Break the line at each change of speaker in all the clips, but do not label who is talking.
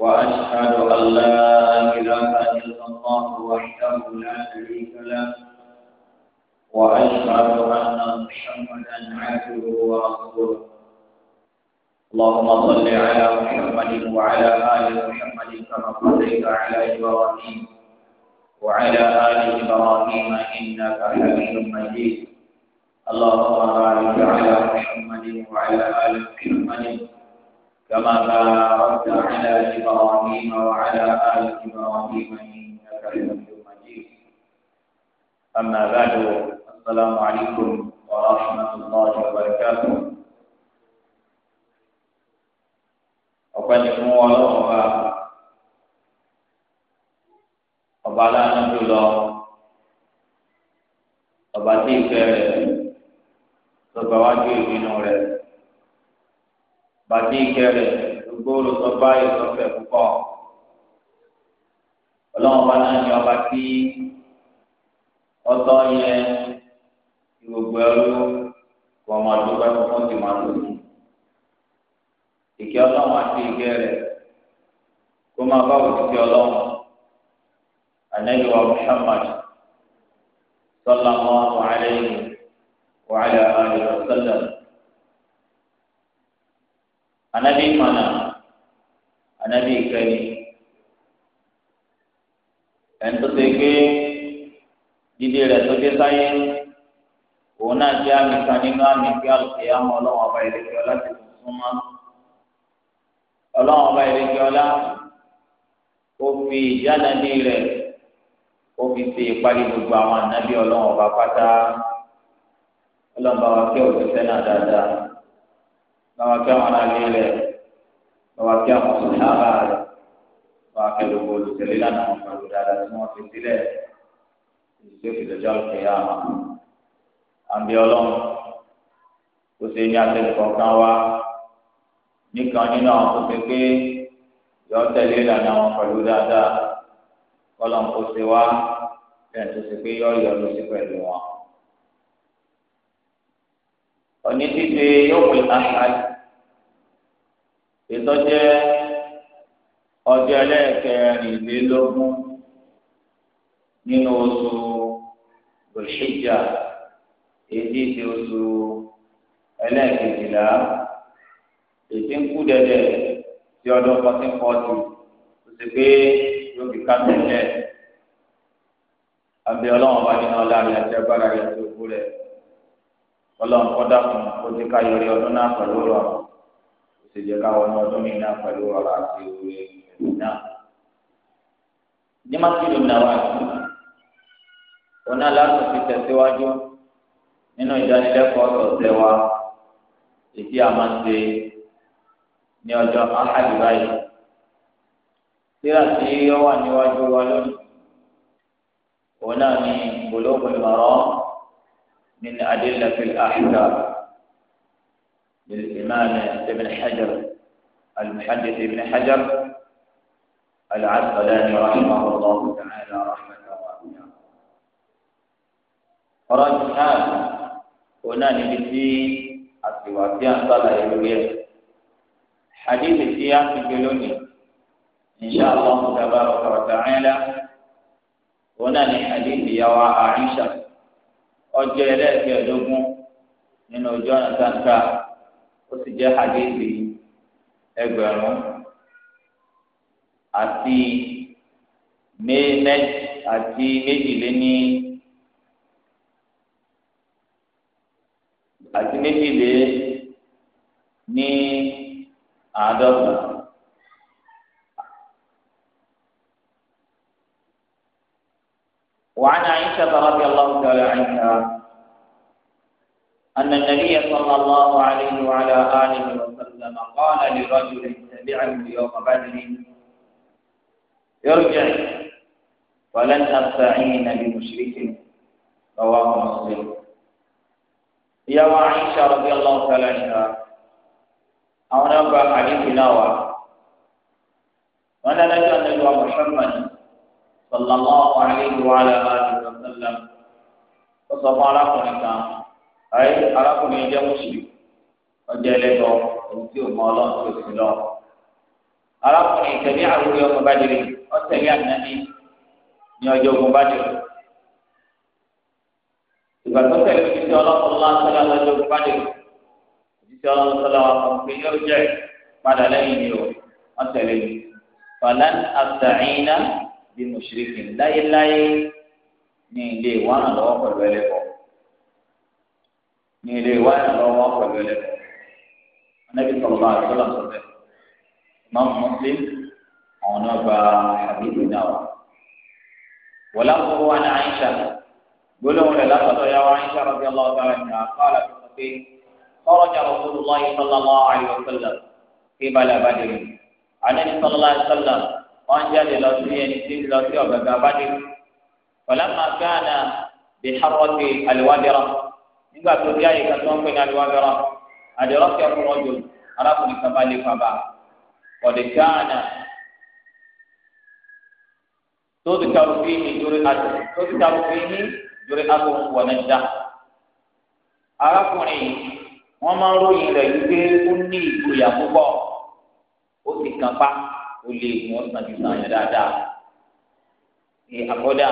وأشهد أن لا إله إلا الله وحده لا شريك له وأشهد أن محمدا عبده ورسوله اللهم صل على محمد وعلى آل محمد كما صليت على إبراهيم وعلى آل إبراهيم إنك حميد مجيد اللهم بارك على محمد وعلى آل محمد كما باركت على إبراهيم وعلى آل إبراهيم إنك حميد مجيد أما بعد السلام عليكم ورحمة الله وبركاته ọpẹ́ ni fún Ọlọ́run ọba ọba aláàánú jùlọ ọba bàbí ìkẹrẹ gbogbo olùsọgbà ìsọfẹ púpọ̀
Ọlọ́run bá náà ní
ọba tí ọ̀tọ̀ yẹ gbogbo ẹrú kọ ọmọ àdúgbò fún ti máa lò sí ìkẹ́ Ọlọ́run àti ìkẹrẹ kó máa bá òtítí Ọlọ́run ànẹ́lùwà Muhammad sallallahu alaihi wa ala alihi wa sallam anabi mana anabi kẹni ẹnitọ́tẹ́ gbé dídé rẹ̀ tó dé sáyé òun náà jẹ́ àmì kan nínú àmì kí àlùkè àmọ́ ọlọ́wọ́n ọba ìrèké ọlá ti tún súnmọ́ ọlọ́wọ́n ọba ìrèké ọlá ó fi ìjánaní rẹ̀ ó fi ṣe ìparí gbogbo àwọn ànábì ọlọ́wọ́n ọba pátá ọlọ́wọ́n ọba wa kí òṣìṣẹ́ náà dáadáa báwa kí àwọn aráàlú rẹ̀ báwa kí àwọn sọ̀tàbà rẹ̀ báwa kí gbogbo olùtẹ̀lé lánàá wọn pẹ̀lú dáadáa tí wọ́n fi sílẹ̀ ìṣe òfìdọ̀jọ́ ìkẹyà wọn. àǹbí ọlọ́run kò ṣe ní atẹnukọ̀ọ̀kan wa nìkan nínú àwọn tó ṣe pé yọ tẹ̀lé lánàá wọn dáadáa kọ́lọ̀ kó ṣe wá bẹ́ẹ̀ tó ṣe pé yọ ìyọnu sí pẹ̀lú yóò pè áhàdì ìtọ́jẹ́ ọjọ́ ẹlẹ́ẹ̀kẹrìnlélógún nínú oṣù Dhul-Hijja èdè ti oṣù ẹlẹ́ẹ̀kejìlá èdè ń kú dẹ́dẹ́ tí ọdún fourteen forty tó ti pé yóò fi ká tẹ̀lé abẹ́ ọlọ́run bá nínú ọlá rẹ̀ àti agbára rẹ̀ tó kú rẹ̀ ọlọ́run kọ́ dàkún ó ti ká yọrí ọdún náà pẹ̀lú ọ̀rọ̀ ṣèjẹ́ káwọn ọmọ ọdún mi náà pẹ̀lú ọ̀rọ̀ àti ìwé náà. ní masiru nawaaji ọ̀nà láti fi tẹ̀síwájú nínú ìdánilẹ́kọ̀ọ́ tọ̀sẹ̀ wa èdè àmàṣe ní ọjọ́ ahadi báyìí. síra tí ó wà níwájú wa lónìí ọ̀nà ni gbólógbòlùmọ̀rọ́ min adélafi àṣìkà. سليمان بن حجر المحدث بن حجر العسقلاني رحمه الله تعالى رحمه الله فراج الحال هنا نبتدي الرواية صلى الله عليه حديث السياق الجلوني إن شاء الله تبارك وتعالى هنا حديث يا عائشة أجل لك يا دوم من وجوانا تنكار ó sì jẹ́ hadithi ẹgbẹ̀rún àti méjì àti méjìléní àti méjìlé ní àádọ́ta. وعن عائشة رضي الله تعالى عنها أن النبي صلى الله عليه وعلى آله وسلم قال لرجل تبعه يوم بدر ارجع ولن تستعين بمشرك رواه مسلم يا عائشة رضي الله تعالى عنها أنا أبقى حديث نوى وأنا نجد أن محمد صلى الله عليه وعلى آله وسلم وصفى لكم ayé arákùnrin jẹ́ mùsùlùmí ọjà ẹlẹ́tọ̀ ẹni tí ò mọ ọlọ́run tó sì lọ. arákùnrin tẹ̀lé àrùbí ọmọ bàdìrì ọ̀tẹ̀lé ànáni ní ọjọ́ ogun bàdìrì. ìgbà tó tẹ̀lé òjíṣẹ́ ọlọ́run lásán lọ́jọ́ ogun bàdìrì òjíṣẹ́ ọlọ́run sọ́lá wa fún pé yóò jẹ́ padà lẹ́yìn ni o ọ̀tẹ̀lé mi. falan asta'ina bí mùsùlùmí láyéláyé ní ilé ìwọ̀n àlọ́ pẹ̀lú ẹlẹ́kọ̀ọ́ ní ilé wa ní lọ́wọ́ pẹ̀lú ẹlẹ́kọ̀ọ́ anábì sọ̀rọ̀ bá àtúnlá sọ bẹ́ẹ̀ imam muslim àwọn náà gba àbíkú náà wà. wọlá kúrú wa ní àyíṣà gbólóhùn rẹ̀ látọ̀dọ̀ yà wá àyíṣà rọ̀bì aláwọ̀dá rẹ̀ ní àkọ́lá tó sọ pé خرج رسول الله صلى الله عليه وسلم في بلا بدر عن النبي صلى الله عليه وسلم وان جاد لو سيني سيدي لو سيدي بدر فلما كان بحرة الوادرة nígbà tó dé àyè kan tó ń pè ní aliwa bẹ̀rọ àdìrọ kẹfù rọjò arákùnrin kan bá lè fa bá kọdì káànà tó ti ta òfin ní jórí àtò tó ti ta òfin ní jórí àtò wọn ní dá arákùnrin wọn máa ń ròyìn rẹ̀ wípé ó ní ìgboyà púpọ̀ ó ti kàn pa ó lè mú ọsàn ju sàn yẹn dáadáa àkọdà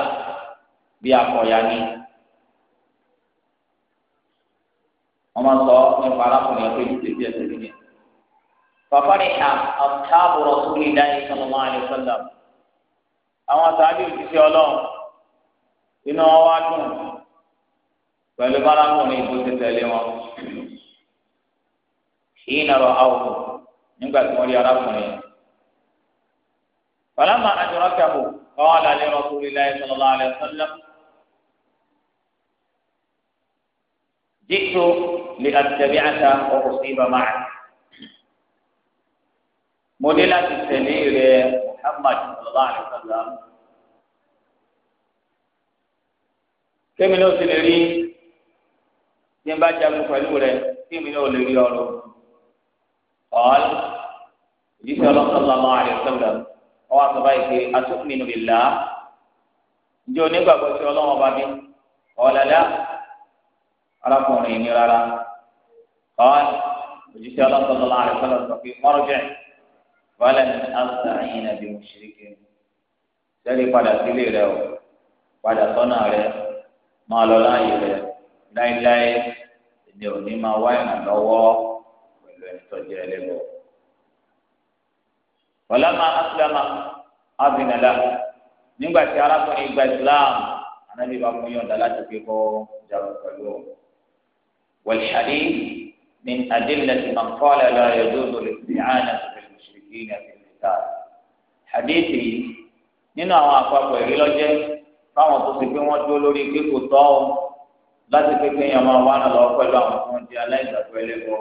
bí akọyà ni. wọn sọ nípa arákùnrin ọdún yìí tẹbi ẹsẹ nìyẹn. fàfàní ha àtàbù rọ̀sùlù ìdáyé sọlọ́mọ́ àlẹ́ sọ́lá. àwọn sàábì òjíṣẹ́ ọlọ́run inú wọn wá dùn pẹ̀lú bárakùnrin ìbò ti tẹ̀lé wọn. kìí nàrọ̀ àwòkù nígbà tí wọ́n rí arákùnrin. fàlámà àjọrọ̀ kẹ́kọ̀ọ́ kọ́wọ́n lálẹ́ rọ̀sùlù ìdáyé sọlọ́mọ́ àlẹ́ sọ́lá. جئت lè àtẹ̀lé àtà ọkọ̀ sí bàmà. mo ní láti tẹ̀lé rẹ Muhammad sallallahu alaihi wasallam. kémi náà ti lè rí tí n bá jagun pẹ̀lú rẹ kémi náà lè rí ọ̀rọ̀ ọ̀l ìdíje ọlọ́sọ̀lá máa àlè sọ̀rọ̀ ọwọ́ àtọ́bá yìí pé atúmínú bìlá ǹjẹ́ onígbàgbọ́ sí ọlọ́wọ́n bá bí ọ̀làlá arákùnrin ní rárá قال وجئت الله صلى الله عليه وسلم فقيل ارجع ولن أستعين بمشرك سألي pada sili reo pada sona re ma lo láyé rẹ láéláé èmi ò ní máa wá ìrànlọ́wọ́ pẹ̀lú ẹni tó jẹ́ ẹlẹ́wọ̀. wàlámà áfílámà ábìnàlá nígbà tí arákùnrin gba islam anábìbá fún yọ̀ǹda láti fi kọ́ jagun pẹ̀lú ọ̀ wọ̀lì hadith من أدلة من قال لا يجوز الاستعانة بالمشركين في القتال حديثي nínú àwọn àpapọ̀ èrí lọ́jẹ́ fáwọn tó ti pé wọ́n dúró lórí kíkò tọ́ ọ láti pé pé èèyàn máa wá náà lọ pẹ̀lú àwọn tó ń di aláìsàgbọ́ ẹlẹ́gbọ́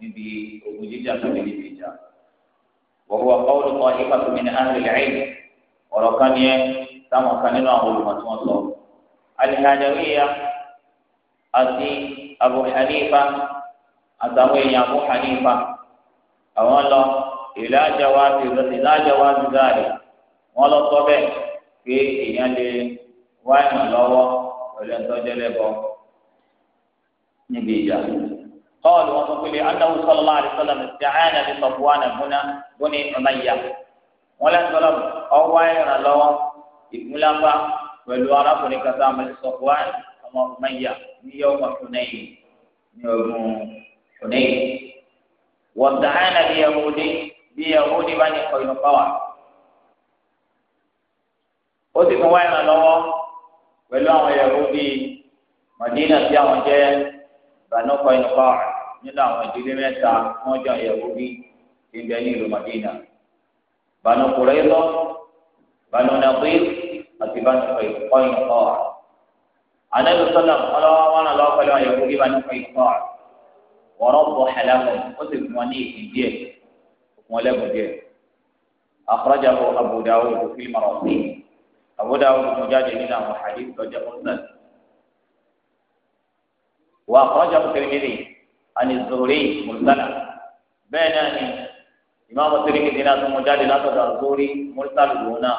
níbi ogun jíjà tó níbi ìjà. wọ́n wá pọ́wọ́lù kan ipa tó mi ní ángẹ́lì ẹ̀yìn ọ̀rọ̀ kan ní ẹ táwọn kan nínú àwọn olùmọ̀ tí wọ́n sọ. alihajariya àti abu hanifa àtàwọn èèyàn Abu Hanifa àwọn lọ ìlà àjàwá ti ìlà àjàwá ti dáàrí wọn lọ sọ bẹ́ẹ̀ pé èèyàn lè wá ìmọ̀ lọ́wọ́ pẹ̀lú ẹ̀ńtọ́jẹ́ lẹ́bọ̀ níbi ìjà. قال وصفي أنه صلى الله عليه وسلم استعان بصفوان هنا بني أمية ولا سلم أو وين لو إبلاغا ولو أرابني كتام صفوان أمية يوم حنين يوم حنين وامتحن بيهودي بيهود بني قينقاع ó sì tún wá ìràn lọ́wọ́ pẹ̀lú àwọn Yahudi Madina tí àwọn jẹ́ Banu Qainuqa nínú àwọn ìdílé mẹ́ta wọ́n jẹ́ Yahudi tí ń bẹ ní ìlú Madina Banu Qurayza Banu Nadir àti Banu Qainuqa. Ànábì sọ́lá ọlọ́wọ́ wọn lọ pẹ̀lú àwọn Yahudi Banu Qainuqa wọ́rọ́ bọ̀ xẹlẹ́mù ó sì fún wọn ní ìpín díẹ̀ fún wọn lẹ́bùn díẹ̀. àkọ́jà bọ̀ Abu Dawud kò fi mọ̀rọ̀ sí Abu Dawud kò jáde nínú àwọn hadith lọ́jọ́ mọ́sán. wà àkọ́jà bọ̀ Tirmidhi àni Zuhri mùsàlà bẹ́ẹ̀ náà ni ìmáàmù Tirmidhi náà tó mọ jáde látọ̀dọ̀ Zuhri mùsàlù lòun náà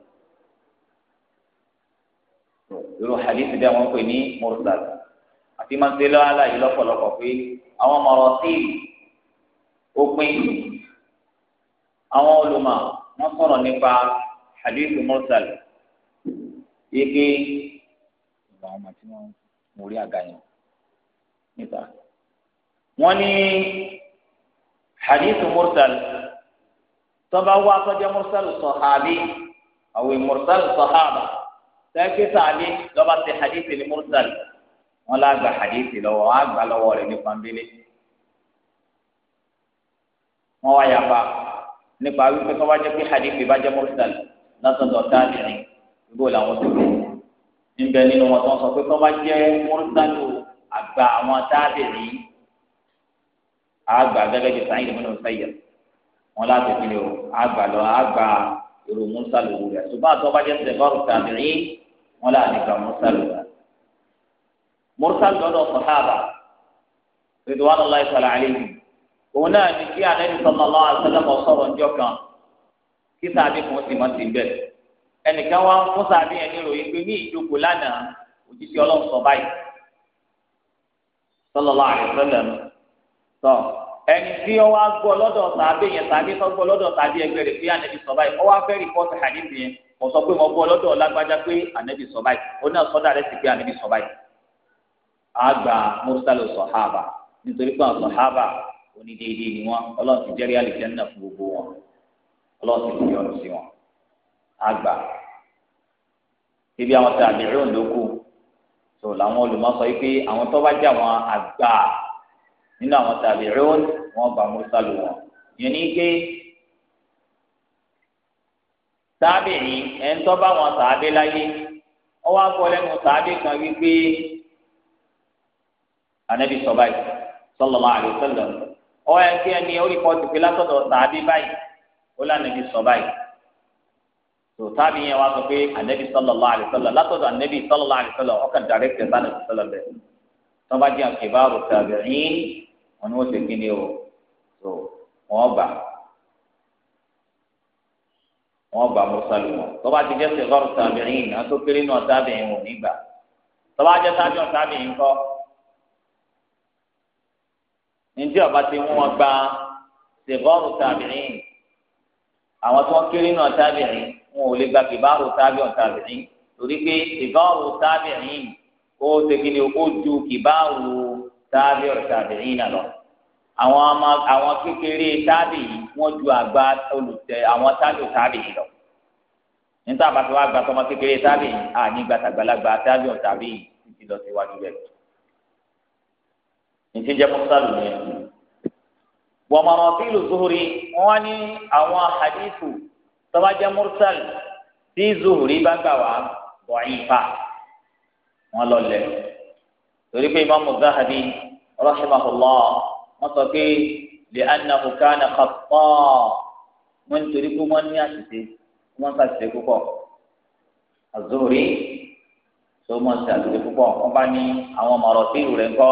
irú hadith bẹ́ẹ̀ wọ́n pè ní mursal àti máa ń ṣe lọ́wọ́lá yìí lọ́pọ̀lọpọ̀ pé àwọn ọmọọrọ sí ó pín àwọn olùmọ̀ wọ́n sọ̀rọ̀ nípa hadith mursal yege ìgbà àwọn àti wọn mú rí àga níta wọ́n ní hadith mursal tọ́ba wá sọ́jà mursal sahabi àwọn mursal sahaba tẹ́kí sàbí lọ́ba ti hadithi ní mursal wọn lọ gba hadithi lọ́wọ́ wọn gba lọ́wọ́ rẹ̀ ní pàmbélé wọn wá yàgbá nípa wípé tó bá jẹ́ pé hadithi bá jẹ́ mursal látọ̀dọ̀ táàbìrin ìgbó làwọn ti wù níbẹ̀ nínú wọn tó ń sọ pé tó bá jẹ́ mursal àgbà àwọn táàbìrin àgbà gẹ́gẹ́ bí sàyìn ìdìbò náà wọn láti fi lè o àgbà lọ àgbà irú musa lòwú rẹ̀ ṣùgbọ́n àti ọba jẹ́ sẹ̀fọ́rù tàbí wọn là nìkan musa lòwú rẹ̀. musa lọ́dọ̀ sọ̀hábà rẹ̀dọ̀ wọn lọ́la ìfọ̀lá àlejò òun náà ní kí ànábì sọ̀lá lọ́wọ́ àtẹlẹ́mọ̀ sọ̀rọ̀ ńjọ́ kan kí sàbí kan sì mọ̀ sí bẹ́ẹ̀ ẹnìkan wá fún sàbí yẹn níròyìn pé ní ìjókòó lánàá òjijì ọlọ́run sọ báyìí sọlọ́lá àrẹ̀sọ́lẹ̀ tọ́ ẹni tí ó wá gbọ́ lọ́dọ̀ sàbẹ yẹn sàbẹ tó gbọ́ lọ́dọ̀ sàbẹ ẹgbẹ́ rẹ̀ pé ànẹbí sọ báyìí ó wá fẹ́ rìpọ́tì hadith yẹn mo sọ pé mo gbọ́ lọ́dọ̀ lágbájá pé ànẹbí sọ báyìí ó náà sọdọ rẹ sì pé ànẹbí sọ báyìí. àgbà mursalu sọhábà nítorí pé àwọn sọhábà onídéédé ni wọn ọlọ́run ti jẹ́rìí àlìjẹ́nà fún gbogbo wọn ọlọ́run ti fi ọ̀rọ̀ sí wọn. àgbà ibi nínú àwọn tàbí rẹ́wọ́n wọn bá mùsàlù wọn yẹn ní pé tàbí ni ẹ̀ ń tọ́ bá wọn tàbí láyé ọwọ́ akọ́lẹ́nu tàbí kan wípé anabi sọ báyìí sallallahu alaihi wasallam ọwọ́ ẹ̀ kí ẹni orí pọ́ọ̀tù pé látọ̀dọ̀ tàbí báyìí ó lànàbí sọ báyìí tó tàbí yẹn wá sọ pé anabi sallallahu alaihi wasallam látọ̀dọ̀ anabi sallallahu alaihi wasallam ọkàn dàrẹ́kítẹ̀ sálẹ̀ sọlọ bẹ́ẹ̀ tọ́ba jẹ́ àkèbá rò tàbí yín wọn ni wọn ṣe kí ni o so wọn bá wọn bá mọsálù wọn tọba ti jẹ sẹgọrù tàbíyìn àti òkèrè náà tàbíyìn wọn nígbà tọba jẹ sábíọn tàbíyìn kọ ní tí ọba ti mú wọn gba sẹgọrù tàbíyìn àwọn tí wọn kéré náà tàbíyìn wọn ò lè gba kìbáàrò tàbíọn tàbíyìn torí pé sẹgọrù tàbíyìn ó ṣe kí ni ó ju kìbáàrò tábì ọ̀tàbì ìnà lọ àwọn ọmọ àwọn kékeré tábì yìí wọ́n ju àgbà olùtẹ àwọn tábì tábì yìí lọ níta àbàtì wa gbàtọ́ ọmọ kékeré tábì yìí à ní gbàtàgbàlagbà tábì ọ̀tàbì yìí títí lọ síwájú rẹ̀ nítí jẹ́ mọ́sálù yẹn wọ́n mọ̀ ọ́n zuhuri wọ́n ní àwọn hadithu tọ́bajẹ́ mursal tí zuhuri bá gbà wá bọ̀ ìfà wọ́n lọ lẹ́nu torí pé imáàmù zahabi rahimahullah wọn sọ pé lè anna hukana kàpọ̀ wọn nítorí pé wọn ní àṣìṣe wọn ṣàṣìṣe púpọ̀ azuri tó mọ̀ sí àṣìṣe púpọ̀ wọn bá ní àwọn mọ̀rọ̀ sí ìrù rẹ̀ ńkọ́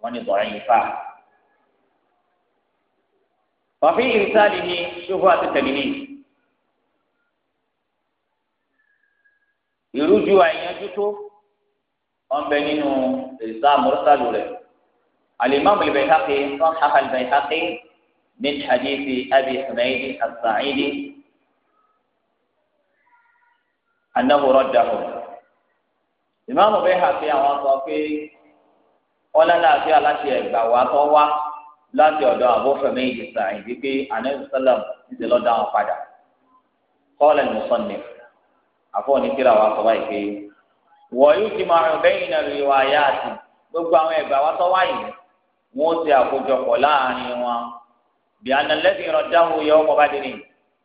wọn ní bọ̀rẹ̀ yìí fà. wàfi ìrísàlì ni ṣòfò àti tẹ̀lé ìrújú àìyànjú tó wọn bẹ nínú ìsá mọ́sálù rẹ̀ alimami al-Bayhaqi sahha al-Bayhaqi min hadithi abi Humayd as-Sa'idi annahu raddahu ìmáàmù al-Bayhaqi àwọn sọ pé wọn lẹ́nu àti aláṣẹ ẹ̀gbà wa tó wá láti ọ̀dọ̀ Abu Humayd as-Sa'idi pé anabi sallam ń ṣe àwọn padà qala al-musannif àfọwọ́nì kíra wa sọ báyìí pé wọ̀nyí ti máa rìn bẹ́yìn náà lórí wa yá àti gbogbo àwọn ẹ̀gbà wa tọ́wá yìí wọ́n ti àkójọpọ̀ láàrin wọn bí analẹ́bí ìrọ̀dáhùn yẹ ọmọ bá dìrì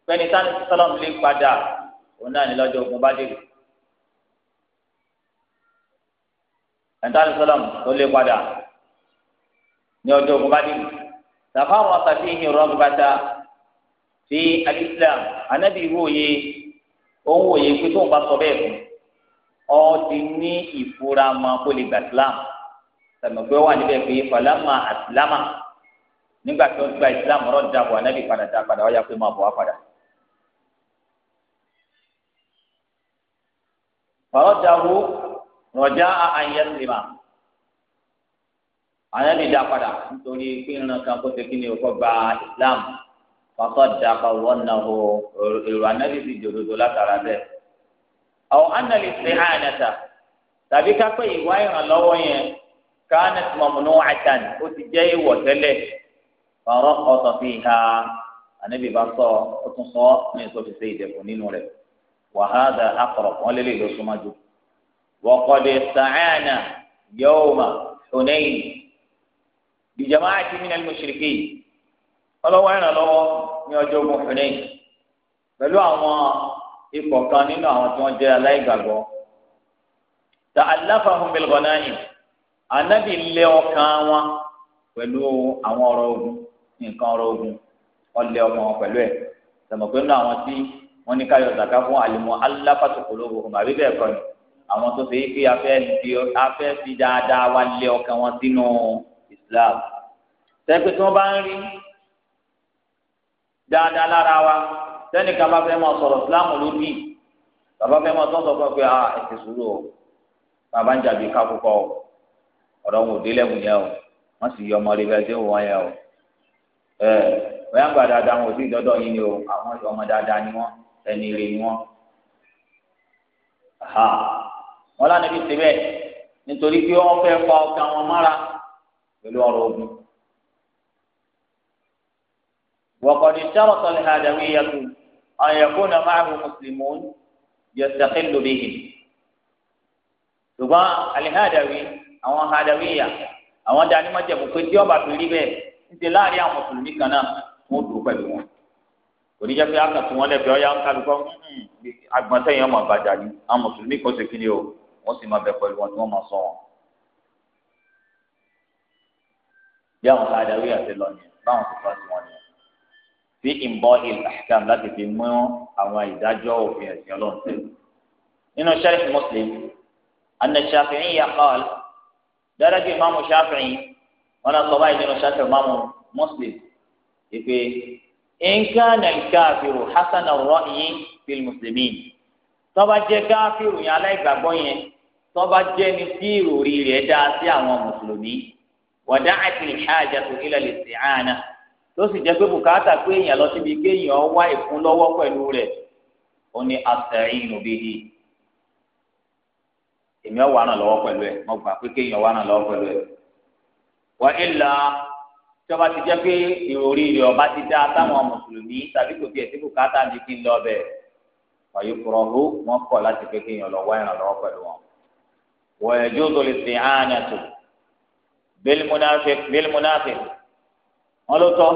pẹ́ni sani sọlọ́m lè padà òun náà ní lọ́jọ́ ogun bá dìrì. ẹ̀ńtàní sọlọ́m tó lè padà ní ọjọ́ ogun bá dìrì. sàfáwọn àtàtì ìhìn rọ́ọ̀bù bàtà fi alísílám anábì wòye òun wòye pé tóun bá sọ bẹ́ẹ̀ fún un ọ ti ní ìfura ma kó lè gba islam sàmùgbé wà níbẹ̀ pé falama àtìlámà nígbà tó gba islam rọ̀ dàbọ̀ anábì padà dá padà wáyà pé máa bọ̀ wá padà. fàrọ̀dàwó rọ̀já àyẹ̀sìmà anábì dá padà nítorí pé ìran kan kó ṣe kí ni o gba islam fàkọ́ dàpọ̀ wọ́n náà o èrò anábì sì jòdòdò látara bẹ́ẹ̀ àwọn anàlì ṣe àyànàtà tàbí kápẹ́ ìwà ìrànlọ́wọ́ yẹn káàní tí mọ̀mọ́ náà àtàn ó ti jẹ́ ìwọ̀ tẹ́lẹ̀ ọ̀rọ̀ ọ̀tọ̀ fi ha ànábì bá sọ ó tún sọ ní ìsọfì ṣe ìdẹ̀kùn nínú rẹ̀ wàhálà akọ̀rọ̀ wọn lélẹ̀ ló súnmọ́ jù wọ́kọ̀dé sàáyànà yọ̀ọ́mà ṣùnẹ́yìn ìjàmbá àti mìíràn mọ̀ṣirikì ọlọ́wọ́ ìrànlọ́wọ́ ní ọjọ́ ogun ṣùnẹ́yìn pẹ̀lú àwọn ìkọ̀kan nínú àwọn tí wọ́n jẹ́ aláìgbàgbọ́ ta aláfàhùn bilgọ́náyìn anábì lé ọkàn wọn pẹ̀lú àwọn ọ̀rọ̀ ogun nǹkan ọ̀rọ̀ ogun ọ̀lẹ́ ọmọ wọn pẹ̀lú ẹ̀ tẹ̀mọ̀ pé nínú àwọn tí wọ́n ní káyọ̀ zaka fún àlùmọ́ aláfàtòkòló ogun àbí bẹ́ẹ̀ kọ́ ni àwọn tó ṣe é afẹ́ fi dáadáa wá lé ọkàn wọn sínú Islam tẹ́gbẹ́ tí wọ́n bá ń rí dáadáa lára wa sẹ́ni kan bá fẹ́ máa sọ̀rọ̀ síláàmù lórí bàbá fẹ́ máa tọ́sọ̀ pé ah, sùúrù o bàbá ń jàbí o ọ̀rọ̀ wọn o wọ́n sì yọ ọmọ rẹ̀ ṣé wọ́n yẹn o ẹ dáadáa wọn ò yín ni o àwọn ọmọ dáadáa ni wọ́n ẹni rè ni wọ́n wọn lánàá fi nítorí pé wọ́n fẹ́ ọkàn wọn pẹ̀lú ọ̀rọ̀ ogun. أن يكون معه مسلمون يستقل بهم ṣùgbọ́n alihadawi àwọn hadawiya àwọn dání má jẹ́ pé tí ọba fi rí bẹ́ẹ̀ ń ṣe láàrin àwọn mùsùlùmí kan náà wọ́n dùn pẹ̀lú wọn oníjà pé akàtún wọn lẹ́bi ọ̀yà ń kálukọ́ hmm, agbọ̀ntẹ́ yẹn máa bàjá ni àwọn mùsùlùmí kan ṣe kíni o wọ́n sì máa bẹ pẹ̀lú wọn tí wọ́n máa sọ wọn. bí àwọn hadawiya ṣe lọ nìyẹn báwọn ti fọ́ sí wọn nìyẹn fi ìbọn ìlàkàm láti fi mú àwọn ìdájọ́ òfin ẹ̀sìn ọlọ́run tẹ̀. nínú sharh Muslim anna Shafi'iyya qala dáadáa bíi ìmáàmù Shafi'i wọn náà sọ báyìí nínú Shafi'i ìmáàmù Muslim ìpè nǹkan nàìjíríàfíru hasan ar-ra'yi fil muslimin tọ́ba jẹ́ káfíru yẹn aláìgbàgbọ́ yẹn tọ́ba jẹ́ ní tí ìròrí rẹ̀ dá sí àwọn mùsùlùmí wa da'at al-hajatu ila al-isti'ana tó sì jẹ́ pé bùkátà pé èèyàn lọ síbi kéèyàn wá ìkúnlọ́wọ́ pẹ̀lú rẹ̀ ó ní àtẹ̀yìn òbí yìí èmi ọ̀ wà náà lọ́wọ́ pẹ̀lú ẹ̀ mo gbà pé kéèyàn wà náà lọ́wọ́ pẹ̀lú ẹ̀ wà ìlà tí ọba ti jẹ́ pé ìròrí rẹ̀ ọba ti dá sáwọn mùsùlùmí tàbí kò tiẹ̀ sí bùkátà ní kí n lọ bẹ̀ wàyí kúrọ̀ wọn kọ̀ láti pé kéèyàn lọ wá ìrànlọ́wọ́ pẹ̀lú wọn. wọ̀nyẹ̀jú tó lè sìn áàyàn tó bẹ́ẹ̀ wọn ló tọ́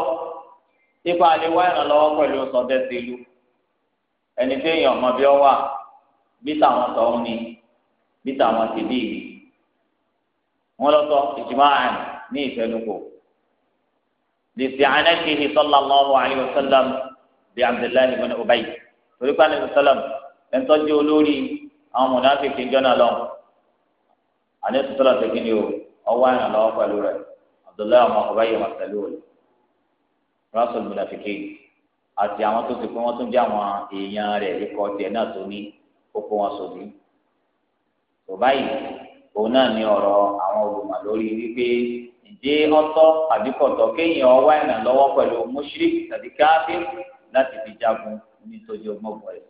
ipa lè wá ìrànlọ́wọ́ pẹ̀lú sọdẹ́sẹ̀ ìlú ẹni tí èèyàn mọ̀ bí ọ wà bí tàwọn tọ́ ń ní bí tàwọn ti bí ìlú wọn ló tọ́ ìjùmọ̀ àrùn ní ìfẹnukò lèsì ànákìhì sallallahu alaihi wasallam bí Abdullahi ibn Ubay torí pa ní sọlọm ẹnitọ́jú olórí àwọn mọ̀nàfíkì jọ́nà lọ àní sọlọm tẹ̀kí o ọwọ́ ìrànlọ́wọ́ pẹ̀lú rẹ̀ Abdullahi ọmọ Ubay wọn pẹ̀lú rẹ̀ rasul munafiki àti àwọn tó ti pé wọn tún jẹ àwọn èèyàn rẹ̀ ikọ tiẹ̀ náà tó ní kókó wọn sòdí tó báyìí òun náà ní ọ̀rọ̀ àwọn olùmọ̀ lórí wípé ǹjẹ́ ọ̀tọ̀ àbí kò tọ́ kéèyàn ọwọ́ ìrànlọ́wọ́ pẹ̀lú mushrik tàbí káfíń láti fi jagun nítorí ọgbọgbọ ẹ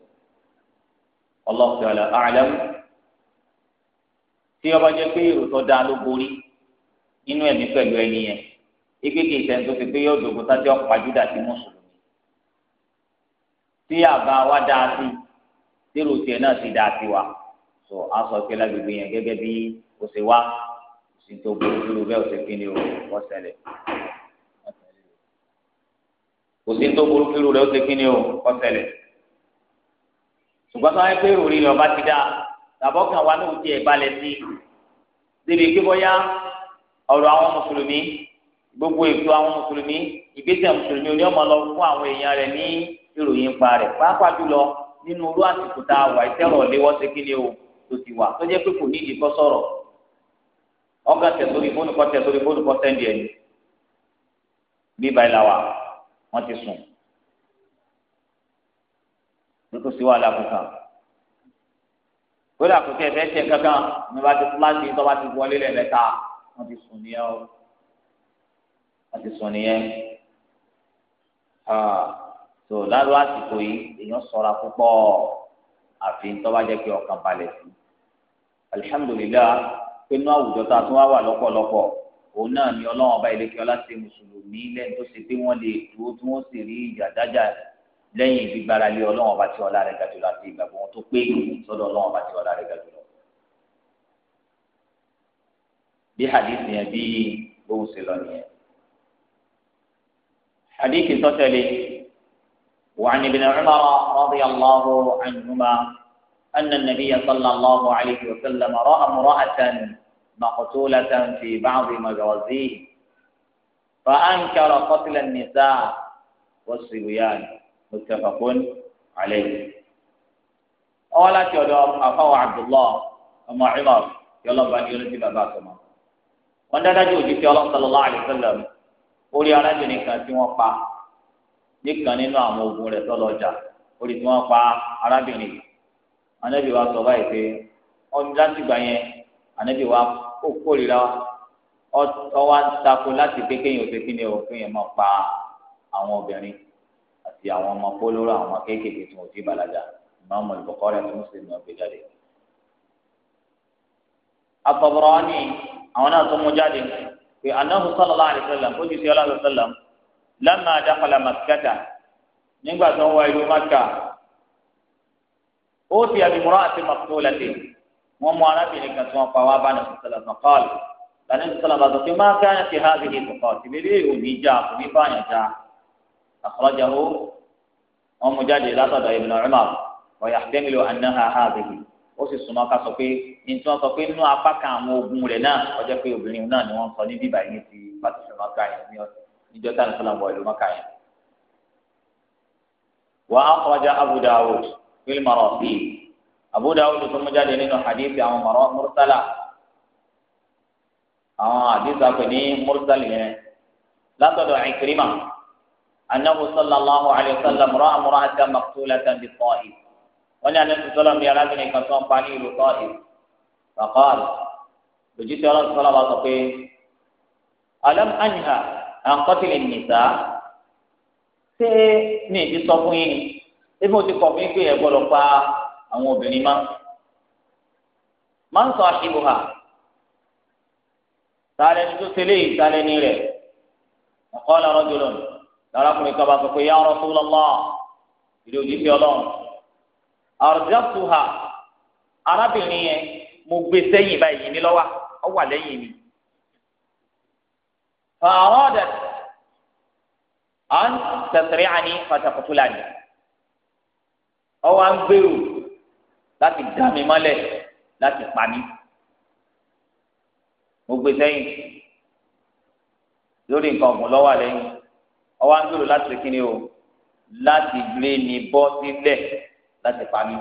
Allahu ta'ala a'lam tí ọba jẹ pé èrò tó dáa ló borí nínú ẹ̀mí pẹ̀lú ẹni yẹn ike kì í sẹ́ni tó ti pé yóò dògùn sáté ọ̀pá júdà sí mùsùlùmí tí àbá wa dáa sí tírò tiẹ̀ náà ti dáa sí wa so a sọ pé lágbègbè yẹn gẹ́gẹ́ bí o ṣe wá o sì tó burú dúró bẹ́ẹ̀ o ṣe kí ni o wọ́n ṣẹlẹ̀ o sì tó burú kí rẹ̀ o ṣe kí ni o wọ́n ṣẹlẹ̀ ṣùgbọ́n tó wáyé pé ìròyìn rẹ̀ ọba ti dá tàbọ̀ kan wa ní òjì ẹ̀ sí i síbi kí bọ́yá ọ̀rọ̀ àwọn mùsùlùmí gbogbo ètò àwọn mùsùlùmí ìgbésẹ̀ mùsùlùmí oní ọmọ lọ fún àwọn èèyàn rẹ̀ ní ìròyìn pa rẹ̀ pàápàá jùlọ nínú orú àsìkò tá a wà ìtẹ́rọ̀ léwọ́ sí kí ni o tó ti wà tó jẹ́ pé kò ní ìdí kọ́ sọ̀rọ̀ ọkàn tẹ̀ sórí fóònù kọ́ tẹ̀ sórí fóònù kọ́ sẹ́ndì ẹ̀ bí báyìí la wà wọ́n ti sùn kókò sí wàhálà kankan kódà kò tẹ̀ fẹ́ tẹ̀ kankan ní bá ti fúláṣí tó bá ti wọlé lẹ́ẹ̀mẹ́ta wọ́n ti sùn ní ẹ̀ ọ́ àti sùn nìyẹn tó ah, lálọ àsìkò yìí èèyàn ṣọ́ra púpọ̀ àfi tọ́ba jẹ́ kí ọkàn balẹ̀ sí alihamudulilayi pinnu àwùjọ tá a tún wá wà lọ́pọ̀lọpọ̀ òun náà ni ọlọ́run ọba ìlẹ́kẹ́ ọlá ṣe mùsùlùmí lẹ́yìn tó ṣe pé wọ́n lè dúró tí wọ́n sì rí ìjà dájà lẹ́yìn gbígbára lé ọlọ́run ọba tí ọlá rẹ̀ ga jùlọ ìgbàgbọ́ wọn tó pé sọ́dọ̀ ọlọ́run ọba tí ọlá rẹ̀ ga bí hadith yẹn bí bóun ṣe lọ nìyẹn. حديث تتلي وعن ابن عمر رضي الله عنهما أن النبي صلى الله عليه وسلم رأى امرأة مقتولة في بعض مجازيه فأنكر قتل النساء والصبيان متفق عليه أولا تيودور أخاه عبد الله أم عمر يلا بني يونس بن باسمة وأن لا الله صلى الله عليه وسلم orí arábìnrin kan tí wọ́n pa nìkan nínú àwọn ogun rẹ̀ tọ́lọ́jà orí tí wọ́n pa arábìnrin yìí anabi wa sọ báyìí pé ọdún láti gbà yẹn anabi wa kó kórìíra ọwọ́ ń takò láti pé kéèyàn ò ṣe kí ni o kéèyàn máa pa àwọn obìnrin àti àwọn ọmọ polówó àwọn kéékèèké tí wọn ò ti bàlágà ìmọ̀ ọmọ ìbọ̀kọ́ rẹ̀ tó ń ṣe ní ọgbẹ́ jáde. At-Tabarani àwọn náà tó mú jáde pé anahu sallallahu alayhi wa sallam ojú sí ọlọ́run sallam lánà àdàkọlà màkàtà nígbà tó ń wá ìlú maka ó ti àbí mùrọ̀ àti màkúlàtì wọn mú arábìnrin kan tí wọn pa wá bá nàìjíríà sọlá mọkàlì lànà ìsọlá bàtà pé má káyà ti ha bìí kọkọ tìbílẹ òní já kò ní báyà já àkọlọjà ó wọn mú jáde látọ̀dọ̀ ibn Umar wa yahtamilu annaha hadhihi ó sì súnmọ́ ká sọ pé ní tí wọ́n sọ pé nínú apá kan àwọn ogun rẹ̀ náà ọjọ́ pé obìnrin náà ni wọ́n sọ ní bíbá yìí ti pàtàkì mọ́ká yẹn ní ìjọ tá à ń sọ ìlú mọ́ká yẹn. wà á kọjá Abu Dawud fil marasil Abu Dawud tó mú jáde nínú hadith àwọn mọ̀rọ̀ mursala àwọn hadith àpè ní mursala yẹn látọ̀dọ̀ Ikrima annahu sallallahu alayhi wa sallam ra'a imra'atan maqtulatan wọn ní alẹ́ sọlọ bí arábìnrin kan tó ń pa ní ìlú tọ́ọ̀dì bàkọ́ọ̀lù lójútì ọlọ́run sọlọ wa sọ pé alam anyiha àǹkọ́tìlì nìta ṣé ní ìdí sọ fún yín ni ebi mo ti kọ̀ fún yín pé ẹ gbọ́dọ̀ pa àwọn obìnrin má máa ń sọ àṣìbò ha sáré ní tó ṣẹlẹ̀ yìí sáré ní rẹ̀ ọ̀kọ́ làwọn jọlọ́nù lọ́rọ́ kùnrin kan bá sọ pé yà ọ̀rọ̀ fún ìdí òjì fi ọlọ́run àrùjọ́tùhà arábìnrin yẹn mo gbé sẹ́yìn báyìí mi lọ́wọ́ ọ wà lẹ́yìn mi. fàrọ́dẹ̀ à ń tẹ̀sẹ̀rẹ́ àní fàtàkùtùlàní ọ wá ń gbèrò láti dá mi mọ́lẹ̀ láti pa mí mo gbé sẹ́yìn lórí nǹkan ọ̀gbìn lọ́wọ́ lẹ́yìn ọ wá ń gbèrò láti kí o láti lé mi bọ́ sílẹ̀ láti pa mí.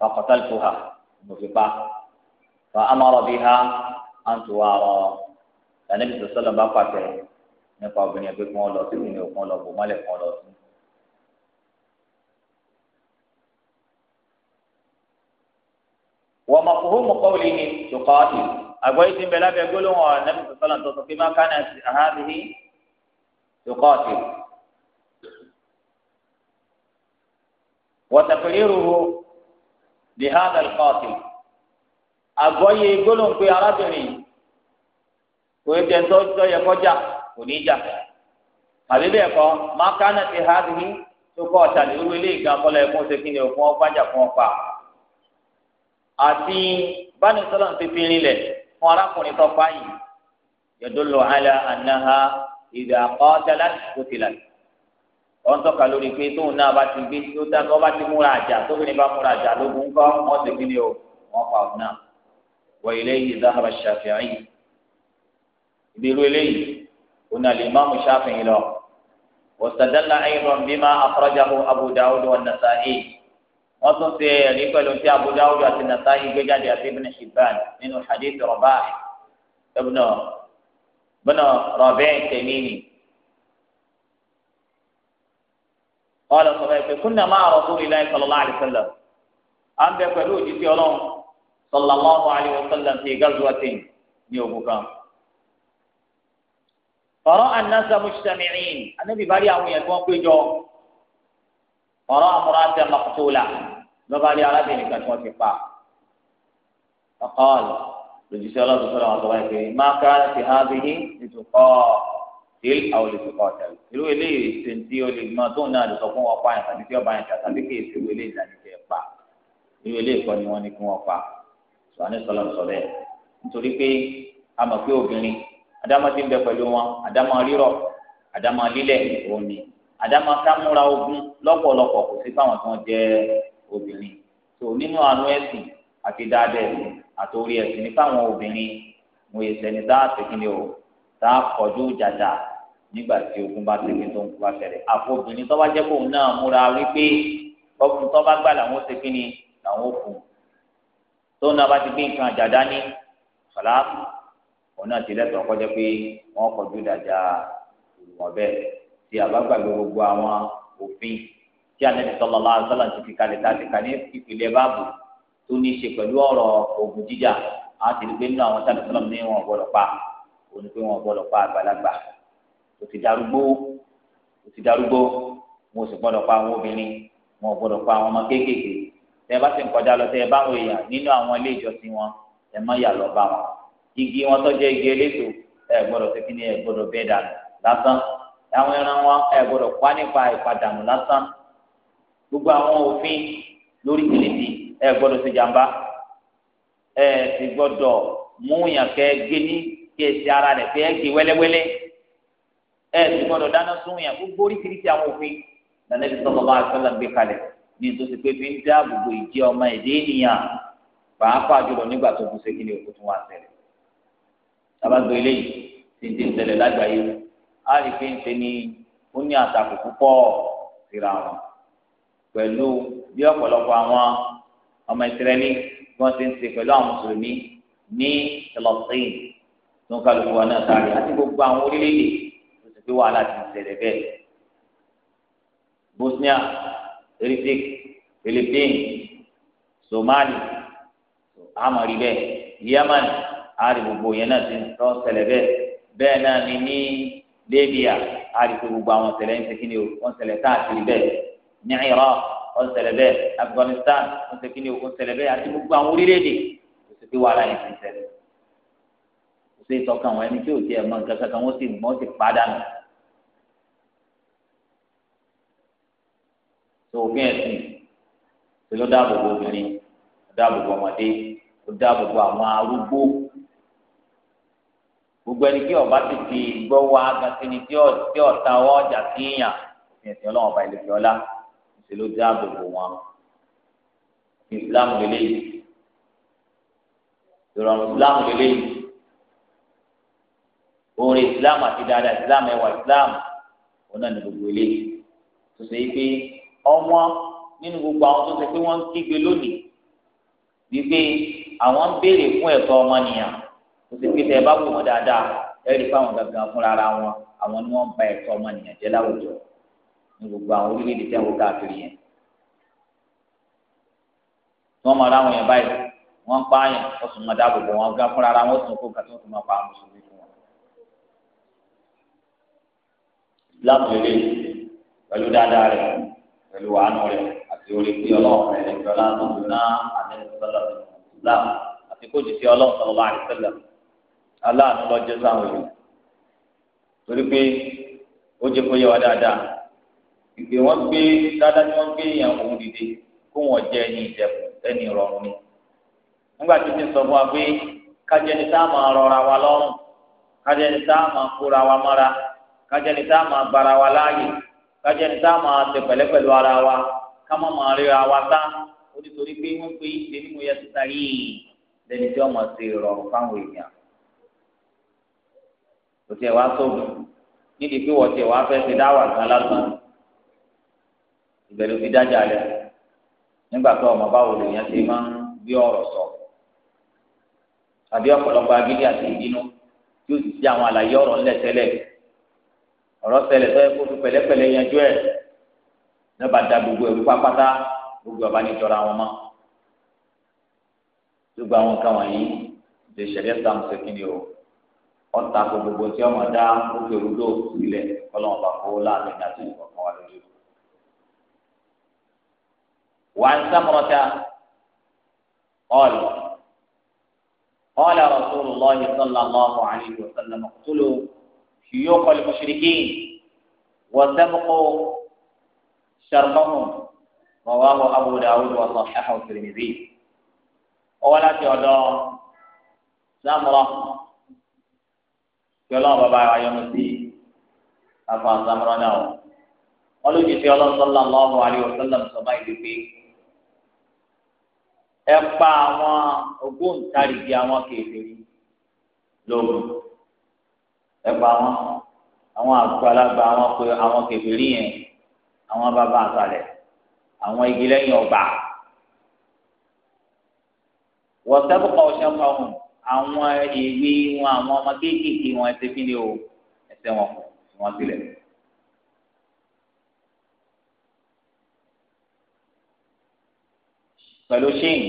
Fàkọ̀tà lùkù ha mo fi pa. Fà amọ̀rọ̀ bí ha á ń tu àrọ̀. Tàní bí sọ̀sọ́ lọ́ba pàṣẹ nípa obìnrin ẹgbẹ́ kí wọ́n lọ sí ìrìn òkun lọ bò mọ́lẹ̀ kan lọ sí. wọ́n mọ̀kúhó mọ̀kọ́wé ni ṣùkọ́ọ̀tì àgbọ̀yé ti ń bẹ lábẹ́ gbólóhùn ọ̀rọ̀ nẹ́bí sọ̀sọ́ lọ́ba tó sọ pé má kánà sí àhábìhí ṣùkọ́ọ̀tì. وتقريره لهذا القاتل أبوي يقولون في أرادني ويبدأ زوجته يقجع ونيجع حبيبي أكو ما كانت هذه تقاتل يقول لي قال يكون سكيني وكون أفجع وكون أفجع àti bani sọlọ ń fífi rinlẹ̀ fún arákùnrin tó fáyìn yadullu ala annaha idha qatalat qutilat wọn tọ́ka lórí pé tóun náà bá ti gbé tó dáná bá ti múra àjà tóbìnrin bá múra àjà lógún kọ́ wọ́n ti gbé ní o wọ́n pa òun náà wọ ilayhi dhahaba Shafi'i ìbírú eléyìí òun àlè imáàmù Shafi'i lọ wọ́sàdánlá ayélujára bima akhrajahu Abu Dawud wa Nasa'i wọ́n tún ṣe ẹ̀rí pẹ̀lú tí Abu Dawud àti Nasa'i gbé jáde àti Ibn Hibban nínú hadith Rabah ibn Rabi' Tamimi قال صلى الله عليه وسلم كنا مع رسول الله صلى الله عليه وسلم أم بقلو جيتي صلى الله عليه وسلم في غزوة نيوبوكا فرأى الناس مجتمعين النبي باري أمو يكون كيجو فرأى مرأة مقتولة لبالي عربي نكتوى تفاق فقال لجيتي الله صلى الله عليه وسلم ما كانت هذه لتقاء tèl àwọn olùkọ́ ọ̀tẹ̀lẹ̀ irú eléyìí ṣe ń tí olùmọ̀ tóun náà lè sọ fún wọn pa àyàn tàbí tí ọba àyàn tà tàbí kì í ṣe irú eléyìí ìdájọ́ kẹ́ ẹ̀ pa irú ni wọ́n ní kí wọ́n pa sọ̀rọ̀ sọ̀rọ̀ sọ̀rọ̀ ẹ̀ nítorí pé a mọ̀ pé obìnrin àdámọ̀ ti ń bẹ pẹ̀lú wọn àdámọ̀ rírọ̀ àdámọ̀ lílẹ̀ òun ni àdámọ̀ sámúra ogun lọ́pọ̀lọpọ̀ kò sí fáwọn tí wọ́n jẹ́ obìnrin tó nínú àánú ẹ̀sìn àti dáadẹ́ ẹ̀sìn àtòrí ẹ̀sìn ní fáwọn obìnrin mo yẹ tá a tẹ̀kí ni o tá a kọjú jàjà nígbà tí ogun bá tẹ̀lé tó ń kú bá tẹ̀lé àfọbìnrin tó bá jẹ́ kóun náà múra wípé ọkùnrin tó bá gbà làwọn ó ṣe kí ni làwọn ó fún un tó náà bá ti gbé nǹkan àjàdá ní fàlà òun náà ti lẹ́tọ̀ọ́ kọjá pé wọ́n kọjú dàjà ìwọ̀n bẹ́ẹ̀ tí àbágbàgbé gbogbo àwọn òfin tí Ànábì sallallahu alaihi wasallam ti fi kalẹ̀ tá a ti kà ní ìpìlẹ̀ báàbù tó ní í ṣe pẹ̀lú ọ̀rọ̀ ogun jíjà àti ìgbénu àwọn sábẹ̀ sọ́lá ní wọn gbọ́dọ̀ pa òun ni pé wọn gbọ́dọ̀ pa àgbàlagbà ó ti darúgbó ó ti darúgbó wọn ò sì gbọ́dọ̀ pa àwọn obìnrin wọn ò gbọ́dọ̀ pa àwọn ọmọ kéékèèké tẹ bá ti ń kọjá lọ tẹ bá wọn èèyàn nínú àwọn ilé ìjọsìn wọn ẹ má yà lọ bá wọn igi wọn tó jẹ igi eléso ẹ gbọ́dọ̀ fi kíni ẹ gbọ́dọ̀ bẹ́ẹ̀ dànù lásán àwọn ẹran wọn ẹ gbọ́dọ̀ pa nípa ìpadànù lásán gbogbo àwọn òfin lórí kìlìtì ẹ gbọ́dọ̀ ṣe jàmbá ẹ sì gbọ́dọ̀ mú yàn kẹ gé ní kí esi ara rẹ fẹ gé wẹlẹwẹlẹ ẹ ti gbọ́dọ̀ dáná sun yẹn gbogbo oríṣiríṣi àwọn òfin nànẹbi sọlọ bá sọlọ gbé kalẹ̀ ní nítorí pé fi ń dá gbogbo ìjẹ ọmọ èdè ènìyàn pàápàá jùlọ nígbà tó kù sékìlì òkú tó wà ṣẹlẹ̀ tabagbọ eléyìí ti ń ti ń ṣẹlẹ̀ lágbàáyé á rí pé ń ṣe ni ó ní àtakò púpọ̀ síra wọn pẹ̀lú bí ọ̀pọ̀lọpọ̀ àwọn ọmọ ìsirẹ́lì wọ́n ti ń ṣe pẹ̀lú àwọn mùsùlùmí ní ẹlọ́sìn tó ń kálukú wọn náà sáré àti gbogbo àwọn orílẹ̀ pé wàhálà ti ń ṣẹlẹ̀ bẹ́ẹ̀ Bosnia eritik Philippines Somali amari bẹ́ẹ̀ Yemen ari gbogbo yẹn náà ti ń tọ́ ṣẹlẹ̀ bẹ́ẹ̀ bẹ́ẹ̀ náà ni ní Libya ari pé gbogbo àwọn ṣẹlẹ̀ ń ṣe o wọ́n ṣẹlẹ̀ káàkiri bẹ́ẹ̀ ní Iraq wọ́n ṣẹlẹ̀ bẹ́ẹ̀ Afghanistan wọ́n ṣe o wọ́n ṣẹlẹ̀ bẹ́ẹ̀ àti gbogbo àwọn orílẹ̀-èdè kò wàhálà yẹn ti ń ṣe tọkàn àwọn ẹni tí ò tiẹ̀ mọ nǹkan kankan wọ́n sì mọ́ ti padà nù. tó òfin ẹ̀sìn ṣe ló dáàbò bo obìnrin ó dáàbò bo ọmọdé ó dáàbò bo àwọn arúgbó gbogbo ẹni tí ọba ti fi gbọ́ wá gàtí ni tí ọ̀tá ọjà kíyàn òfin ẹ̀sìn ọlọ́run ọba ìlú fiọ́lá ṣe ló dáàbò bo wọn. ìsìlámù lélẹ́yìí ìrọ̀rùn ìsìlámù lélẹ́yìí oore islam àti dáadáa islam ẹwà islam wọn náà ní gbogbo eléyìí tó ṣe é pé ọmọ nínú gbogbo àwọn tó ṣe pé wọn ń kígbe lónìí wípé àwọn ń béèrè fún ẹ̀tọ́ ọmọnìyàn tó ṣe pé tẹ ẹ bá wù wọn dáadáa ẹ rí i pé àwọn gangan fúnra ara wọn àwọn ni wọn ń ba ẹ̀tọ́ ọmọnìyàn jẹ́ láwùjọ ní gbogbo àwọn orílẹ̀-èdè tẹ́ káàkiri yẹn wọn máa ra àwọn yẹn báyìí wọn ń pààyàn wọn sì máa dáàbò lápẹlẹ pẹ̀lú dáadáa rẹ pẹ̀lú àánú rẹ àti orí pé Ọlọ́run rẹ lẹgbẹ Ọlọ́run tó ná àdéhùnsọlọ islam àti kó jìṣẹ Ọlọ́run sọlọ bá àdéhùnsọlọ aláàánú lọjọ sáwọn èèyàn torí pé ó jẹ kó yẹ wá dáadáa ìgbé wọn gbé dáadáa tí wọn gbé yẹn òun dìde kó wọn jẹ ẹni ìjẹkùn ẹni ìrọ̀rùn ni nígbà tí ti sọ fún wa pé kájẹni tá a máa rọra wa lọ́rùn kájẹni tá a máa kóra wa mọ́ra kájẹni tá a máa gbara wa láàyè kájẹni tá a máa tẹ pẹ̀lẹ́pẹ̀lẹ́ ara wa ká má máa ríra wa tá onítorí pé wọn pe ìṣe nínú yẹn ti sáré yìí lẹni tí wọn máa ṣe ìrọ̀rùn fáwọn èèyàn kò tiẹ̀ wá sóògùn nídìí pé wọ́n tiẹ̀ wá fẹ́ ṣe dáwà gan lásán ìbẹ̀rù fi dájà rẹ̀ nígbà tó ọmọ báwo lèèyàn ṣe máa ń ọ̀rọ̀ sọ àbí ọ̀pọ̀lọpọ̀ agídí àti ìbínú yóò ti àwọn àlàyé ọ̀rọ̀ ńlẹ̀ tẹ́lẹ̀ ọ̀rọ̀ ṣẹlẹ̀ tó yẹ kó fi pẹ̀lẹ́pẹ̀lẹ́ yanjú ẹ̀ lọ́ba da gbogbo ẹ̀rú pápátá gbogbo ọba níjọra wọn mọ́ gbogbo àwọn nǹkan wọ̀nyí lè ṣẹlẹ̀ sàm ṣe kí ni o ọ̀tà kò gbogbo tí ọmọ dá gbogbo ẹ̀rú lò sílẹ̀ kọ́lọ́mọ bá kó láàrin àti ìkọ̀kan wà lójú. wà á ń sámọ́ta ọ̀lọ́ قال رسول الله صلى الله عليه وسلم اقتلوا شيوخ المشركين وسبقوا شرهم رواه أبو داود وصححه الترمذي ولا تعدى سمرة كلا بابا يومسي أفا سمرة نو قالوا جيسي الله صلى الله عليه وسلم سمعي بكي ẹ pa àwọn تاريخي àwọn kèfèrí lóru ẹ pa wọn àwọn àgbàlagbà àwọn pé àwọn kẹfìrí yẹn àwọn bàbá àtàlẹ àwọn igi lẹ́yìn ọba wọtẹbùkọ ọṣẹpọ ọhún àwọn ìwé wọn àwọn ọmọ kéékèèké wọn ẹsẹ kí ni o ẹsẹ wọn kù wọn sílẹ̀. pẹ̀lú ṣéyìn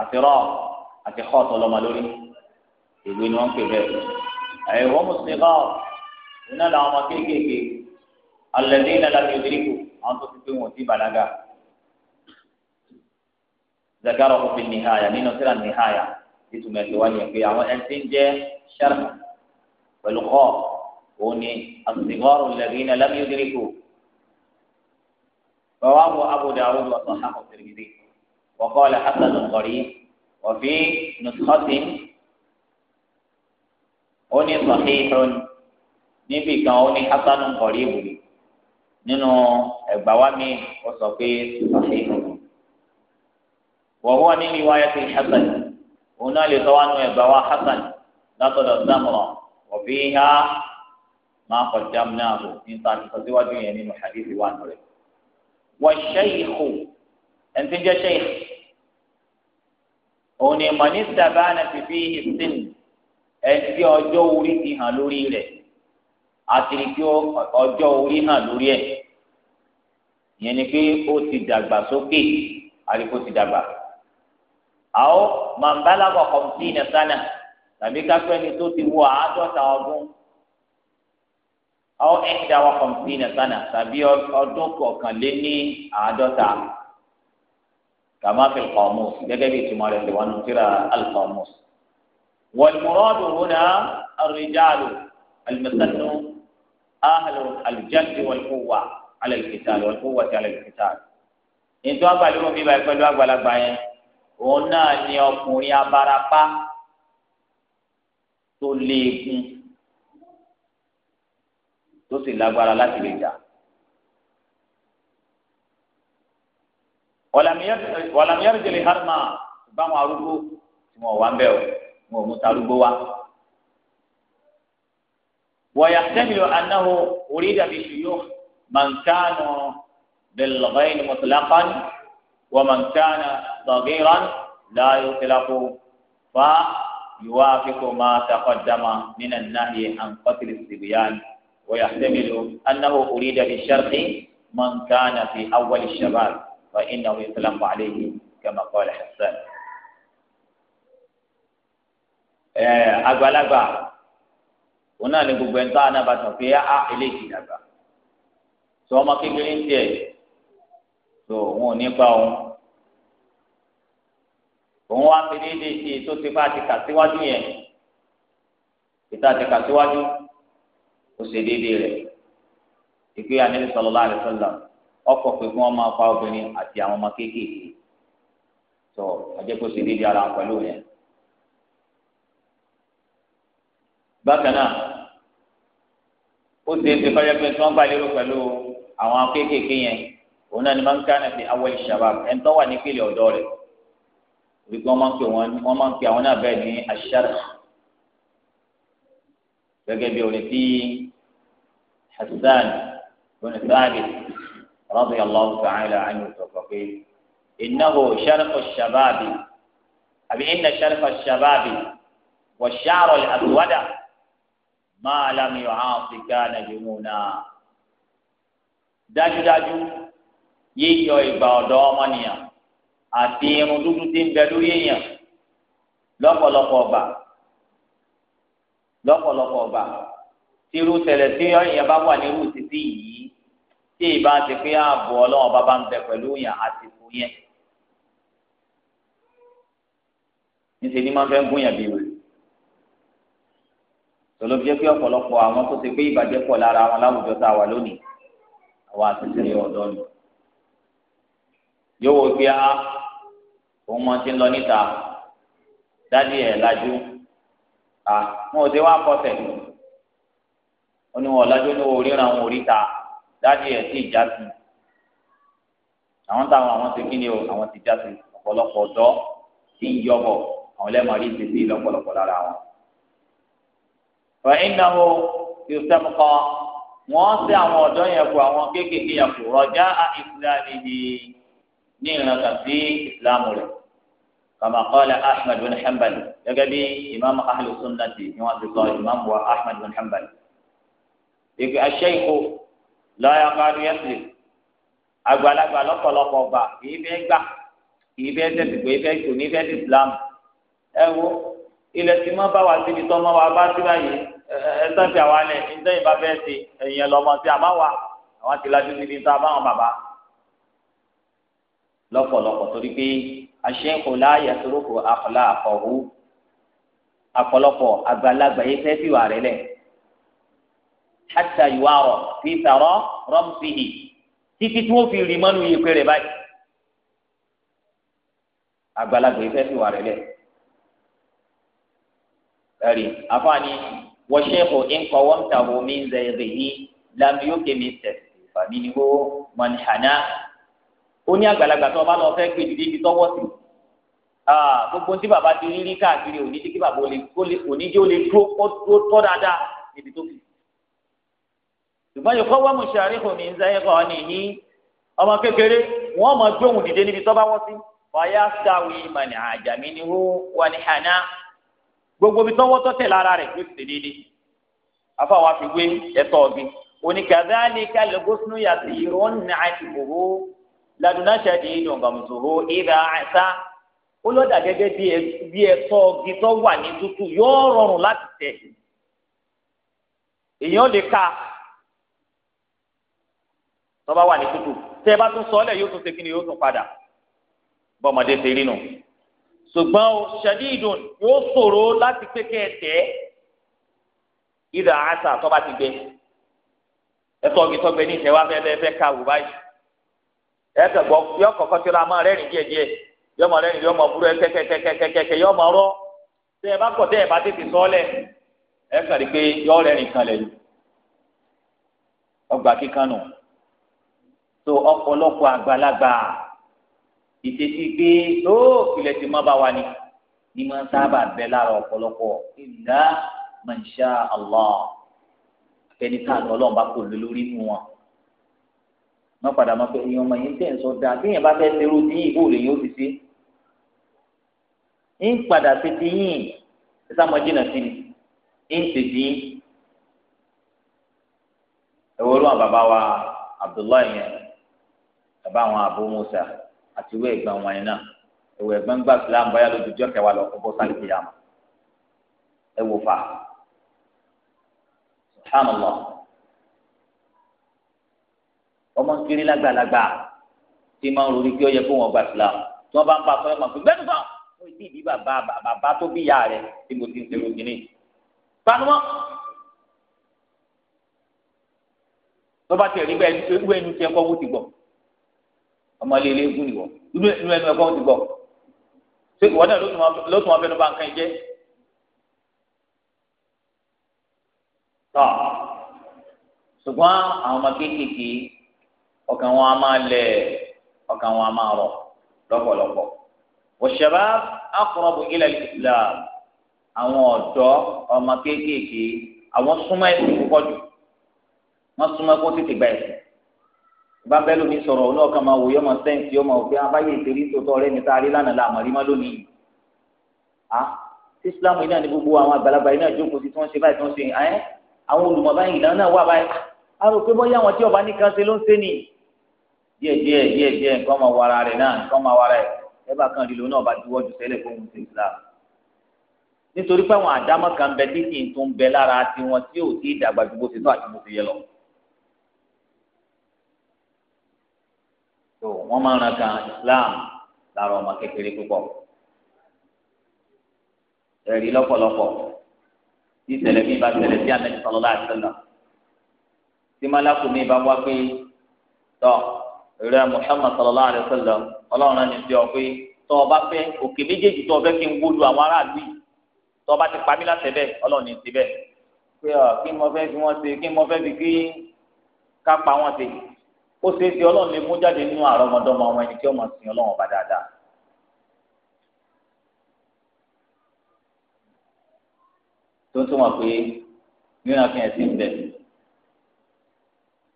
àti rọ àti kọ́ọ̀tù ọlọ́mọ lórí ìwé ni wọ́n ń pè bẹ́ẹ̀ ẹ wọ́n mùsùlùmí iná làwọn ọmọ kéékèèké alẹ́dẹ́ iná làwọn ìdíríkù àwọn tó ti pé wọn ti bàlágà zakaro kòfin nìhaya nínú síra nìhaya ìtumọ̀ ẹ̀sìn wáyé pé àwọn ẹ̀sìn ń jẹ́ sẹ́rẹ̀ pẹ̀lú kọ́ òun ni àtìgọ́rù lẹ́dẹ́ iná làwọn ìdíríkù رواه أبو داود وصححه الترمذي وقال حسن قريب وفي نسخة ó ní sahihun níbi kan ó ní hasanu kọ̀ríbù nínú ẹgbàá wa mi ó sọ pé sahihun wa huwa ní riwayati hasan òun náà lè sọ wá nu ẹgbàá wa hasan látọ̀dọ̀ Samura wa fiha ma qaddamnahu ní sáà tó síwájú yẹn nínú hadithi wa nù rẹ̀ wa shaykhu ẹni tí ń jẹ́ shaykh òun ni ẹtí ọjọ́ orí ti hàn lórí rẹ̀ àtìrí kí ọjọ́ orí hàn lórí ẹ̀ ìyẹn ni pé ó ti dàgbà sókè àríkó ti dàgbà àó màmbálàbọ̀ kọ̀mtì nàtánà tàbí kápẹ́ni tó ti wọ àádọ́ta ọdún àwọn ẹ̀ńdà wa kọ̀m̀pì nàtànà tàbí ọdún kọ̀ọ̀kanléní àádọ́ta kàmáfìl kọ̀ọ̀mùs gẹ́gẹ́ bí ìtumọ̀ rẹ̀ lè wà nù tíra alkọ̀ọ̀mùs. والمراد هنا الرجال المثل أهل الجلد والقوة على القتال والقوة على القتال nítorí wọn gbàlérò mi báyìí pẹ̀lú àgbàlagbà yẹn òun náà ni ọkùnrin abarapá tó léegun tó sì lágbára láti lè jà. wàlàmìyàrìjẹlẹ hàrmà báwọn arúgbó tí wọn wà ń bẹ o. wọn ò mú tarúgbó wa. wọ̀yà sẹ́mìlò anáhó orí dàbí ṣùyọ́ màǹkánà bẹ̀lọ́gẹ́ ni mọ̀tòlákan wọ́n màǹkánà lọ́gẹ́rán láàyò tìlákò fa يوافق ما تقدم من النهي عن قتل الصبيان ويحتمل أنه أريد بالشرح من كان في أول الشباب فإنه يطلق عليه كما قال حسان agbalagba òun náà ní gbogbo ẹni tó àná bàtà pé á eléyìí dàgbà tó ọmọ kékeré ń tiẹ̀ tó òun ò ní pa òun òun wá fi déédéé sí i tó ti bá ti kà síwájú yẹn ìta ti kà síwájú ó ṣe déédéé rẹ̀ ìgbé Ànábì sallallahu alaihi wasallam ọkọ̀ pé obìnrin àti àwọn ọmọ tó bákan náà ó ṣe é ṣe kọjá pé tí wọ́n gbà lérò pẹ̀lú àwọn kéékèèké yẹn òun náà ni máa ń ká nàbí awal shabab ẹ̀ńtọ́ wà nípìnlẹ̀ ọ̀dọ́ rẹ̀ wípé wọ́n máa ń pè wọ́n wọ́n máa ń pè àwọn náà bẹ́ẹ̀ ní aṣáàrà gẹ́gẹ́ bí orin tí Hassan bin Thabit radiyallahu ta'ala anhu sọ̀kọ̀ pé innahu sharfu shababi àbí inna sharfa shababi wa sha'ru al máa lámì ọ̀hán áfíríkà nàìjíríà dájúdájú yíyọ ìgbà ọ̀dọ́ ọmọnìyàn àti irun dúdú tí ń bẹ lórí èèyàn lọ́pọ̀lọpọ̀ ọgbà lọ́pọ̀lọpọ̀ ọgbà tírú tẹ̀lẹ̀ tí èèyàn bá wà nírú títí yìí tí ìbá ti pé ààbò ọlọ́run bá bá ń bẹ pẹ̀lú èèyàn àti fún yẹn níṣẹ́ ni máa ń fẹ́ gún yàn bí wèrè tọ́lọ́ fi jẹ́ pé ọ̀pọ̀lọpọ̀ àwọn tó ti pé ìbàjẹ́ pọ̀ lára wọn láwùjọ tá a wà lónìí àwọn àtẹ̀sẹ̀ ọ̀dọ́ ni. yóò wọ pé a ah, òun mọ ti ń lọ níta dádì ẹ̀ lajú a wọn ò dé wá kọsẹ̀ ó ní wọn lajú ní oríran wọn oríta dádì ẹ̀ sì já sí àwọn táwọn àwọn ti kí o àwọn ti já sí ọ̀pọ̀lọpọ̀ ọ̀dọ́ ti ń yọ̀bọ̀ àwọn ẹlẹ́mọ̀rí ti sí lọ́pọ̀lọpọ̀ lára wọn fàyínàwó yòtẹ́mukọ́ wọ́n ṣe àwọn ọ̀dọ́ yẹn kú àwọn kéékèèké yẹn kú rọjá ìsìlámì ni ní ìrànkà sí ìsìlámù rẹ̀ kama qala ahmed bin hanbal gẹ́gẹ́ bí imam ahlu sunnati ni wọ́n ti sọ imam wa ahmed bin hanbal. ìgbà aṣẹ́yìkó lọ́yà kárí ẹ̀sìn àgbàlagbà lọ́pọ̀lọpọ̀ gbà kì í fẹ́ gbà kì í fẹ́ tẹ̀sí pé fẹ́ tò ní fẹ́ ti ìsìlámù ẹ wo ilẹ̀ tí mọ́ bá wa síbi tó mọ́ wa bá sí báyìí ẹ̀sán ti àwa lẹ̀ ǹjẹ́ ìbá fẹ́ ṣe ẹ̀yìn lọ́mọ tí a bá wa àwọn ti lajú síbi tó a bá wọn bàbá. lọ́pọ̀lọpọ̀ torí pé aṣẹ́kù láàyè soroko àkọlá àkọ́wò àpọ̀lọpọ̀ àgbàlagbà yìí fẹ́ fìwà rẹ̀ lẹ̀. hàtà ìwà fi tàrọ̀ rọ́mùsìhì títí tí wọ́n fi rì mọ́nu yìí pé rẹ̀ báyìí. àgbàlagbà yìí fẹ́ fìwà rẹ̀ lẹ̀ ẹ̀rí àfààní wọ́ṣẹ́kù ńkọ́ wọ́n ta wo mi ń zẹ ẹ̀rẹ̀ yìí lámì yóò ké mi tẹ̀ fàmí ni ó mọ̀nì hànà. ó ní àgbàlagbà tó o bá lọ fẹ́ gbé dídí ibi tọ́wọ́ sí. gbogbo tí bàbá ti rí rí káàkiri òní tí kí bàbá oníjẹ́ ó lè dúró tọ́ dáadáa níbi tó fi. ṣùgbọ́n yòókọ́ wọ́n mu ṣàríkù mi ń zẹ ẹ̀kọ́ ni ọmọ kékeré wọ́n mọ̀ gbóhùn dìde níbi tọ́ bá wọ́ sí. ọ̀yá gbogbo bí tọwọ́ tọ́tẹ̀ lára rẹ̀ yóò tẹ̀lé ní afa wa fi gbé ẹ̀tọ́ ọ̀gbìn oníkàdáni kálígósínú yàtì ìrún nàájì gbogbo ladùnà ṣàdí ìlú gbàmùsòwò ìdá àṣà ó lọ́dà gẹ́gẹ́ bí ẹ̀tọ́ ọ̀gbìn tó wà ní tútù yóò rọrùn láti tẹ̀ èèyàn lè ka tọ́ba wà ní tútù tẹ́ bá tún sọ ọ́ lẹ̀ yóò tún ṣe kí ni yóò tún padà bọ́mọdé ṣe rí nù. ṣùgbọ́n o ṣadídùn yóò ṣòro láti pé kẹ́ ẹ tẹ́ ìdá àṣà tó ti gbẹ ẹtọ́ ògì tó ní ìṣẹ́wá fẹ́ẹ́ fẹ́ ká wù báyìí ẹ kẹgbọ́ yọ kọ̀kọ́ tí ó máa rẹ́rìn díẹ̀díẹ̀ yọ máa rẹ́rìn yọ máa burú ẹ kẹ́kẹ́kẹ́kẹ́kẹ́ yọ máa rọ́ tẹ ẹ bá kọ̀ ẹ so ọ̀pọ̀lọpọ̀ àgbàlagbà. ìtẹ̀sí pé ó ilẹ̀ ti má bá wa ni ni máa ń sábà bẹ lára ọ̀pọ̀lọpọ̀ ìlà màṣá allah ẹni káàdùn ọlọ́run bá kò lé lórí nù wọn má padà má pé èèyàn ọmọ yẹn tẹ̀ ń sọ dáa téèyàn bá fẹ́ ṣerú tí ìbò rẹ̀ yóò fi ṣe ń padà ṣe ti yín ẹ sá sí ni ń ṣe ti yín ẹ wọ́n lọ́wọ́ bàbá wa abdullahi yẹn bàbá àwọn Abu Musa àti ìwé ẹ̀gbọ́n wọn yẹn náà ìwé ẹ̀gbọ́n gbà sílá ń báyà lójújọ́ kẹwàá lọ kókó sáré kìyà mọ́ ẹ wò fà subhanallah ọmọ nkiri lágbàlagbà tí máa ń rori kí ó yẹ kó wọn gbà sílá tí wọn bá ń pa fún ẹ máa fi gbẹdùn fún ọ ìdí ìdí bàbá bàbá tó bí ìyá rẹ tí mo ti ń ṣerú kìíní fanumọ tó bá tiẹ̀ rí bẹ́ẹ̀ ẹnu tiẹ̀ kọ́ wó ti gbọ̀ ọmọ ilé ilé gún ìwọ irú ẹnu ẹnu ẹ̀gbọ́n ti gbọ́ ṣé ìwọ náà ló tún wọn fẹnu bá nǹkan jẹ. tọ ṣùgbọ́n àwọn ọmọ kéékèèké ọkàn wọn a máa lẹ̀ ọkàn wọn a máa rọ̀ lọ́pọ̀lọpọ̀ òṣèlú akọrọbù ilẹ̀ Islam àwọn ọ̀dọ́ ọmọ kéékèèké àwọn súnmọ́ ẹ̀sìn púpọ̀ jù wọ́n súnmọ́ kó tètè gba ẹ̀sìn bá bẹ́ẹ̀ lómi sọ̀rọ̀ ọ̀nà ọ̀kan máa wò yọ ọmọ sẹ́ǹtì ọmọ òfin abáyé ìtẹ̀rí tòótọ́ rẹ níta rí lánàá la àmọ̀rí má lónìí à ah, tí islamu iná ní gbogbo àwọn àgbàlagbà iná ìjókòó sí tí wọ́n ṣe báyìí tí wọ́n ṣe ah, ẹ̀ àwọn olùmọ̀ báyìí ìlànà náà wà báyìí a rò pé bóyá àwọn tí ọba ní kan ṣe ló ń ṣe nì díẹ̀ díẹ̀ nǹkan máa wara rẹ̀ náà nǹkan wara rẹ̀ ẹ bá kan lílo náà bá juwọ́jú sẹ́lẹ̀ fóun ṣe islam nítorí pé àwọn àdámọ́ kan bẹ tí kì í tún bẹ wọ́n máa ran kan islam lára ọmọ kékeré púpọ̀ ẹ̀rí lọ́pọ̀lọpọ̀ tí ìṣẹ̀lẹ̀ mi bá ṣẹlẹ̀ sí Ànábì sallallahu alaihi wasallam tí malakú mi bá wá pé tọ́ rẹ Muhammad sallallahu alaihi wasallam ọlọ́run ni fi ọ pé tọ́ ọ bá fẹ́ òkè méjèèjì tọ́ ọ fẹ́ kí n wólu àwọn aráàlú yìí tọ́ ọ ti pa mí láti ẹ̀bẹ̀ ọlọ́run ni ti bẹ́ẹ̀ pé ọ kí n mọ fẹ́ fi wọ́n ṣe kí n mọ fẹ́ fi kí ká pa wọ́n ṣe yìí ó ṣe é ṣe ọlọ́run lè mú jáde nínú àrọ́mọdọ́mọ àwọn ẹni tí ó mọ̀ sí ọlọ́run ọba dáadáa. tó ń tún wọn pé nínú àfihàn sí ń bẹ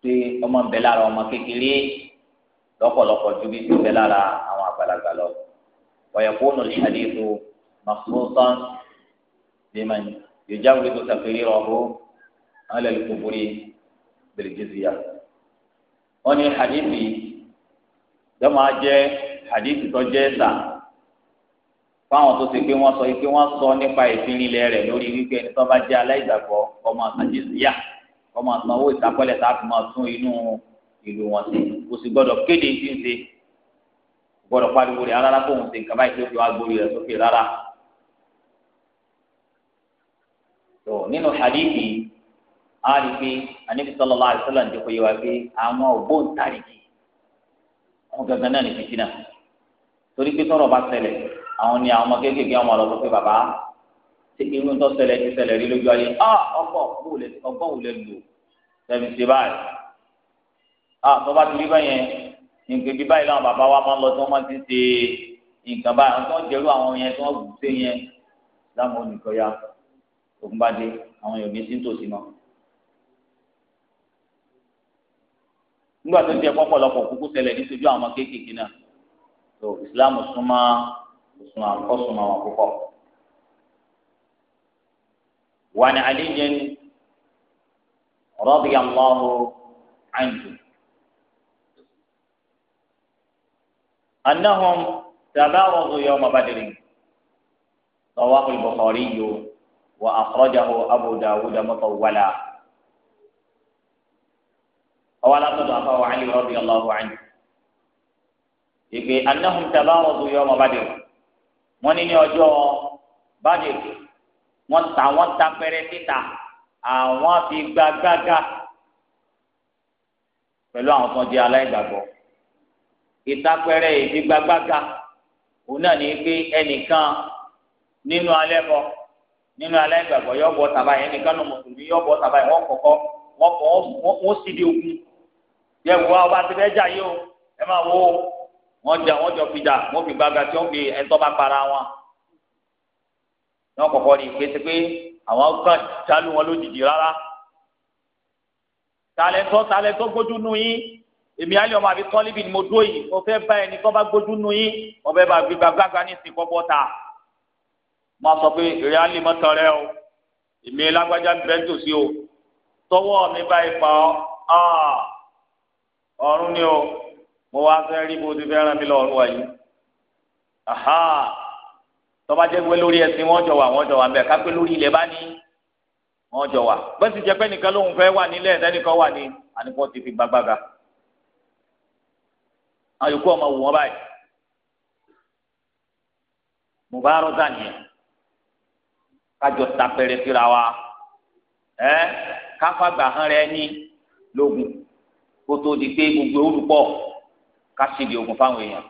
pé ọmọ ń bẹ lára ọmọ kékeré lọ́pọ̀lọpọ̀ ju bí ń bẹ lára àwọn àgbàlagbà lọ. ويكون الحديث مخصوصا بمن يجاوز تقريره على الكفر بالجزية wọn ní hadithi dọ́mọ ajẹ́ hadithi tó jẹ́ ẹ̀sà fáwọn tó ṣe pé wọ́n sọ pé wọ́n sọ nípa ìfinrinlẹ̀ rẹ̀ lórí wípé ẹni tó bá jẹ́ aláìgbàgbọ́ ọmọ àtàjẹsíyà ọmọ àtàwọn ìtakọ́lẹ̀ tá a fi máa tún inú ìlú wọn sí kò sì gbọ́dọ̀ kéde tí ń ṣe gbọ́dọ̀ pariwo rẹ̀ rárá kó òun ṣe nǹkan báyìí tó fi wá gbórí rẹ̀ sókè rárá. tó nínú hadithi àwọn àdìgbé àníbi sọlọ lọ àdìsọlọ ń dẹkọ yẹ wá pé àwọn ògbóǹtarìgì wọn gangan náà ní fìtínà torí pé tọrọ bá ṣẹlẹ̀ àwọn ni àwọn ọmọ kéékèèké àwọn ọlọ́pàá pé bàbá ṣé irú ń tọ́ ti ṣẹlẹ̀ rí lójú ayé ah ọgbọ ọgbọ wò lè lò tẹbi ṣe báyìí ah tọ́ bá ti rí báyẹn nǹkan bí báyìí làwọn bàbá wa máa ń lọ tí wọ́n máa ti ń ṣe nǹkan báyìí àwọn tí wọ́n jẹ́rú àwọn yẹn tí wọ́n gbùsẹ̀ yẹn láwọn olùkọ́ ya àwọn yòókè sí tòsí náà nígbà tó jẹ pọpọlọpọ kúkú tẹlẹ nítorí àwọn kéékèèké náà tó ìsìláàmù súnmọ́ súnmọ́ ọsùnmọ wọn púpọ̀. وعن علي رضي الله عنه أنهم تبارزوا يوم بدر رواه البخاري وأخرجه أبو داود مطولا ọwọ́ alátọ́dọ̀ afáwọ̀ Ali radiyallahu anhu. ìgbé annahum tabarazu yawma Badr wọ́n ní ní ọjọ́ Badr wọ́n ta wọ́n ta pẹ́rẹ́ títa àwọn fi gbàgbàgà pẹ̀lú àwọn tó ń jẹ́ aláìgbàgbọ́ ìtapẹ̀rẹ̀ ìfigbàgbàgà òun náà ní pé ẹnìkan nínú alẹ́ bọ̀ nínú aláìgbàgbọ́ yọ̀ bọ̀ tàbá yẹn ẹnìkan nínú mùsùlùmí yọ̀ bọ̀ tàbá yẹn wọ́n kọ̀kọ́ wọ́n kọ̀ wọ́n sì di ogun yẹ wò wá ọba ti fẹ́ jà yìí o ẹ máa wo wọn jà wọn jọ fi jà wọn fi gbàgà tí wọn fi ẹtọ́ bá para wọn wọn kọ́kọ́ rí kété pé àwọn kan jálù wọn lójijì rárá talẹtọ talẹtọ gbójú nu yín èmi àlẹ ọmọ àbí tọ́líbì ni mo dó yìí mo fẹ́ bá ẹni tó bá gbójú nu yín mo bá gbégbá gbága ní ìsìn kọ́kọ́ ta mo sọ pé èrè àlè mọ́tàn rẹ o èmi lágbájá bẹ́ẹ̀ tòsí o tọwọ́ mi báyìí pa ọ́ ọ́. Ah ọ̀run ni o mo wá fẹ́ rí bó ti fẹ́ ràn mí lọ wáyé aha tọ́ba jẹ́ pé lórí ẹ̀sìn wọ́n jọ wà wọ́n jọ wà bẹ́ẹ̀ ká pé lórí ilẹ̀ bá ní wọ́n jọ wà bẹ́ẹ̀ sì jẹ́ pé nìkan lóhùn fẹ́ wà nílẹ̀ ẹ̀dẹ́nìkan wà ní àníkọ́ ti fi gbagbaga àyùkú ọmọ wò wọ́n báyìí mubaaro daniel kájọ tapẹrẹ síra wa ẹ káfàgbà hàn rẹ ní lógun kó tó di pé gbogbo olùpọ̀ kásìdì ogun fáwọn èèyàn.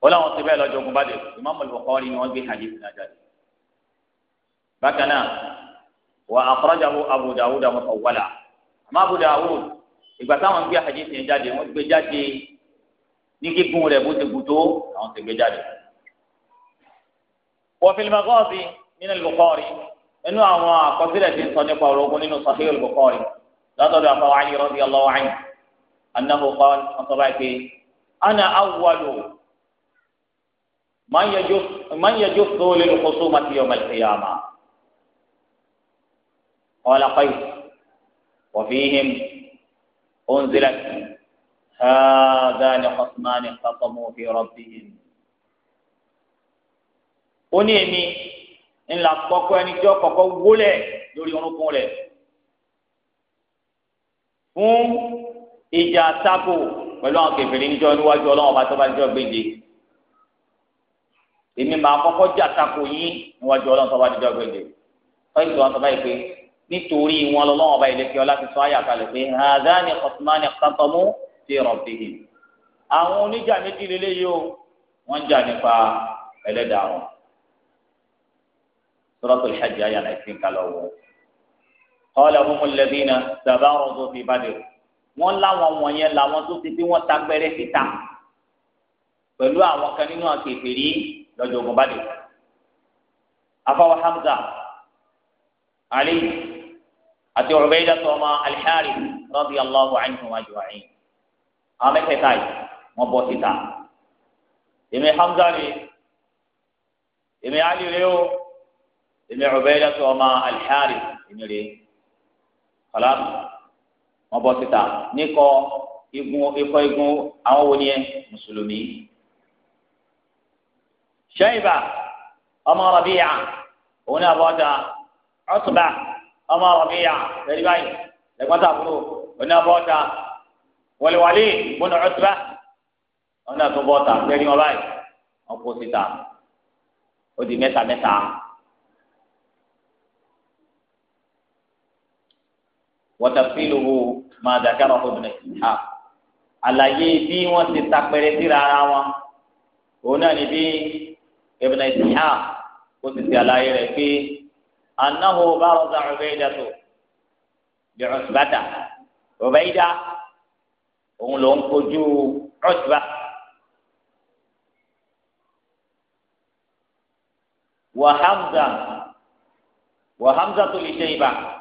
wọ́n láwọn ti bẹ́ẹ̀ lọ́jọ́ ogun bá dé Imam al-Bukhari ni wọ́n gbé hadith náà jáde. bákan náà wa akhrajahu Abu Dawud mutawwala àmọ́ Abu Dawud ìgbà táwọn gbé hadith yẹn jáde wọ́n gbé jáde ní kíkún rẹ̀ bó ti gùn tó àwọn ti gbé jáde. wa fil maghazi min al-Bukhari nínú àwọn àkọsílẹ̀ ti sọ nípa ọ̀rọ̀ ogun nínú Sahih látọ̀dọ̀ àfọwọ́ àyè rọ́bì ọlọ́wọ́ àyè anáhù kọ́ ọ̀sọ́ báyìí pé ana awwalu man yẹjọ sóòlì lókoso mati yọ malkiyama ọ̀la kọ́yì wọ́fíhìm ọ̀nzílẹ̀ hàdáni xọ́sùmánì xọ́sọ́mù fi rọ́bìhìm. ó ní èmi ńlá kọ́kọ́ ẹni tí ó kọ́kọ́ wúlẹ̀ lórí orúnkún rẹ̀ fún ìjà tako pẹ̀lú àwọn kèfèrí níjọ́ níwájú ọlọ́wọ́n bá tó bá níjọ́ gbèdé èmi máa kọ́kọ́ jà tako yín níwájú ọlọ́wọ́n tó bá níjọ́ gbèdé fẹ́ẹ́ tó wọn tó bá yìí pé nítorí wọn lọ́wọ́n bá ilé fi ọlá ti sọ àyà kalẹ̀ pé hadhani qasmani iqtasamu fi rabbihim àwọn oníjà méjì lélẹ́yìí o wọ́n jà nípa ẹlẹ́dàá wọn suratul hajj àyà náà ìfínkà lọ́wọ́ kọ́lẹ̀ fún mọ̀lẹ́bínà bàbá ọ̀rọ̀ fi bàdé wọ́n láwọn wọ̀nyẹn làwọn tó ti fi wọ́n ta gbẹ́rẹ́ síta pẹ̀lú àwọn kan nínú àkèfèrí lọ́jọ́ ogun bàdé. afọwọ́ hamza ali àti ọ̀rọ̀bẹ́yìdá tọ́mọ alihari rọ́bì aláwọ̀ àyìnkùn wájú àyìn. àwọn mẹ́tẹ̀ẹ̀ta yìí wọ́n bọ́ síta. èmi hamza rè èmi ali rè o èmi ọ̀rọ̀bẹ́yìdá tọ́mọ alihari rè é kọlá wọn bọ síta níkọ igun ikọ̀ igun àwọn wo ni ẹ mùsùlùmí. ṣẹ́yìnbà ọmọ rọ̀bíyà òun náà bọ́ta ọ̀túnbà ọmọ rọ̀bíyà lẹ́yìn báyìí lẹ́gbọ́n sàbúrò òun náà bọ́ta wọléwàlé gbọ́dọ̀ ọ̀túnbà òun náà tún lẹ́yìn báyìí wọn kó síta ó di mẹ́ta mẹ́ta. وتفصيله ما ذكره ابن إسحاق àlàyé bí wọ́n ti tapẹrẹ síra ara wọn òun náà ni bí ibn Ishaq ó ti ti àlàyé rẹ̀ pé anahu baraza Ubaydatu bi Utbata Ubayda òun ló ń kojú Utba. wa Hamza wa Hamza tó lè ṣe ibà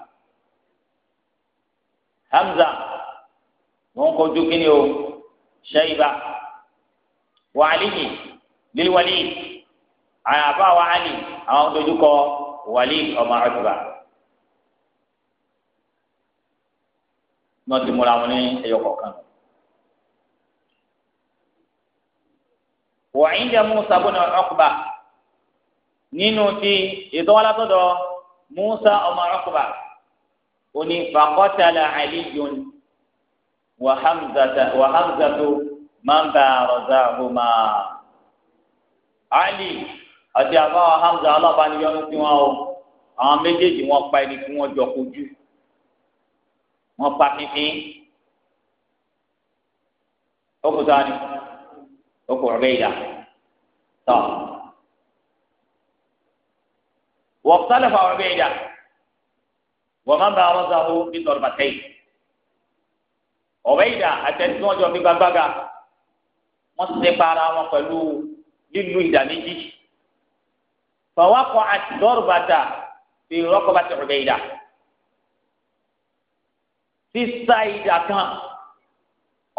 hamza wọn kojú kí ni o ṣẹyìnbá wà aliyi liliwali àyàfà wà ali àwọn dojú kọ wali ọmọ ọtúbà náà ti múra wọn ní ẹyọ kọ̀ọ̀kan. wà ìjà musa bọ́nà ọkùbà nínú ti ètò musa ọmọ ọkùbà oní fàkọ́tàlà àlíyùn wà hamzatu máa ń bá àròzà àhùmá. ali àti àbáwá hamza ọlọ́ba ni yọnu sí wọn o àwọn méjèèjì wọn pa ẹni tí wọn jọ kojú wọn pa fífín okuta ni oku ọbẹ̀yà tọ́ wọ́n sálẹ̀ fún ọbẹ̀yà wọ́n máa ń bá àwọn sáfó ní tọ́lùbàtẹ́ yìí ọ̀wẹ́ ìdá àtẹ̀tí wọn jọ gbàgbága wọ́n ti ṣe para wọn pẹ̀lú lílu ìdá méjì fọwọ́kọ̀ àti dọ́rùbàtà fi rọ́kọ̀bàtà ọ̀bẹ ìdá sísá ìdá kan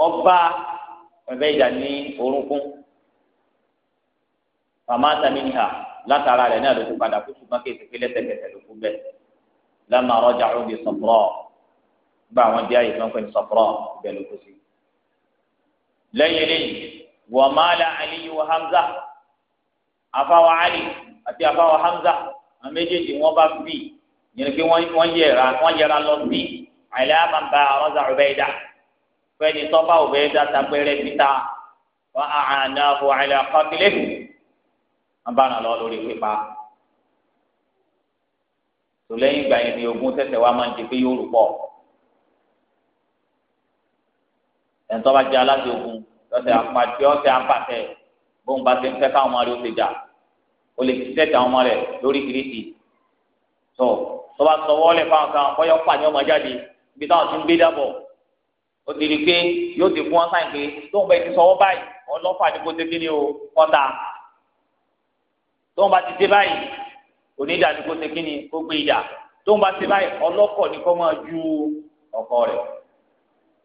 ọba ọ̀bẹ ìdá ní orúnkún màmá sami nìyà látara rẹ̀ náà ló ti padà kó ṣùgbọ́n kéèké lẹ́sẹ̀kẹsẹ̀ ló bẹ́ẹ̀ lámà ọjà òbí sọ̀pọ̀rọ̀ gba àwọn díẹ̀ yìí fún pé sọ̀pọ̀rọ̀ bẹ́ẹ̀ ló kó sí. lẹ́yìn lẹ́yìn wọ́n máa la aliyu wa hamza afáwa ali àti afáwa hamza àwọn méjèèjì wọ́n bá fi yẹn pé wọ́n yẹra wọ́n yẹra lọ sí àìlẹ́àmàmbá ọ̀rọ̀zà ọ̀bẹ́ẹ̀dá fẹ́ni tọ́ba ọ̀bẹ́ẹ̀dá tagbẹ́rẹ́ títa wọ́n àhànà ọ̀hún àìlẹ́àkọ́kílẹ̀ wọ́n bá nà lọ lórí pípa
tó lẹ́yìn ìgbà yẹn
ni ogun tẹ̀sẹ̀ wa máa ń di pé yóò rò pọ̀ ẹ̀ńtọ́ bá jẹ́ aláṣẹ ogun lọ́sẹ̀ apàtẹ ọ̀sẹ̀ apàtẹ bóun bá ti ń fẹ́ káwọn ọmọ rẹ̀ ó ti jà ó lè ti tẹ̀sẹ̀ àwọn ọmọ rẹ̀ lórí kìrìtì tó tó bá sọ wọ́ọ́lẹ̀ fáwọn kan bọ́yọ̀ pàní ọmọ jáde ibi táwọn ti ń gbé dàbọ̀ ó ti rí i pé yóò ti fún wọn sáì pé tóun bá ti sọwọ́ báyìí ọlọ́fà ni kò tẹ́kí ni o kọ́ta tóun bá ti dé báyìí onídàá ni kó ṣe ni kó gbé ìdá tó ń bá ṣe báyìí ọlọ́kọ̀ ni kó máa ju ọkọ rẹ̀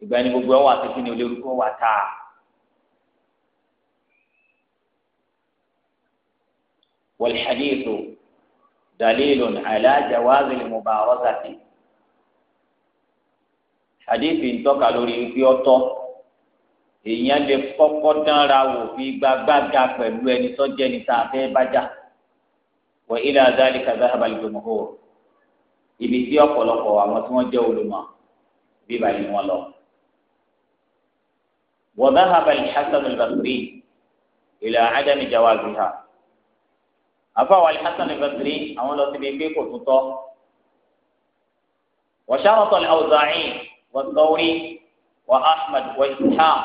ìgbà ni gbogbo ẹ̀ wà ṣe kí ni olórúkọ wà والحديث دليل على جواز المبارزة حديث ń tọ́ka lórí ibi ọ̀tọ̀ èèyàn lè kọ́kọ́ dánra wò fi gbàgbàgà pẹ̀lú ẹni wa ila dhalika dhahaba al-jumhur ibi tí ọ̀pọ̀lọpọ̀ àwọn tí wọ́n jẹ́ olùmọ̀ bíbá ni wọ́n lọ. wa dhahaba al-Hasan al-Basri ila adami jawaziha àfàwọn al-Hasan al-Basri àwọn lọ síbi pé kò tún tọ́ wa sharata al-Awza'i wa Thawri wa Ahmad wa Ishaq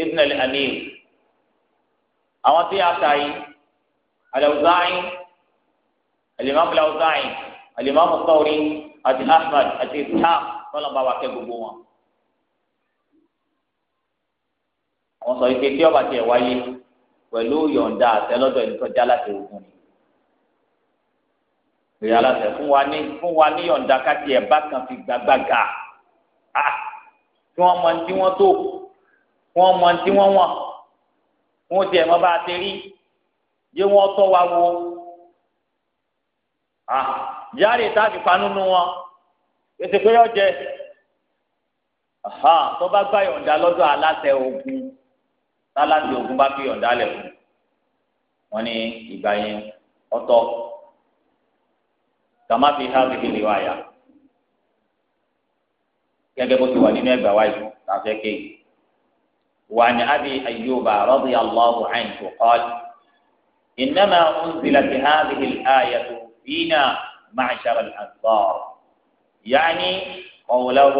ibn al-Amir àwọn tí a ta yìí al-Awza'i. الإمام lawzai alimami sawri àti ahmed àti ishaq tọ́lọ̀ bá wa kẹ́ gbogbo wọn. àwọn sọ ike tí ọba tiẹ̀ wáyé pẹ̀lú yọ̀ǹda àtẹlọ́dọ̀ ẹni tó jẹ́ aláṣẹ ogun ni. ìrìn aláṣẹ fún wa ní fún wa ní yọ̀ǹda káti ẹ̀ bá kan fi gbàgbàgà kí wọ́n mọ tí wọ́n tó kí wọ́n mọ tí wọ́n wọ̀n kí wọ́n tiẹ̀ mọ́ bá a ti rí yé wọ́n tọ́ wa wo. Ah, járe táàbì panú nu wọn ètò pé ọjẹ tó bá gbà yọ̀ǹda lọ́dọ̀ aláṣẹ ogun tálàtì ogun bá fi yọ̀ǹda lẹ̀ fún wọn ní ìgbà yẹn ọ̀tọ̀ kàmá fi hàn kékeré wa yà gẹ́gẹ́ bó ti wà nínú ẹgbàá wáyé tàfẹ́ kéyìí. وعن أبي أيوب رضي الله عنه قال إنما أنزلت هذه الآية فينا معشر الأنصار يعني قوله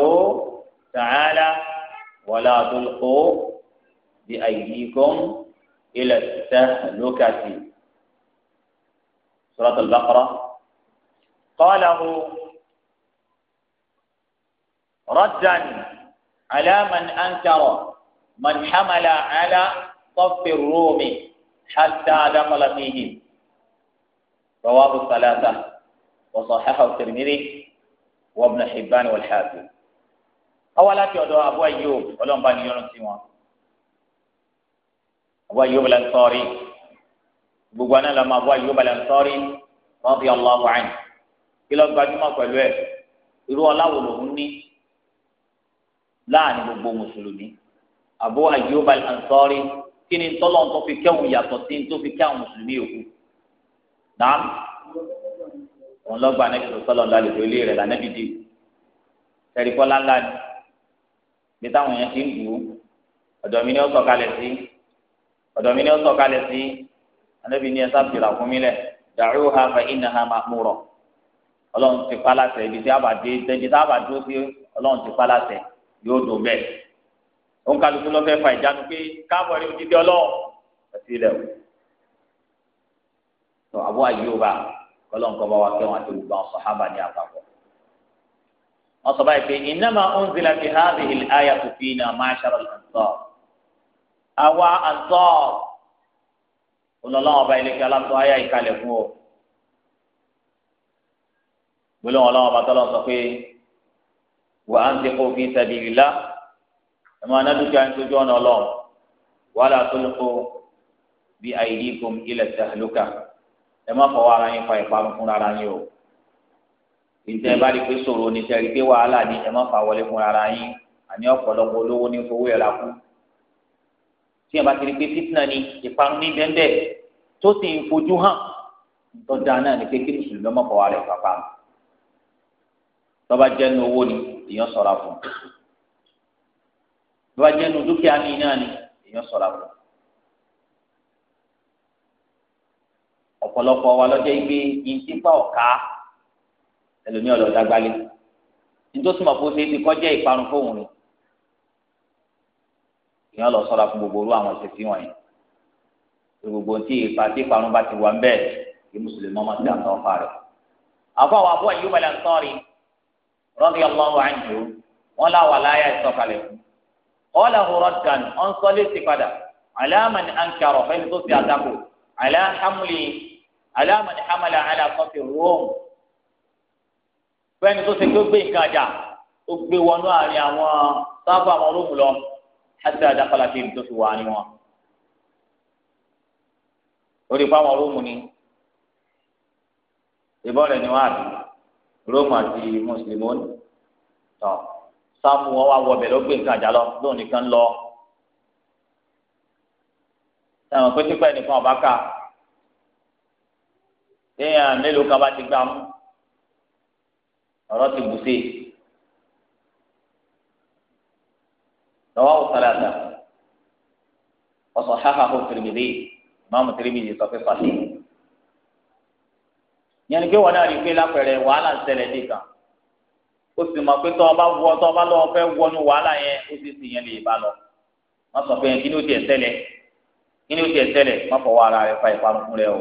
تعالى ولا تلقوا بأيديكم إلى التهلكة سورة البقرة قاله ردا على من أنكر من حمل على صف الروم حتى دخل فيهم رواه الثلاثة وصححه الترمذي وابن حبان والحاكم أولا تيودو أبو أيوب ولهم بني يونس أبو أيوب الأنصاري بقوانا لما أبو أيوب الأنصاري رضي الله عنه إلى قدما قالوا irú ọlá wo lòun ní láàrin gbogbo mùsùlùmí Abu Ayyub al-Ansari kí ni tọ́lọ́ tó fi kẹ́hùn yàtọ̀ sí tó fi kẹ́hùn mùsùlùmí yòókù nàám òun lọ́gbà anábì sọ̀sọ́lọ̀ lálejò ilé rẹ̀ lànàbì dé tẹ̀rí kọ́lá ńlá ni bí táwọn yẹn ti ń bù ú ọ̀dọ̀ mi ni ó sọ̀kalẹ̀ sí ọ̀dọ̀ mi ni ó sọ̀kalẹ̀ sí anábì ni ẹ sábìrà fún mi lẹ̀ dàrú ha fa iná ha máa mú rọ ọlọ́run ti pa láṣẹ ibi tí a bá dé ibi tí a bá dúró sí ọlọ́run ti pa láṣẹ yóò dùn bẹ́ẹ̀ òun kálukú ló fẹ́ fa ìjánu pé káàbọ̀ rí ojú dé ọlọ́run àti ilẹ̀ o tó Abu Ayyuba kọ́lọ́ nǹkan bá wa kí wọn àti olùgbà sàhábà ní àpapọ̀. wọ́n sọ báyìí pé innama unzila fi hadhihi al-ayati fina ma'shara al-ansar àwa ansar olùlọ́wọ́n bá ilé kí aláǹtọ́ ayá ìkalẹ̀ fún ọ. gbólóhùn ọlọ́wọ́n bá tọ́lọ́ sọ pé wa anfiqu fi sabilillah ẹ máa ná dúkìá ń tójú ọ̀nà ọlọ́run wala tulqu bi aydikum ila tahluka ẹ má fọwọ́ ara yín fa ìparun fúnra ara yín o ìtẹ́ bá rí pé sòrò ní sẹ́rí pé wàhálà ni ẹ má fa wọlé fúnra ara yín àní ọ̀pọ̀lọpọ̀ olówó ní fowó ẹ̀rá kú tí ẹ bá ti rí pé fitna ni ìparun ní bẹ́ẹ̀ tó sì ń fojú hàn tọ́jà náà ni pé kí mùsùlùmí ọmọ fọwọ́ rẹ̀ pàpà tọ́ba jẹ́ owó ni èèyàn ṣọ́ra fún tọ́ba jẹ́ dúkìá ní iná ni èèyàn ṣọ́ra fún ọ̀pọ̀lọpọ̀ wa lọ́jọ́ igbe yìí ti pa ọ̀ka ẹlòmíì ọ̀lọ́dà gbalẹ̀ nítorí mọ̀ kó ṣe é ti kọjá ìparun fóun ni ìyẹn lọ sọ́ra fún gbogbo orú àwọn ìṣẹ̀sí wọ̀nyí gbogbo tí ipa tí ìparun bá ti wà ń bẹ́ẹ̀ kí mùsùlùmí ọmọ ti àtọ̀ ọ̀fà rẹ̀ àfọ àwọn abúlé yìí wọlé ńsọ́ọ̀rì rọ́bì ọlọ́run àjò wọn láwà láyà ìsọ̀kalẹ̀ fún ọ̀là aláàmọ̀ni hamala aláàkọ́fẹ́ rome fẹ́ni tó ṣe pé gbé nǹkan àjà ó gbé wọnú àárín àwọn sábà àwọn rome lọ àti àdàkọ́lá fi tó fi wà ní wọn orí fáwọn rome ni ìbọn ni wọ́n àbí rome àti mùsùlùmí tọ́ sáàmù wọn wá wọbẹ̀ ló gbé nǹkan àjà lọ lóun nìkan lọ ẹ̀wọ̀n pé sípẹ́ nìkan ọ̀bá ká téèyàn mélòó kan bá ti gbà mú ọ̀rọ̀ ti bù sí i lọ́wọ́ òsàlàdà ọ̀sọ̀ háhàhó tìrìmìlì ìmáàmù tìrìmìlì sọ pé fàṣẹ. yẹn ni pé wọn náà rí i pé lápẹ̀rẹ̀ wàhálà ń ṣẹlẹ̀ dé kan ó sì mọ̀ pé tọ́ ọba wọ tọ́ ọba lọ́wọ́ fẹ́ wọnú wàhálà yẹn ó sì sì yẹn lè bá lọ wọ́n sọ pé kí ni ó tiẹ̀ ṣẹlẹ̀ kí ni ó tiẹ̀ ṣẹlẹ̀ má fọwọ́ ara rẹ̀ fa ìparun fún rẹ o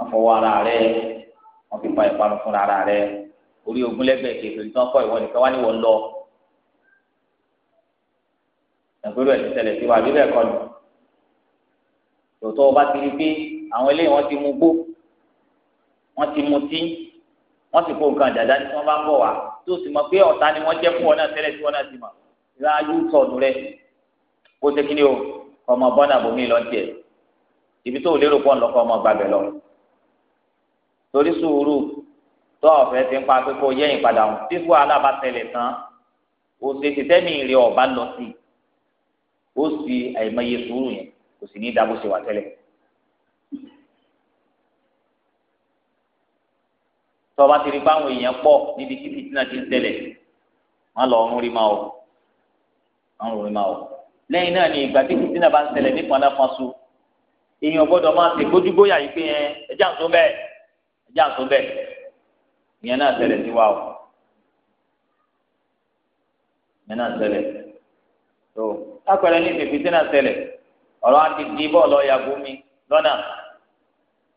afọwọ́ ara rẹ wọ́n fi pa ìparun fún ara rẹ orí ogun lẹ́gbẹ̀ẹ́ kejì tí wọ́n kọ́ ìwọ nìkan wá ní wọ́n lọ. ẹ̀gbẹ́rún ẹ̀sìn tẹ̀lẹ̀ sí wa àbí bẹ́ẹ̀ kọ́ ni. tòótọ́ ọba ti rí pé àwọn eléyìí wọ́n ti mú gbó wọ́n ti mu tí wọ́n sì kó nǹkan dàda tí wọ́n bá ń bọ̀ wá tó sì mọ̀ pé ọ̀tá ni wọ́n jẹ́ fún ọ náà tẹ́lẹ̀ tí wọ́n náà ti mọ̀ láàyè sọ̀nù rẹ kó tẹ́kínní o ọmọ bọ́nà bòmí lọ́ọ́ tiẹ̀ ibi tó lérò pọ̀ ńlọ́kọ́ ọmọ gbàgbẹ́ lọ torí sùúrù tó ọ̀fẹ́ ti ń pa pé kó yẹ́yìn padà wọn tí fún alábàtẹ̀lẹ̀ tán òṣèṣì tẹ́mi ìrẹ̀ ọ̀bá lọ sí i ó sì àìmọye sùúrù yẹn kò sì ní í dábò ṣe wà tẹ́lẹ̀. tọ́ba ti rí báwọn èèyàn pọ̀ níbi tí fìtínà ti ń tẹ̀lẹ̀ wọ́n lọ ọ̀run rí máa o ọ̀run rí máa o lẹ́yìn náà ni ìgbà tí fìtínà bá ń tẹ̀lẹ̀ nípa náà fọ́n su èèyàn gbọ́dọ̀ máa ṣègbójúgbóyà yìí pé ẹ ẹ jáǹtó bẹ́ẹ̀ ẹjá tó bẹ́ẹ̀ ìyẹn náà ṣẹlẹ̀ sí wa o ìyẹn náà ṣẹlẹ̀ tó lápẹ̀rẹ̀ ní fèfèsé náà ṣẹlẹ̀ ọ̀rọ̀ á ti di bọ́ọ̀lù ọ̀yàgò mi lọ́nà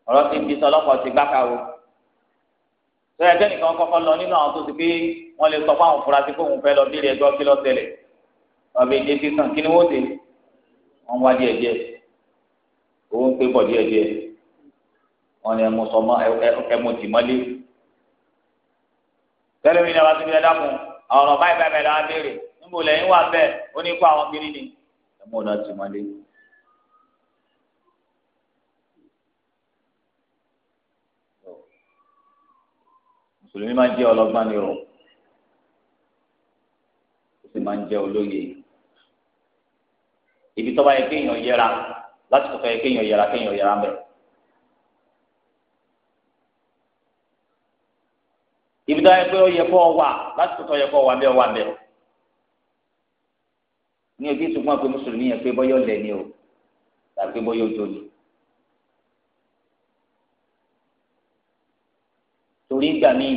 ọ̀rọ̀ ti di sọlọ́pọ̀ ti gbáka o tó ẹgbẹ́ nìkan kọ́kọ́ lọ nínú àwọn tó ti pé wọ́n lè sọ fún àwọn afurasí pé òun fẹ́ lọ bí ilé ẹjọ́ kí ló ṣẹlẹ̀ ọbẹ̀ ìdí sísan kí ni wọ́n dé wọ́n wá díẹ̀ díẹ̀ òun pé bọ̀ díẹ̀ díẹ̀ wọn ni ẹmu sọmọ ẹmu tì mọ́lé tẹ́lẹ̀ mi ní abá tó fi ẹ̀dá fún àwọn ọ̀rọ̀ báyìí báyìí làwọn béèrè níbo lẹ́yìn wà bẹ́ẹ̀ ó ní kó àwọn kiri ni ẹmu ọ̀dà tì mọ́lé. mùsùlùmí máa ń jẹ́ ọlọ́gbọ́n ni o ó sì máa ń jẹ́ olóye ibi tó bá yẹ kéèyàn yẹra lásìkò tó yẹ kéèyàn yẹra kéèyàn yẹra mẹ́rin. tó yẹ pé ó yẹ kó wà lásìkò tó yẹ kó wà bẹ́ẹ̀ wà bẹ́ẹ̀ ní ebi ìsúnmọ́ pé mùsùlùmí yẹn pé bọ́yọ̀ lẹ̀ ni o tàbí bọ́yọ̀ ojú ni. torí ìgbà míì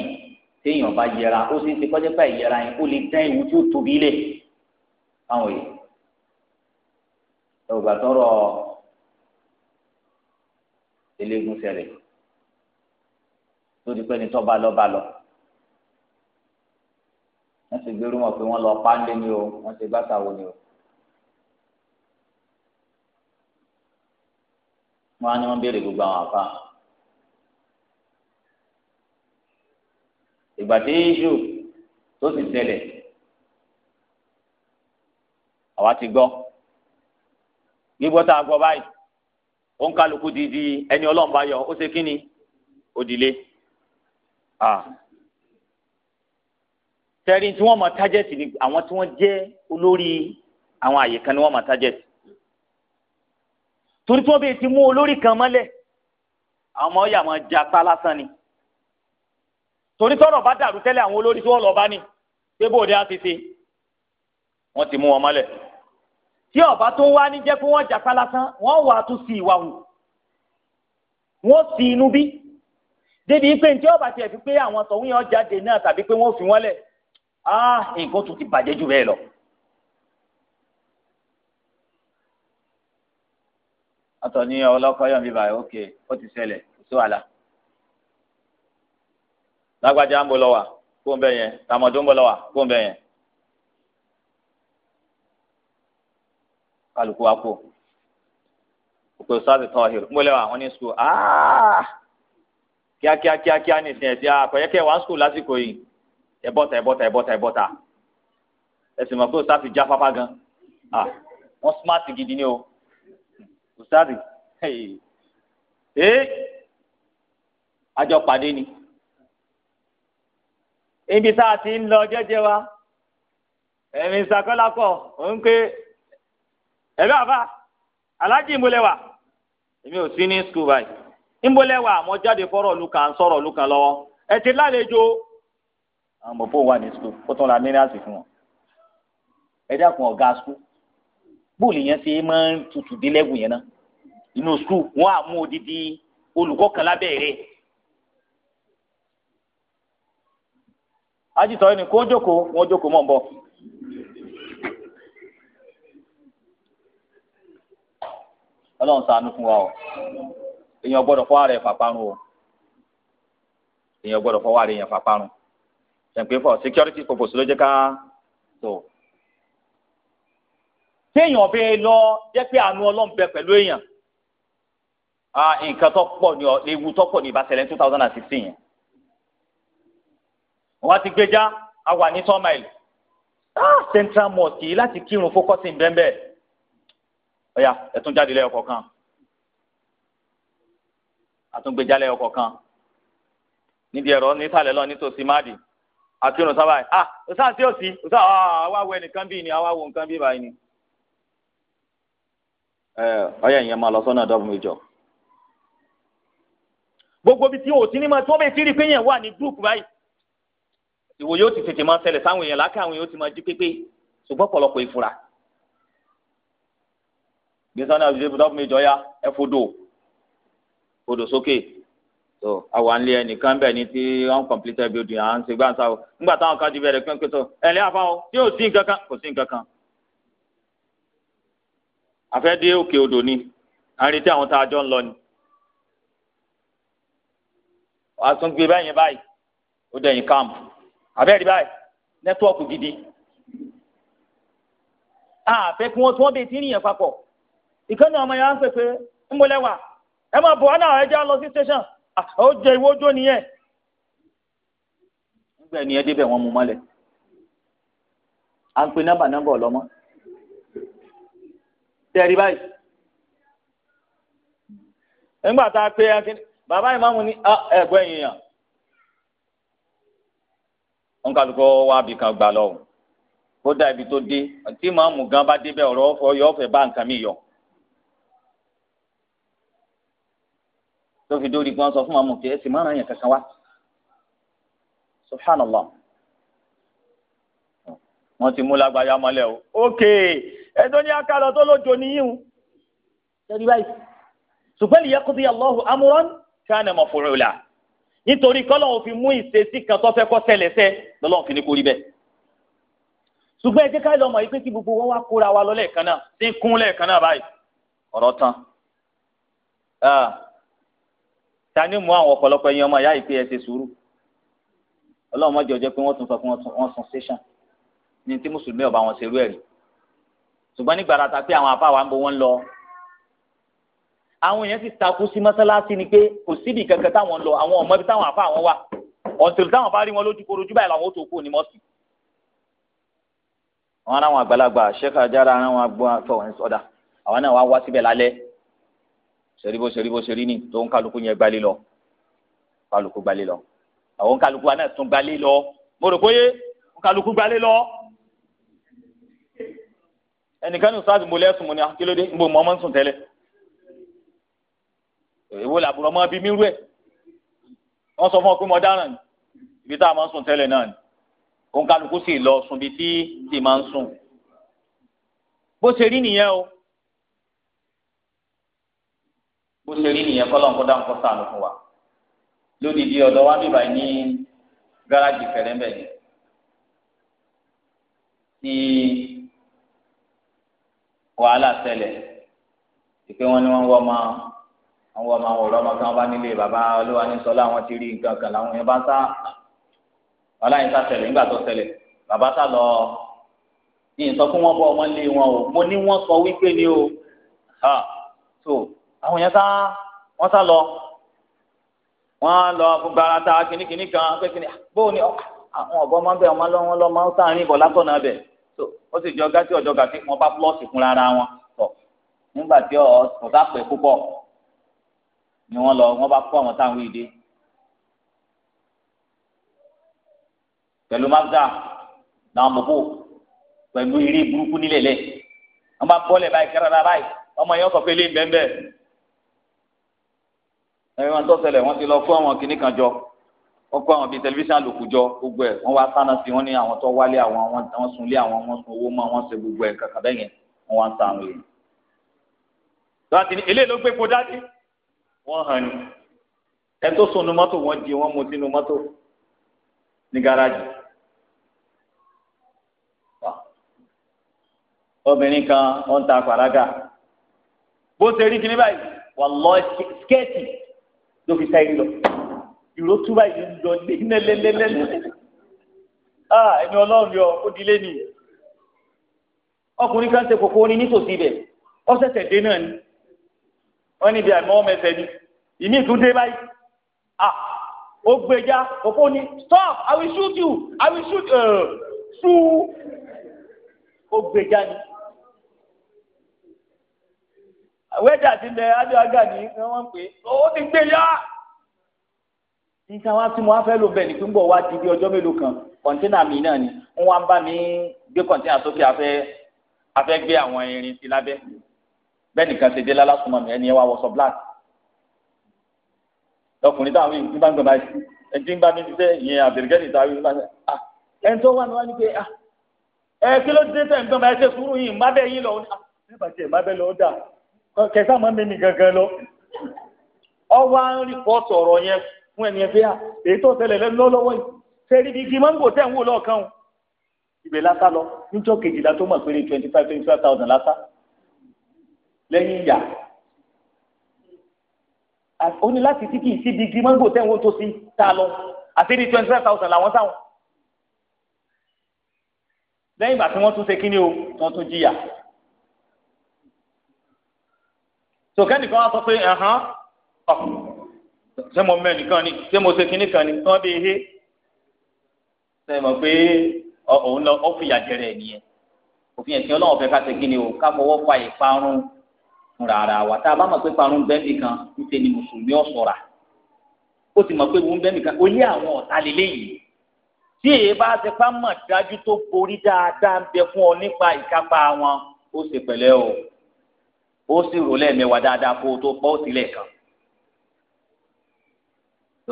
téèyàn bá yẹra ó sì ti kọ́jọ́ báyìí yẹra yẹn ó lè dán ìwú tí ó tóbi lẹ̀ fáwọn yìí. ìgbà tọrọ eléegun ṣẹlẹ̀ tó ti pẹ́ ni tọ́ bá lọ bá lọ wọ́n sì gbérú mọ̀ pé wọ́n lọ páńdé ni o wọ́n sì gbàtàwọ̀ ni o. wọ́n á ní wọ́n béèrè gbogbo àwọn àfa. ìgbà tí yíṣù tó sì ṣẹlẹ̀ àwa ti gbọ́ gbígbọ́ tá a gbọ́ báyìí ó ń kálukú di di ẹni ọlọ́run ó ṣe kí ni òdìlé. Ah tẹ́rí tí wọ́n máa tájẹ́tì ni àwọn tí wọ́n jẹ́ olórí àwọn àyè kan ni wọ́n máa tájẹ́tì torí tí wọ́n bẹ ti mú olórí kan mọ́lẹ̀ àwọn ọmọ ọ̀yà máa jà pa lásán ni torí tọ́rọ̀ bá dàrú tẹ́lẹ̀ àwọn olórí tí wọ́n lọ bá ní pé bóde á ti ṣe wọ́n ti mú wọn mọ́lẹ̀ tí ọba tó wá ní jẹ́ pé wọ́n jà pa lásán wọ́n wà á tún sí ìwà hù wọ́n sí inú bí débi pé ní tí ọba tiẹ̀ fi pé àwọn tọ̀hún jáde náà tàbí pé wọ́n fi wọ́n lẹ̀ ah nǹkan tún ti bàjẹ́ jù bẹ́ẹ̀ lọ. àtọ̀ ní ọlọ́kọ̀ọ́yọ̀ mi báyìí ok ó ti ṣẹlẹ̀ kò sí wàhálà. lágbájá ń bọ̀ lọ́wọ́ kó ń bẹ̀ yẹn tàmọ̀dún ń bọ̀ lọ́wọ́ kó ń bẹ̀ yẹn. kálukú wa kó òpè sáàbì tọ́hìr múlẹ̀ wà wọ́n ní skul ah! kíákíákíá ní ìsìn ẹ̀sìn àpẹ̀yẹ́kẹ́ ah, wà ń skul lásìkò yìí. ẹ bọ́ta ẹ bọ́ta ẹ bọ́ta ẹ bọ́ta ẹ sì mọ̀ pé já gan ah wọ́n smart gidi ni o ustaasi ee àjọ pàdé ni ibi tá a ti ń lọ jẹ́jẹ́ wa ẹ̀mí o òun pé ẹ̀mí àbá aláàjì ìmúlẹ̀wà èmi ò sí ní skul báyìí ìmúlẹ̀wà mo jáde fọ́rọ̀ sọ̀rọ̀ lọ́wọ́ ti lálejò. àwọn mọ̀pọ̀ wà ní sukù kó tó ń ra mínírààsì fún wọn ẹ dákun ọ̀gá sukù bóòlù yẹn ṣe máa ń tutù délẹ́gùn yẹn náà inú sukù wọn á mú odidi olùkọ́ kan lábẹ́ rẹ̀ ajitọ yìí ni kó jókòó wọn jókòó mọ̀ ń bọ̀. ọlọ́run ṣàánú fún wa o èèyàn gbọ́dọ̀ fọ́ ara ẹ̀ o èèyàn gbọ́dọ̀ fọ́ ara yẹn fàparun ṣẹ̀pẹ́ for security purpose ló jẹ́ ká tó. téèyàn bẹ lọ jẹ́ pé àánú ọlọ́run bẹ pẹ̀lú èèyàn nǹkan tó pọ̀ ní ewu tó pọ̀ ní ìbáṣẹ̀lẹ̀ two thousand and sixteen yẹn. wọ́n ti gbéjà a wà ní ten mile central mosque láti kírun fókọ́sìn bẹ́ẹ̀ bẹ́ẹ̀ ọ̀yà ẹ̀tún jáde lẹ́yọ̀ kọ̀ọ̀kan àtúngbèjálẹ̀ ọkọ̀ kan níbi ẹ̀rọ nítàlẹ́ lọ nítòsí máàdì àti ọ̀nà sábà yìí ah ọ̀sán àti òsì ọ̀sán ah, àwa wo ẹnìkan bíi ni àwa wo nǹkan bíi báyìí ni. ẹ ọyẹ ìyẹn máa lọ sọ́nà dọ́bù méjọ. gbogbo ibi tí o ti ní ma tí wọ́n bẹ ti rí i pé yẹn wà ní gúrùpù báyìí. ìwò yóò ti tètè máa ṣẹlẹ̀ sáwọn èèyàn lákà àwọn èèyàn ti máa jí pépé ṣùgbọ́n ọ̀pọ̀lọpọ̀ ìfura. gbèsè náà dọ́bù méjọ ya ẹ fodò fodò sókè so àwọn àlẹ ẹnìkan bẹ ní ti uncompleted building à ń ṣe gbàǹsà o ńgbà táwọn kan ti bẹ̀rẹ̀ pínpín tó ẹ̀lẹ́ àfa o tí ò sí nǹkan kan kò sí nǹkan kan dé òkè odò ni à ń retí àwọn tá a jọ ń lọ ni àtúngbé báyìí báyìí ó dẹ̀yìn camp àbẹ́ẹ̀rí báyìí nẹ́tíwọ́ọ̀kì gidi àfẹ́ kí wọ́n tí wọ́n bẹ ti ń yàn papọ̀ ìkànnì ọmọ yẹn á ń pè pé ńbọ̀lẹ́wà ẹ máa bọ̀ ọ́ náà ẹ já lọ sí station. Ah, ó jẹ ìwójó nìyẹn nígbà ènìyàn débẹ̀ wọ́n mú mọ́lẹ̀ à ń pe nọ́mbà nọ́mbà ọlọ́mọ tẹ̀rí báyìí nígbà tá a pe akíní bàbá ìmáàmù ní ah, ẹ̀gbọ́n èèyàn wọn kàlùkọ́ wá bí kan gbà lọ́wọ́ kódà ibi tó dé tí màmú gan bá débẹ̀ ọ̀rọ̀ ọ̀fọ̀ yọ̀ọ̀fẹ̀ bá nǹkan mi yọ̀ tó fi dórí gbọ́n sọ fún àwọn mọ̀tẹ́ ẹ̀sìn márùn yẹn kankan wá subhanallah wọ́n ti mú lágbàáyà mọ́lẹ̀ o ok ẹ̀dọ́ ní akálọ̀ tó lójó níyìn lórí báyìí ṣùgbọ́n lè yẹkùtì Allahu amúrán káàní ọmọ fúnra ìlà nítorí kọ́lọ́ òfin mú ìṣesí kan tó fẹ́ kọ́ sẹlẹ̀sẹ̀ lọ́lọ́ fi ní kórì bẹ́ẹ̀ ṣùgbọ́n ẹ jẹ́ ká lọ́mọ yìí pé kí gbogbo wọn wá kóra wa lọ lẹ́ẹ̀kan náà sí kún lẹ́ẹ̀kan náà báyìí ọ̀rọ̀ tán ah. Tani ni mú àwọn ọ̀pọ̀lọpọ̀ ẹ̀yin ọmọ ìyá yìí pé ẹ ṣe sùúrù ọlọ́run mọ́jọ jẹ́ pé wọ́n tún sọ pé wọ́n sun station ní tí mùsùlùmí ọba wọn ṣerú ẹ̀ rí ṣùgbọ́n nígbà rata pé àwọn afáwa ń bo wọn lọ àwọn èèyàn sì takú sí mọ́sálásí ni pé kò síbi kankan táwọn lọ àwọn ọmọ ibi táwọn afá àwọn wà ọ̀tẹ̀lẹ̀ táwọn bá rí wọn lójú korojú báyìí làwọn ó tó kú ní wọn aráwọn àgbàlagbà ṣẹ́ka jára aráwọn agbọ́n àtọ̀ wọn àwọn náà wá wá síbẹ̀ lálẹ́ ṣerí bó ṣerí bó ṣerí ni tó ń kálukú yẹn gbalé lọ kálukú gbalé lọ àwọn kálukú wa náà tún gbalé lọ mo rò kóyé kálukú gbalé lọ ẹnìkan ní sáàtì mo lẹ́sùn mo ní akílódé ah, ń bò mọ́ ọmọ ń sùn tẹ́lẹ̀ èwo làbúrò ọmọ fún ọ pé mo dáràn ni ibi tá a máa ń sùn tẹ́lẹ̀ náà ni òun kálukú sì lọ sùn bíi tí sì máa ń sùn bó ṣe rí nìyẹn o bó ṣe rí nìyẹn kọ́ lọ́nkọ́ dáńkọ́ sànù fún wa lódìdí ọ̀dọ̀ wa bíbá ní gáràjì fẹ̀rẹ̀mbẹ̀ ni tí wàhálà ṣẹlẹ̀ ìpè wọn ni wọ́n wọ́ ọmọ àwọn ọmọ àwọn ọ̀rọ̀ ọmọ kí wọ́n bá nílé bàbá olúwa ní sọlá àwọn ti rí nǹkan kan làwọn yẹn bá sá wàhálà yẹn sá ṣẹlẹ̀ nígbà tó ṣẹlẹ̀ bàbá sá lọ ní ìsọkún wọn bọ ọmọ nílé wọn o mo ní wọn sọ wípé ni o ha so àwọn yẹn sá wọ́n sá lọ wọ́n á lọ gbára ta kìnnìkìnnì kan pé kìnnì bóun ni ah, àwọn ọ̀bọ máa ń bẹ̀ wọ́n lọ́wọ́ lọ́ máa ń sáárín ìbọ̀ látọ̀nà bẹ̀ tó ó sì jọ gátí ọ̀jọ̀ gàtí wọ́n bá púlọ̀sì fún ara wọn tọ̀ nígbà tí ọ̀ sá púpọ̀ ni wọ́n lọ wọ́n bá kó àwọn táwọn ìdè pẹ̀lú mazda làwọn mọ̀bò pẹ̀lú eré burúkú nílẹ̀ lẹ̀ wọ́n bá bọ́ọ̀lẹ̀ báyìí kẹ́rọ̀dá ẹ̀rọ wọn tó ṣẹlẹ̀ wọ́n ti lọ fún àwọn kan jọ wọ́n kó àwọn bíi tẹlifíṣàn lòkù jọ gbogbo ẹ̀ wọ́n wá sáná sí wọ́n ní àwọn tó wálé àwọn wọ́n àwọn owó mọ́ wọ́n ṣe gbogbo ẹ̀ kàkà bẹ́ẹ̀ yẹn wọ́n wá ń àwọn èèyàn. ní hàn ní ẹ tó sunnu mọ́tò wọn di wọ́n mu sínú mọ́tò ní gáràjì. obìnrin ló fi sẹ́yìn lọ ìró túbà yìí ń lọ dé nẹ́lẹ́lẹ́lẹ́lẹ́ ah ẹni ọlọ́run yọ ó dilé ni ọkùnrin kan ṣe kòkó ní nítòsí ibẹ̀ ọ̀sẹ̀sẹ̀ dé náà ni wọ́n níbi àìmọ́ ọmọ ẹsẹ̀ ni ìmí ìtún dé báyìí ah ó gbèjà kòkó ni stop i will shoot you i will shoot uh, shoot ó gbèjà ni wẹ́dà ti bẹ adéwágà ní wọ́n pè é ó ti gbé yá. níta wá tí mo wá fẹ́ lò bẹ́ẹ̀ ni pé ń bọ̀ wá di bí ọjọ́ mélòó kan kọ̀ńténà mi náà ni wọ́n wá ń bá mi gbé kọ̀ńténà sókè afẹ́ afẹ́ gbé àwọn irin sí lábẹ́ bẹ́ẹ̀ nìkan ṣe dé lálásùmọ̀ mi ẹni ẹ wá wọṣọ black ọkùnrin táwọn yìí ń bá ń gbọ̀n báyìí ẹni tí ń bá mi ti tẹ́ ìyẹn àbẹ̀rẹ̀gẹ́ nìta yìí ń bá ń ẹni tó wà ní wá ní pé ẹ kí ló dé kẹsà máa ń mímí gangan lọ ọwọ́ à ń rìpọ́tù ọ̀rọ̀ yẹn fún ẹni ẹgbẹ́ à èyí tó ṣẹlẹ̀ lẹ́nu lọ́wọ́ yìí ṣe rí igi máńgò tẹ̀ ń wò lọ́ọ̀kan o ibẹ̀ lásà lọ níjọ́ kejìlá tó mọ̀ péré twenty five twenty five thousand lásà lẹ́yìn ìyá ó ní láti tí kì í sí igi máńgò tẹ̀ ń wò tó sí tá a lọ àti ní twenty five thousand làwọn sáwọn lẹ́yìn ìgbà tí wọ́n tún ṣe kíní o wọ́n tún jìyà. sọkẹ́ nìkan wá sọ pé ẹ̀hán ọ̀ ṣé mo mẹ́ nìkan ni ṣé mo ṣe kinní kan ni tí wọ́n bí he ṣe mọ̀ pé òun lọ ó fìyà jẹrẹ nìyẹn òfin ẹ̀sìn ọlọ́run fẹ́ ká ṣe kí ni o ká fọwọ́ fa ìparun fúnra ara wa tá a bá mọ̀ pé parun bẹ́ẹ̀mì kan ń ṣe ni mùsùlùmí ọ̀ṣọ́ra ó sì mọ̀ pé wọ́n bẹ́ẹ̀mì kan ó lé àwọn ọ̀tá lélẹ́yìí tí èyí bá ṣe pá mọ̀ dájú tó borí dáadáa ń bẹ fún ọ nípa ìkápá wọn ó ṣe pẹ̀lẹ́ o. ó sì rò lẹ́ẹ̀mẹ́wàá dáadáa kó o tó pọ́ ó kan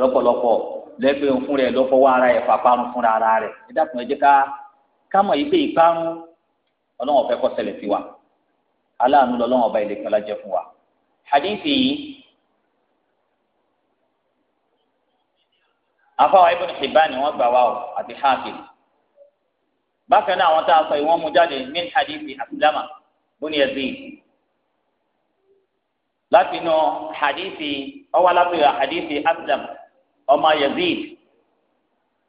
lọ́pọ̀lọpọ̀ lẹ́gbẹ̀ẹ́ fún rẹ̀ ara ẹ̀ fàparun fúnra ara rẹ̀ ẹ dákun ẹ jẹ́ ká ká mọ̀ yí pé ìparun ọlọ́run ọ̀fẹ́ kọ́ ṣẹlẹ̀ sí wa aláàánú fún wa hadithi yìí afáwa ibùn Hibban ni wọ́n gbà wá àti bákan náà àwọn tá a sọ ìwọ́n jáde láti nù hadithi ọwọ́ alábìyà hadithi abdam ọmọ yazid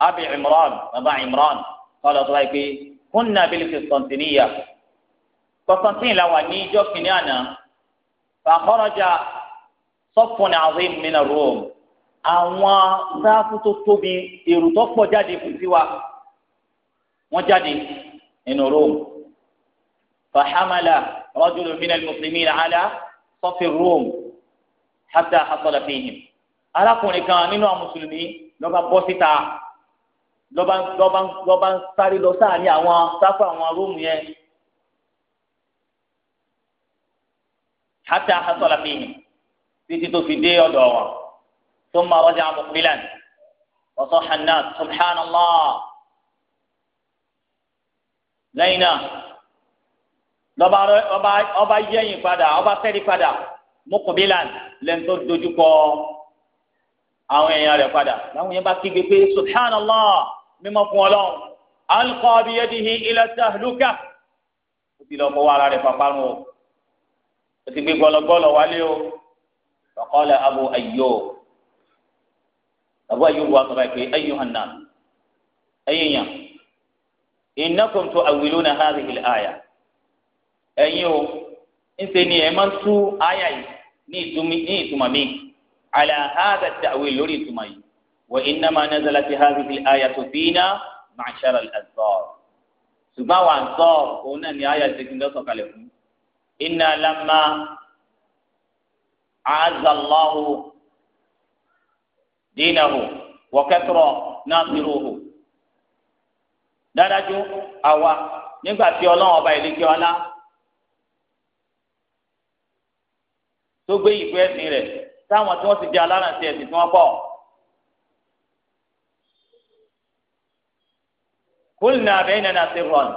abi imran baba imran kọ́lá tó wáyé pé kúnnà bíi kìsọ̀ntìníyà kọ̀sọ̀ntìn làwà ní ijó kìnìún àná fàkọ́rọ̀jà sọ́fún azim mina rome àwọn sáfù tó tóbi èrò tó pọ̀ jáde kù sí wa wọ́n jáde nínú rome fàhámàlà rọ́jùlù mina mùsùlùmí ala sọ́fì rome hata hasọ́lá fihim arákùnrin kan nínú àwọn mùsùlùmí lọ́ba bọ́ síta lọ́ba lọ́ba lọ́ba ń sáré lọ sáàrin àwọn sáfù àwọn róòmù yẹn hata hasọ́lá fihim títí tó fi dé ọ̀dọ̀ wọn tó ń bá ọjà àmọ̀kùnrin ọ̀sán hanna subhanallah lẹ́yìn náà lọ́ba yẹ̀yìn padà ọba sẹ́rí padà mukubilan lẹ́nu tó dojúkọ àwọn èèyàn rẹ̀ padà làwọn yẹn bá kígbe pé subhanallah mímọ́ fún ọlọ́run alqa biyadihi ila tahluka ó ti lọ́ fọwọ́ ara rẹ̀ pàpàrọ̀ o ti gbé gbọlọgbọlọ wálé o faqala abu ayyub abu ayyub wà sọ̀rọ̀ pé ayyuhan nas ẹ̀yìn yàn innakum tu'awwiluna hadhihi al-aya ẹ̀yin o ńṣe ni ẹ máa ń tú àyà yìí ní ìtumọ̀ mi àlà hàdà tàwé lórí ìtumọ̀ yìí wọ iná máa nàzàlá ti hàdì fi àyà tó fi iná máa ṣàrà àzọ ṣùgbọ́n àwọn àzọ òun náà ni àyà ti fi lọ́sọ̀ kalẹ̀ fún iná lámà àzàláhù dínàhù wọ̀kẹ́tọ̀rọ̀ náà ti rúhù dáadájú àwa nígbà tí ọlọ́run ọba ìlú kí ọlá tó gbé ìfẹ́ ẹ̀sìn rẹ̀ táwọn tí wọ́n ti di alárànṣẹ́ ẹ̀sìn tí wọ́n pọ̀. kúlìnà àbẹ́yìn náà ṣe rọ̀n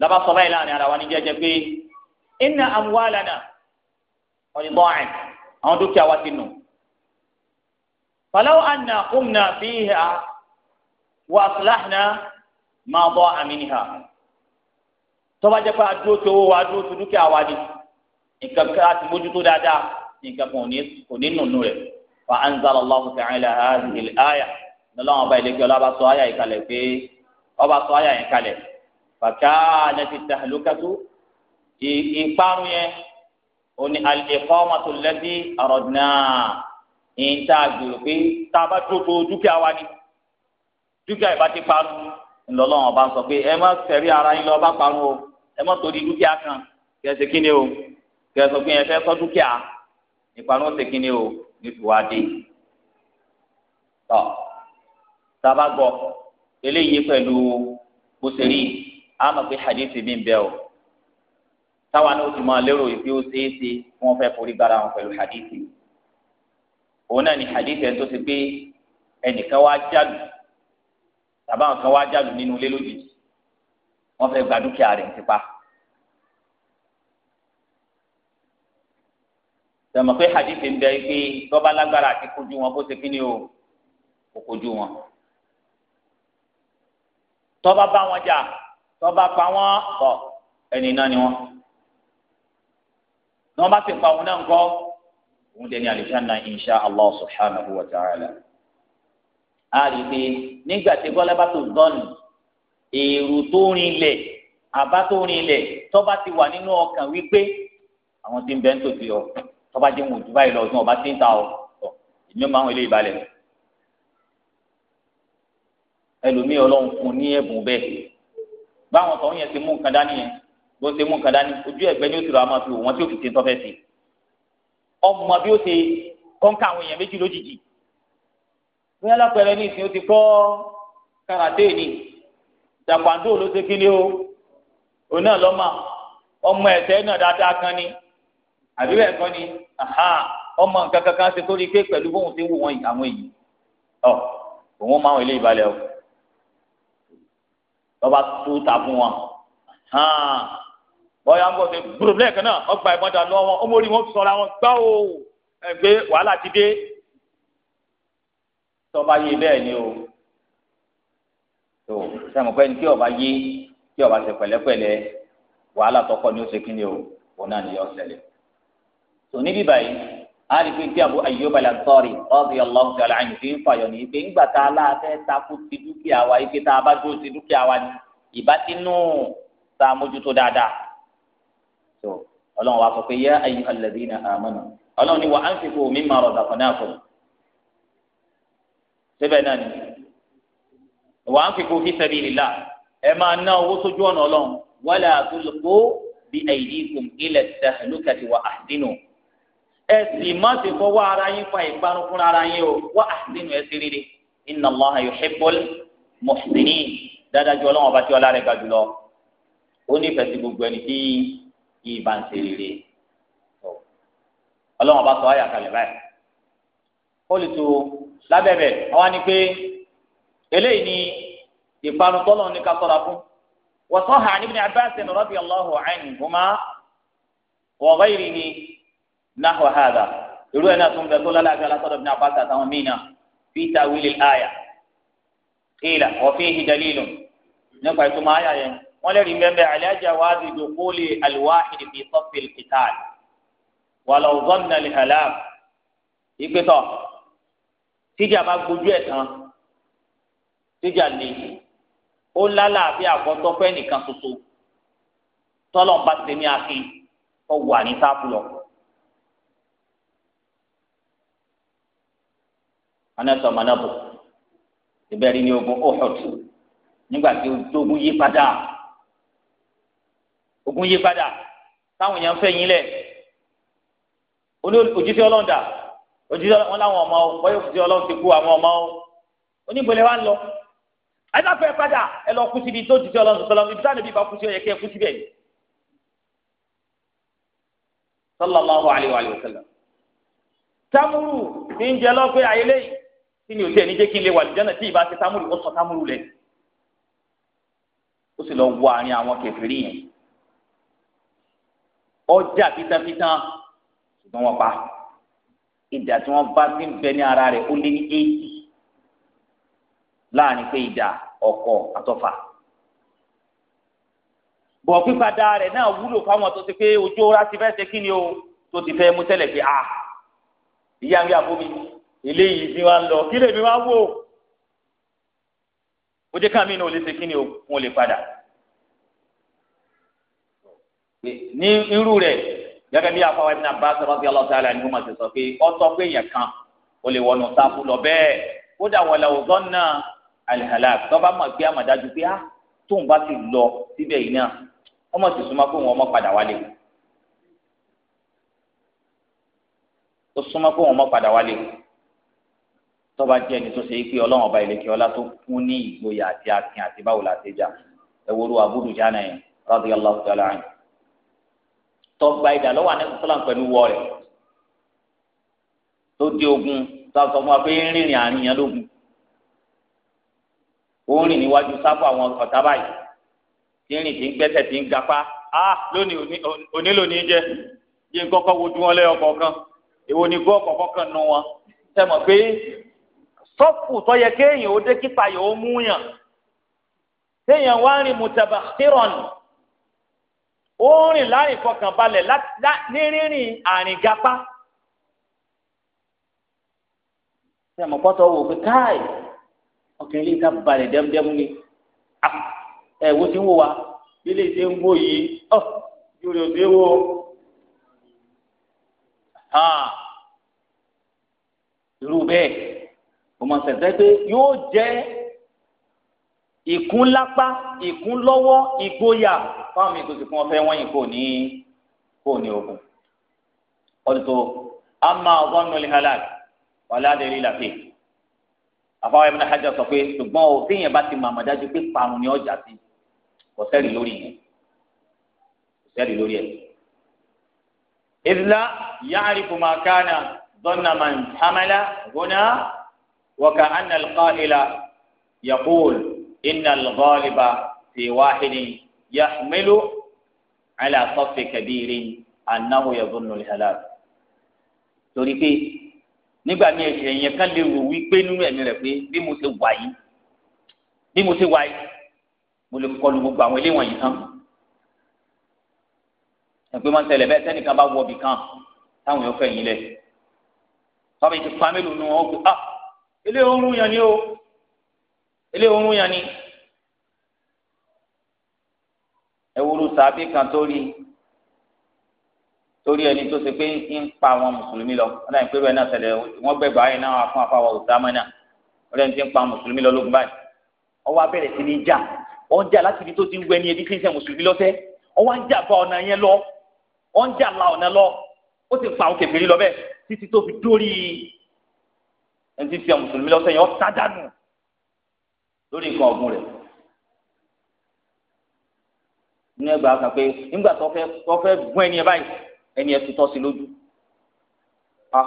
lọ́ba sọ báyìí láàrin ara wa ní jẹ́jẹ́ pé iná amúhálànà ọ̀nìbọ̀n àwọn dúkìá wa ti nù. fàlọ́ àná kùmnà fíhà wà síláhìnà máa bọ́ àmì níhà. tọ́ba adúró tó wà adúró tó dúkìá wa ni nǹkan kan àti mójútó dáadáa nǹkan kan kò ní nùnú rẹ̀ fa anzala Allahu ta'ala hadhihi al-aya lọ́wọ́n ọba ìlẹ́kẹ́ ọlọ́ba sọ àyà yìí kalẹ̀ pé ọba sọ àyà yìí kalẹ̀ fakanat at-tahlukatu ìparun yẹn oni al-iqamatu allati aradna ìta gbèrò pé tá a bá tó tó dúkìá wa ni dúkìá yìí ti parun ńlọ́lọ́wọ́n ọba sọ pé ẹ má sẹ̀rí ara yín lọ́ọ́ bá parun o ẹ má torí dúkìá kan kẹsì kí ni o kẹsàn pé yẹn fẹ́ sọ dúkìá ìparun ṣe kíni o ní tùwádé tọ sábà gbọ́ eléyìí pẹ̀lú bó ṣe rí a mọ̀ pé hadith mi ń bẹ o táwa náà ti máa lérò ìfi ó ṣeé ṣe fún wọn fẹ́ forí gbára wọn pẹ̀lú hadith òun náà ni hadith ẹni tó ti pé ẹnìkan wá jálù tàbá nǹkan wá jálù nínú ilé lójijì wọn fẹ́ gba dúkìá rẹ̀ ń tipa. tẹmọ pé hadithi ń bẹ pé tọba lágbára àti kojú wọn bó ṣe kí ni o kò kojú wọn tọba bá wọn jà tọba pa wọn tọ ẹni náà ni wọn ní bá ti pa òun náà ńkọ́ òun dẹni alìsánná insha allah subhanahu wa ta'ala a rí i nígbà tí gọlẹbà tó dọ́nù èrò tó rinlẹ̀ àbá tó rinlẹ̀ tọba ti wà nínú ọkàn wípé àwọn tí ń bẹ ń tòbi tọ́ba jẹ́ wọn ò ju báyìí lọ ọdún ọba tí ń ta ọ tọ èmi máa ń wọlé ìbalẹ̀ ẹlòmíì ọlọ́run fún ní ẹ̀bùn bẹ́ẹ̀ báwọn tọ̀hún yẹn ti mú nǹkan dání yẹn bó ṣe mú nǹkan dání ojú ẹ̀gbẹ́ ni ó ti rọ àmọ́ fi wò wọ́n tí ó fi ṣe ń tọ́fẹ́ sí ọmọ bí ó ṣe kọ́ńkà àwọn èèyàn méjì lójijì bóyá lápẹẹrẹ ní ìsìn ó ti kọ́ karate ni jàpàǹdó ló ṣe kí ni ó òun náà lọ́mọ ọmọ ẹ̀sẹ̀ náà dáadáa kan ni àbí bẹ́ẹ̀ kọ́ ni ọmọ nǹkan kankan ṣe tó rí i pé pẹ̀lú bóun ti wù wọ́n àwọn èyí ọ òun máa ń ilé ìbalẹ̀ o lọ́ba tó ta fún wọn bọ́yá ń bọ̀ ṣe gbúròmílẹ̀ kan náà ọgbà ìbọn dà lọ́wọ́ wọn ọmọ orí wọn sọ̀rọ̀ àwọn gbá o ẹgbẹ́ wàhálà ti dé tọ́ba yé bẹ́ẹ̀ ni o tó sẹ́mu pé ní kí ọba yé kí ọba ṣe pẹ̀lẹ́pẹ̀lẹ́ wàhálà tọkọ ni ó ṣe kí ni o òun náà ni yọ ọ́ tòní bíbá yìí a rí pé tí Abu Ayyub al-Ansari radiyallahu ta'ala anhu fi ń fàyọ̀ ní pé ńgbà tá a lá fẹ́ takú ti dúkìá wa yìí pé tá a bá dúró ti dúkìá wa ni ìbá ti nù tá mójútó dáadáa tó ọlọ́run wa sọ pé yá ayyuhal ladhina amanu ọlọ́run ni wa anfiqu mimma razaqnakum síbẹ̀ náà ni wa anfiqu fi sabilillah ẹ máa ná owó sójú ọ̀nà ọlọ́run wala ẹ sì má sì fọwọ́ ara yín fa ìparun fúnra ara yín o wá àṣìṣe ẹ sí rere inna Allaha yuhibbul muhsinin dáadájú ọlọ́wọ́n ọba tí ọlá rẹ̀ ga jùlọ ó nífẹ̀ẹ́ sí gbogbo ẹni tí yìí bá ń ṣe rere ọlọ́wọ́n ọba sọ ayà kalẹ̀ báyìí ó lábẹ́bẹ̀ àwa ni pé eléyìí ni ìparun tọ́lọ́ ní ká sọ́ra fún wa sahha an ibn Abbas radiyallahu anhuma wa ghayrihi nahwa hadha irú ẹ̀ náà tún bẹ tó lálàáfíà látọ̀dọ̀ bí nàbàtà àtàwọn míì náà fi ta'wil al-aya qila wa fihi dalilun nípa ìtumọ̀ àyà yẹn wọ́n lè rí mẹ́mbẹ́ àlẹ́jà wa ti dukhuli al-wahid fi safi al-qital walau dhanna al-halak ìgbésọ̀ tíjà bá gbójú ẹ̀ tán tíjà lè ó lálàáfíà àkọ́tọ́ fẹ́ nìkan ṣoṣo tọ́lọ̀ ń bá ti ní akin kọ́ sáfù lọ. anẹsọ mọnàbọ ìbẹ̀rẹ̀ ni ogun Uhud nígbà tí ogun yí padà ogun yí padà táwọn èèyàn fẹ́ yín lẹ̀ òjíṣẹ́ Ọlọ́run dà òjíṣẹ́ wọn láwọn ọmọ ọ bọ́yọ̀ òjíṣẹ́ Ọlọ́run ti kú àwọn ọmọ ọ onígbèlè wa ń lọ ẹdáfẹ padà ẹ lọ kú síbi tó jíjẹ Ọlọ́run sọlọ ibi táwọn ibi bá kú sí ọyẹ kẹ ẹ kú tamuru ń jẹ kí ni o tiẹ̀ ní jẹ́ kí n lè wà lìjánà tí ìbá ti támúrù ó sọ támúrù lẹ̀ ó sì lọ wọ àárín àwọn kẹfìrí yẹn ọjà fitafitan ṣùgbọ́n wọn pa ìdá tí wọ́n bá ti ń bẹ ní ara rẹ̀ ó lé ní eighty láàrin pé ìdá ọkọ̀ àtọ́fà bọ̀ pípadà rẹ̀ náà wúlò fáwọn tó ti pé ojú ọ̀rá ti fẹ́ ṣe kí ni o tó ti fẹ́ mú tẹ́lẹ̀ pé a ah, ìyá ń rí àbómi ilé yìí ti wá ń lọ kí lèmi wá wò ó jẹ́ káàmì náà ò kí ni òun ò lè padà ní irú rẹ̀ gẹ́gẹ́ bí afọwọ́ ibn Abbas radiyallahu ta'ala anhu máa ti sọ pé ọtọ́ pé èèyàn kan ò lè wọnú sáfù lọ bẹ́ẹ̀ kódà walau zanna al-halak tọ́ba mọ̀ pé àmọ̀dájú pé á ah, tóun bá ti lọ síbẹ̀ yìí náà ọmọ sì súnmọ́ pé wọn ọmọ padà wálé ó súnmọ́ pé wọn ọmọ padà wálé tọ́ba jẹ́ ẹni tó ṣe é pé ọlọ́run ọba ìlẹ̀kẹ́ ọlá tó kún ní ìgboyà àti akin àti báwo la ṣe jà ẹ̀wòrú abudu jana yẹn radiyallahu ta'ala anhu tọ́ba ìdá lọ́wọ́ anẹ́kùn sọ́lá pẹ̀lú wọ rẹ̀ tó di ogun tó a sọ fún wa pé ń rìnrìn àárín yẹn lógun ó ń rìn níwájú sáfù àwọn ọ̀tá báyìí tí ń rìn tí ń gbẹ́sẹ̀ tí ń gapá á lónìí onílòní jẹ́ yín kọ́kọ́ wojú wọn lẹ́yọ kọ̀ọ̀kan èwo ni gbọ́ kọ̀ọ̀kan nu wọn sẹ́mọ̀ pé tọ́pù tó yẹ kéèyàn ó dé kípa yòó mú yàn téèyàn wá rìn mùtàbàtìrọ̀n ó rìn láì fọkànbalẹ̀ ní rírìn àrìngapá. ṣé àmọ́ pọ́tọ́ wò pé káì ọkàn ilé ìta balẹ̀ dẹ́mdẹ́mú ni ẹ̀wọ́ ti ń wò wá ilé ìṣe ń wò yìí ọ́ yóò lè wò irú bẹ́ẹ̀ ọmọ sẹ̀sẹ̀ pé yóò jẹ́ ìkún lápá ìkún lọ́wọ́ ìgboyà fáwọn mi tó ti fún ọ fẹ́ wọ́n yìí kò ní kò ní ogun ọ̀dùtò ama ọgọ́nù lihalak ọ̀làdẹ̀rẹ̀ làfẹ́ àfọwọ́ ẹ̀mí nàhájà sọ pé ṣùgbọ́n o téèyàn bá ti màmá dájú pé parun ni ọjà sí kò lórí yẹn kò lórí ẹ̀. ìdílá yáàrí kùmàkánà dọ́nà màá hàmẹ́lá gbóná. وكأن القائل يقول إن الغالب في واحد يحمل على صف كبير أنه يظن الهلاك torí pé nígbà míì ẹsẹ yẹn kán lè wò wípé nínú ẹ̀mí rẹ̀ pé bí mo ṣe wà yìí bí mo ṣe wà yìí mo lè kọlu gbogbo àwọn ilé wọ̀nyí tán ẹgbẹ́ máa ń tẹ̀lé bẹ́ẹ̀ sẹ́nìkan bá wọ ibì kan táwọn èèyàn fẹ̀yìn lẹ̀ tọ́bi ti pa mélòó nu wọn ó gbé ah ilé oorun yẹn ni o ilé oorun yẹn ni ewúro sàbí kan tó rí torí ẹni tó ṣe pé ń pa àwọn mùsùlùmí lọ wọn dàbí pé bẹ́ẹ̀ náà ṣẹlẹ̀ wọn gbẹgbà ayé náà wà fún afáwà òsàmà náà wọn dàbí ti ń pa mùsùlùmí lọ lógun báyìí ọwọ́ abẹ́rẹ́ sí ní jà ọ ń jà láti ibi tó ti ń wẹ ní ẹbí kírísítẹ̀ mùsùlùmí lọ́sẹ̀ ọwọ́ ń jà bá ọ̀nà yẹn lọ ọ ń jà la ọ̀nà lọ ó sì pa àwọn kèfèrí lọ bẹ́ẹ̀ títí tó fi dórí ẹni tí fi àwọn mùsùlùmí lọ́sẹ̀ yẹn ọ́ sádánù lórí nǹkan ọ̀gbun rẹ̀ ní ẹgbàá kan pé nígbà tó fẹ́ tó fẹ́ gún ẹni ẹ báyìí ẹni ẹ tutọ́ sí lójú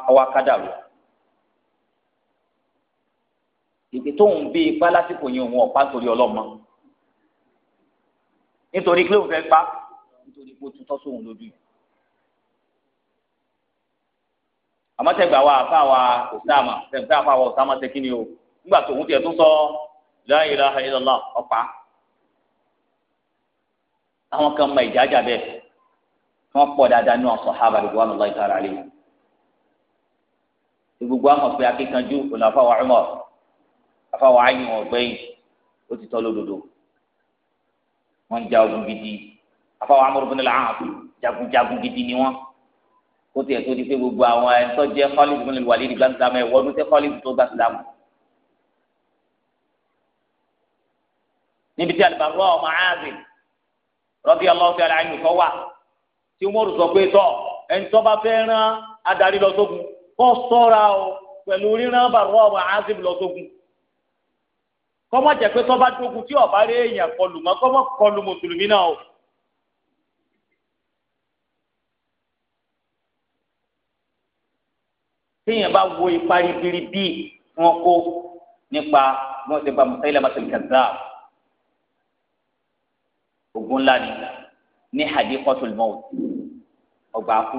ọwọ́ akádà rẹ̀ ètò tóun bí ipá lásìkò yẹn òun ọ̀pá torí ọlọ́mọ nítorí pé òun fẹ́ pa nítorí pé tutọ́ sóun lójú yìí. àmọ́ tẹgbà wa àfa wa Usama tẹgbà àfa wa Usama ṣe kí ni o nígbà tó ń tiẹ̀ tó sọ la ilaha illallah ọ̀pá àwọn kan mọ ìjájà bẹ́ẹ̀ wọ́n pọ̀ dáadáa nínú ọ̀sán ha bàbá wọn lọ́ọ́ ìtara rẹ̀ gbogbo àwọn pé akíkanjú ọ̀nà àfàwọ̀ ọ̀mọ̀ àfàwọ̀ ayùn ọ̀gbẹ́yìn ó ti tọ́ lódodo wọ́n ń ja ogun gidi àfàwọ̀ amúrúbínú làwọn jagunjagun gidi ni wọ́n kó tiẹ̀ tó di pé gbogbo àwọn ẹ̀ńtọ́ jẹ́ Khalid bin Walid gba Islam ẹ̀ wọ́dún tẹ́ Khalid tó gba Islam. níbi tí alùpàgọ́ ọmọ aazin radiyallahu ta'ala anhu kọ́ wà tí Umaru sọ pé tọ́ ẹ̀ńtọ́ bá fẹ́ rán adarí lọ sógun kọ́ sọ́ra o pẹ̀lú ríran bàrọ́ ọmọ aazin lọ sógun kọ́mọ jẹ́ pé tọ́ bá dógun tí ọ̀bá rí èèyàn kọlù mọ́ kọ́mọ téèyàn bá wo ipa ribiri bí wọn kó nípa bí wọn ti ba Musailamatul Kazzab ogun ńlá ni ní hadiqatul maut ọgbà kú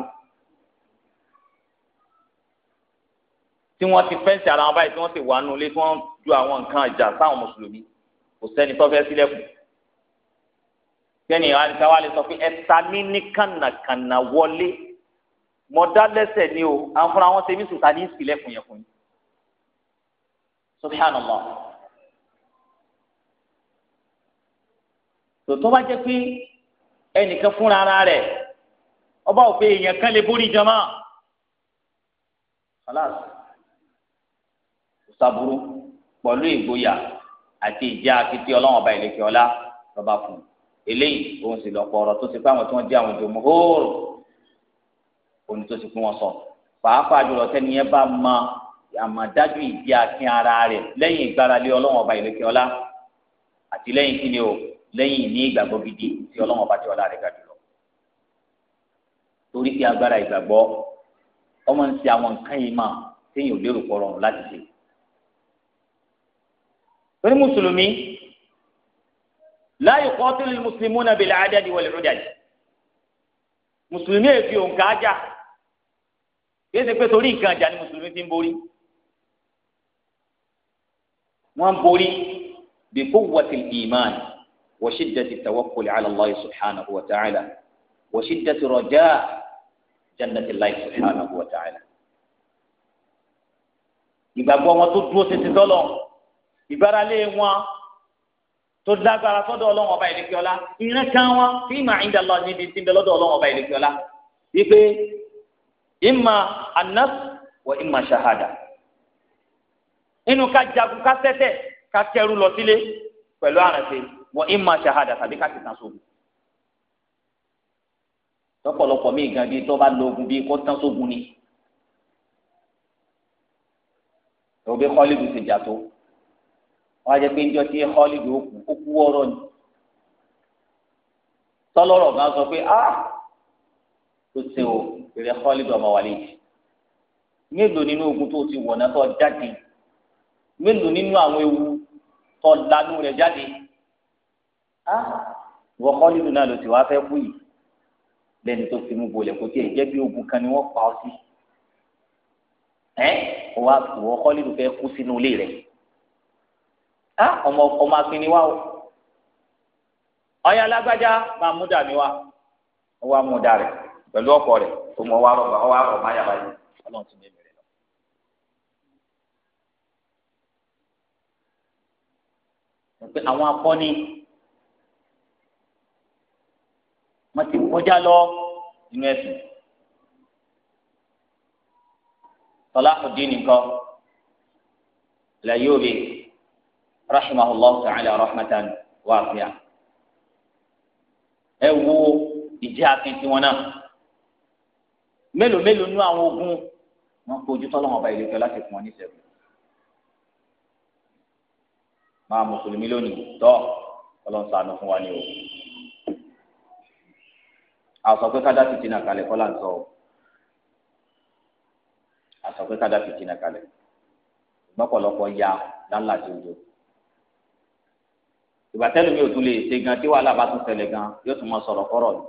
tí wọn ti fẹǹsì ara wọn báyìí tí wọn ti wà nù ilé tí wọn ju àwọn nǹkan ìjà sáwọn mùsùlùmí kò sẹ́ni tó fẹ́ sílẹ̀kùn sẹni àwọn àti sáwọn àlè sọ pé ẹ ta mí ní kànàkànà wọlé mọ̀dá lẹ́sẹ̀ ni o àwọn fúnra wọn tẹ̀mí sùn ta ní ìsìlẹ̀ fún yẹn fún yín subhanallah tòótọ́ bá jẹ́ pé ẹnìkan fúnra ara rẹ̀ ọba òfin èèyàn kan lè borí jama khalas saburu pọ̀lú ìgboyà àti ìjà akitì ọlọ́wọ́n ọba ìlẹ̀kẹ́ ọlá lọ́ba fún eléyìí òun sì lọ́pọ̀ ọ̀rọ̀ tó ti pé àwọn tí wọ́n jẹ́ àwọn jòmọ́ hóòrò òní tó ti pín wọn sọ pàápàá jùlọ tẹni yẹn bá mọ àmọ̀dájú ìdí akin ara rẹ̀ lẹ́yìn ìgbáralé ọlọ́wọ́n ọba ìlẹ́kẹ́ ọlá àti lẹ́yìn kíni o lẹ́yìn ní ìgbàgbọ́ gidi tí ọlọ́wọ́n ọba ti ọlá ga jùlọ torí kí agbára ìgbàgbọ́ ọmọ ń ṣe àwọn nǹkan yìí máa téèyàn ò lérò pọ̀ rọrùn láti ṣe torí mùsùlùmí láyò kọ́tùlù mùsùlùmí náà bẹ̀rẹ̀ àdádi wọlé rọ́dàdì mùsùlùmí èfi òǹkà ájà kí ẹsẹ pé torí nǹkan ìjà ni mùsùlùmí ti ń borí wọn ń borí bí quwwatil iman wa shiddati tawakkuli ala Allah subhanahu wa ta'ala wa shiddati raja jannati Allah subhanahu wa ta'ala ìgbàgbọ́ wọn tó dúró títí tọ́lọ̀ ìgbáralé wọn tó lágbára sọ́dọ̀ ọlọ́run ọba ìlẹ́kẹ́ ọlá ìrẹ́kàn wọn fíìmù àyíndà lọ níbi tí ń bẹ lọ́dọ̀ ọlọ́run ọba ìlẹ́kẹ́ wípé imma anas wa imma shahada inu ka jagu ka sɛtɛ ka kɛru lɔ sile pɛlu arɛte wa imma shahada tabi ka ti tan so tɔpɔlɔpɔ mi gan bi tɔba lɔgun bi kɔ tan so guni o bi kɔlidu ti dza to wa jɛ pe ŋdɔ ti kɔlidu ni Tọlọrọ gan sɔ pe aa. tó ṣe o ìrẹ Khalid ọmọ Walid mélòó nínú ogun tó ti wọ̀ náà tó jáde mélòó nínú àwọn ewu tó lanú rẹ̀ jáde á wọ Khalid náà ló ti wá fẹ́ kú yìí lẹ́ni tó fi mú bolẹ̀ kó tiẹ̀ jẹ́ bí ogun kan ni wọ́n pa ọ sí ẹ́ wọ́n wọ Khalid fẹ́ kú sínú ilé rẹ̀ á ọmọ ọmọ akínni wa o ọ̀ya lágbájá máa mú dàmí wa wọ́n á mú dàrẹ́ pẹ̀lú ọkọ rẹ̀ tó mọ wá rọ̀bà ọwọ́ àrọ̀ máyà báyìí ọlọ́run ti ní ìbẹ̀rẹ̀ lọ. pé àwọn akọni wọn ti kọjá lọ nínú ẹ̀sìn Salahuddin nìkan Al-Ayyubi rahimahullah ta'ala rahmatan wasi'a ẹ wo ìjẹ́ akin tiwọn náà mélòó mélòó nú àwọn ogun wọn kó ojú tọ́lọ́wọ́n ọba ìlẹ́kẹ́ láti fún wọn ní ìṣẹ́gun máa mùsùlùmí lónìí tọ́ ọlọ́run ṣàánú fún wa ní o àsọ pé ká dá fìtínà kalẹ̀ kọ́lá ń sọ o àsọ pé ká dá fìtínà kalẹ̀ gbọ́pọ̀lọpọ̀ ya lálá ti ojo ìgbà tẹ́lẹ̀ mi ò tún lè ṣe gan tí wàhálà bá tún ṣẹlẹ̀ gan yóò tún mọ sọ̀rọ̀ kọ́rọ̀ ni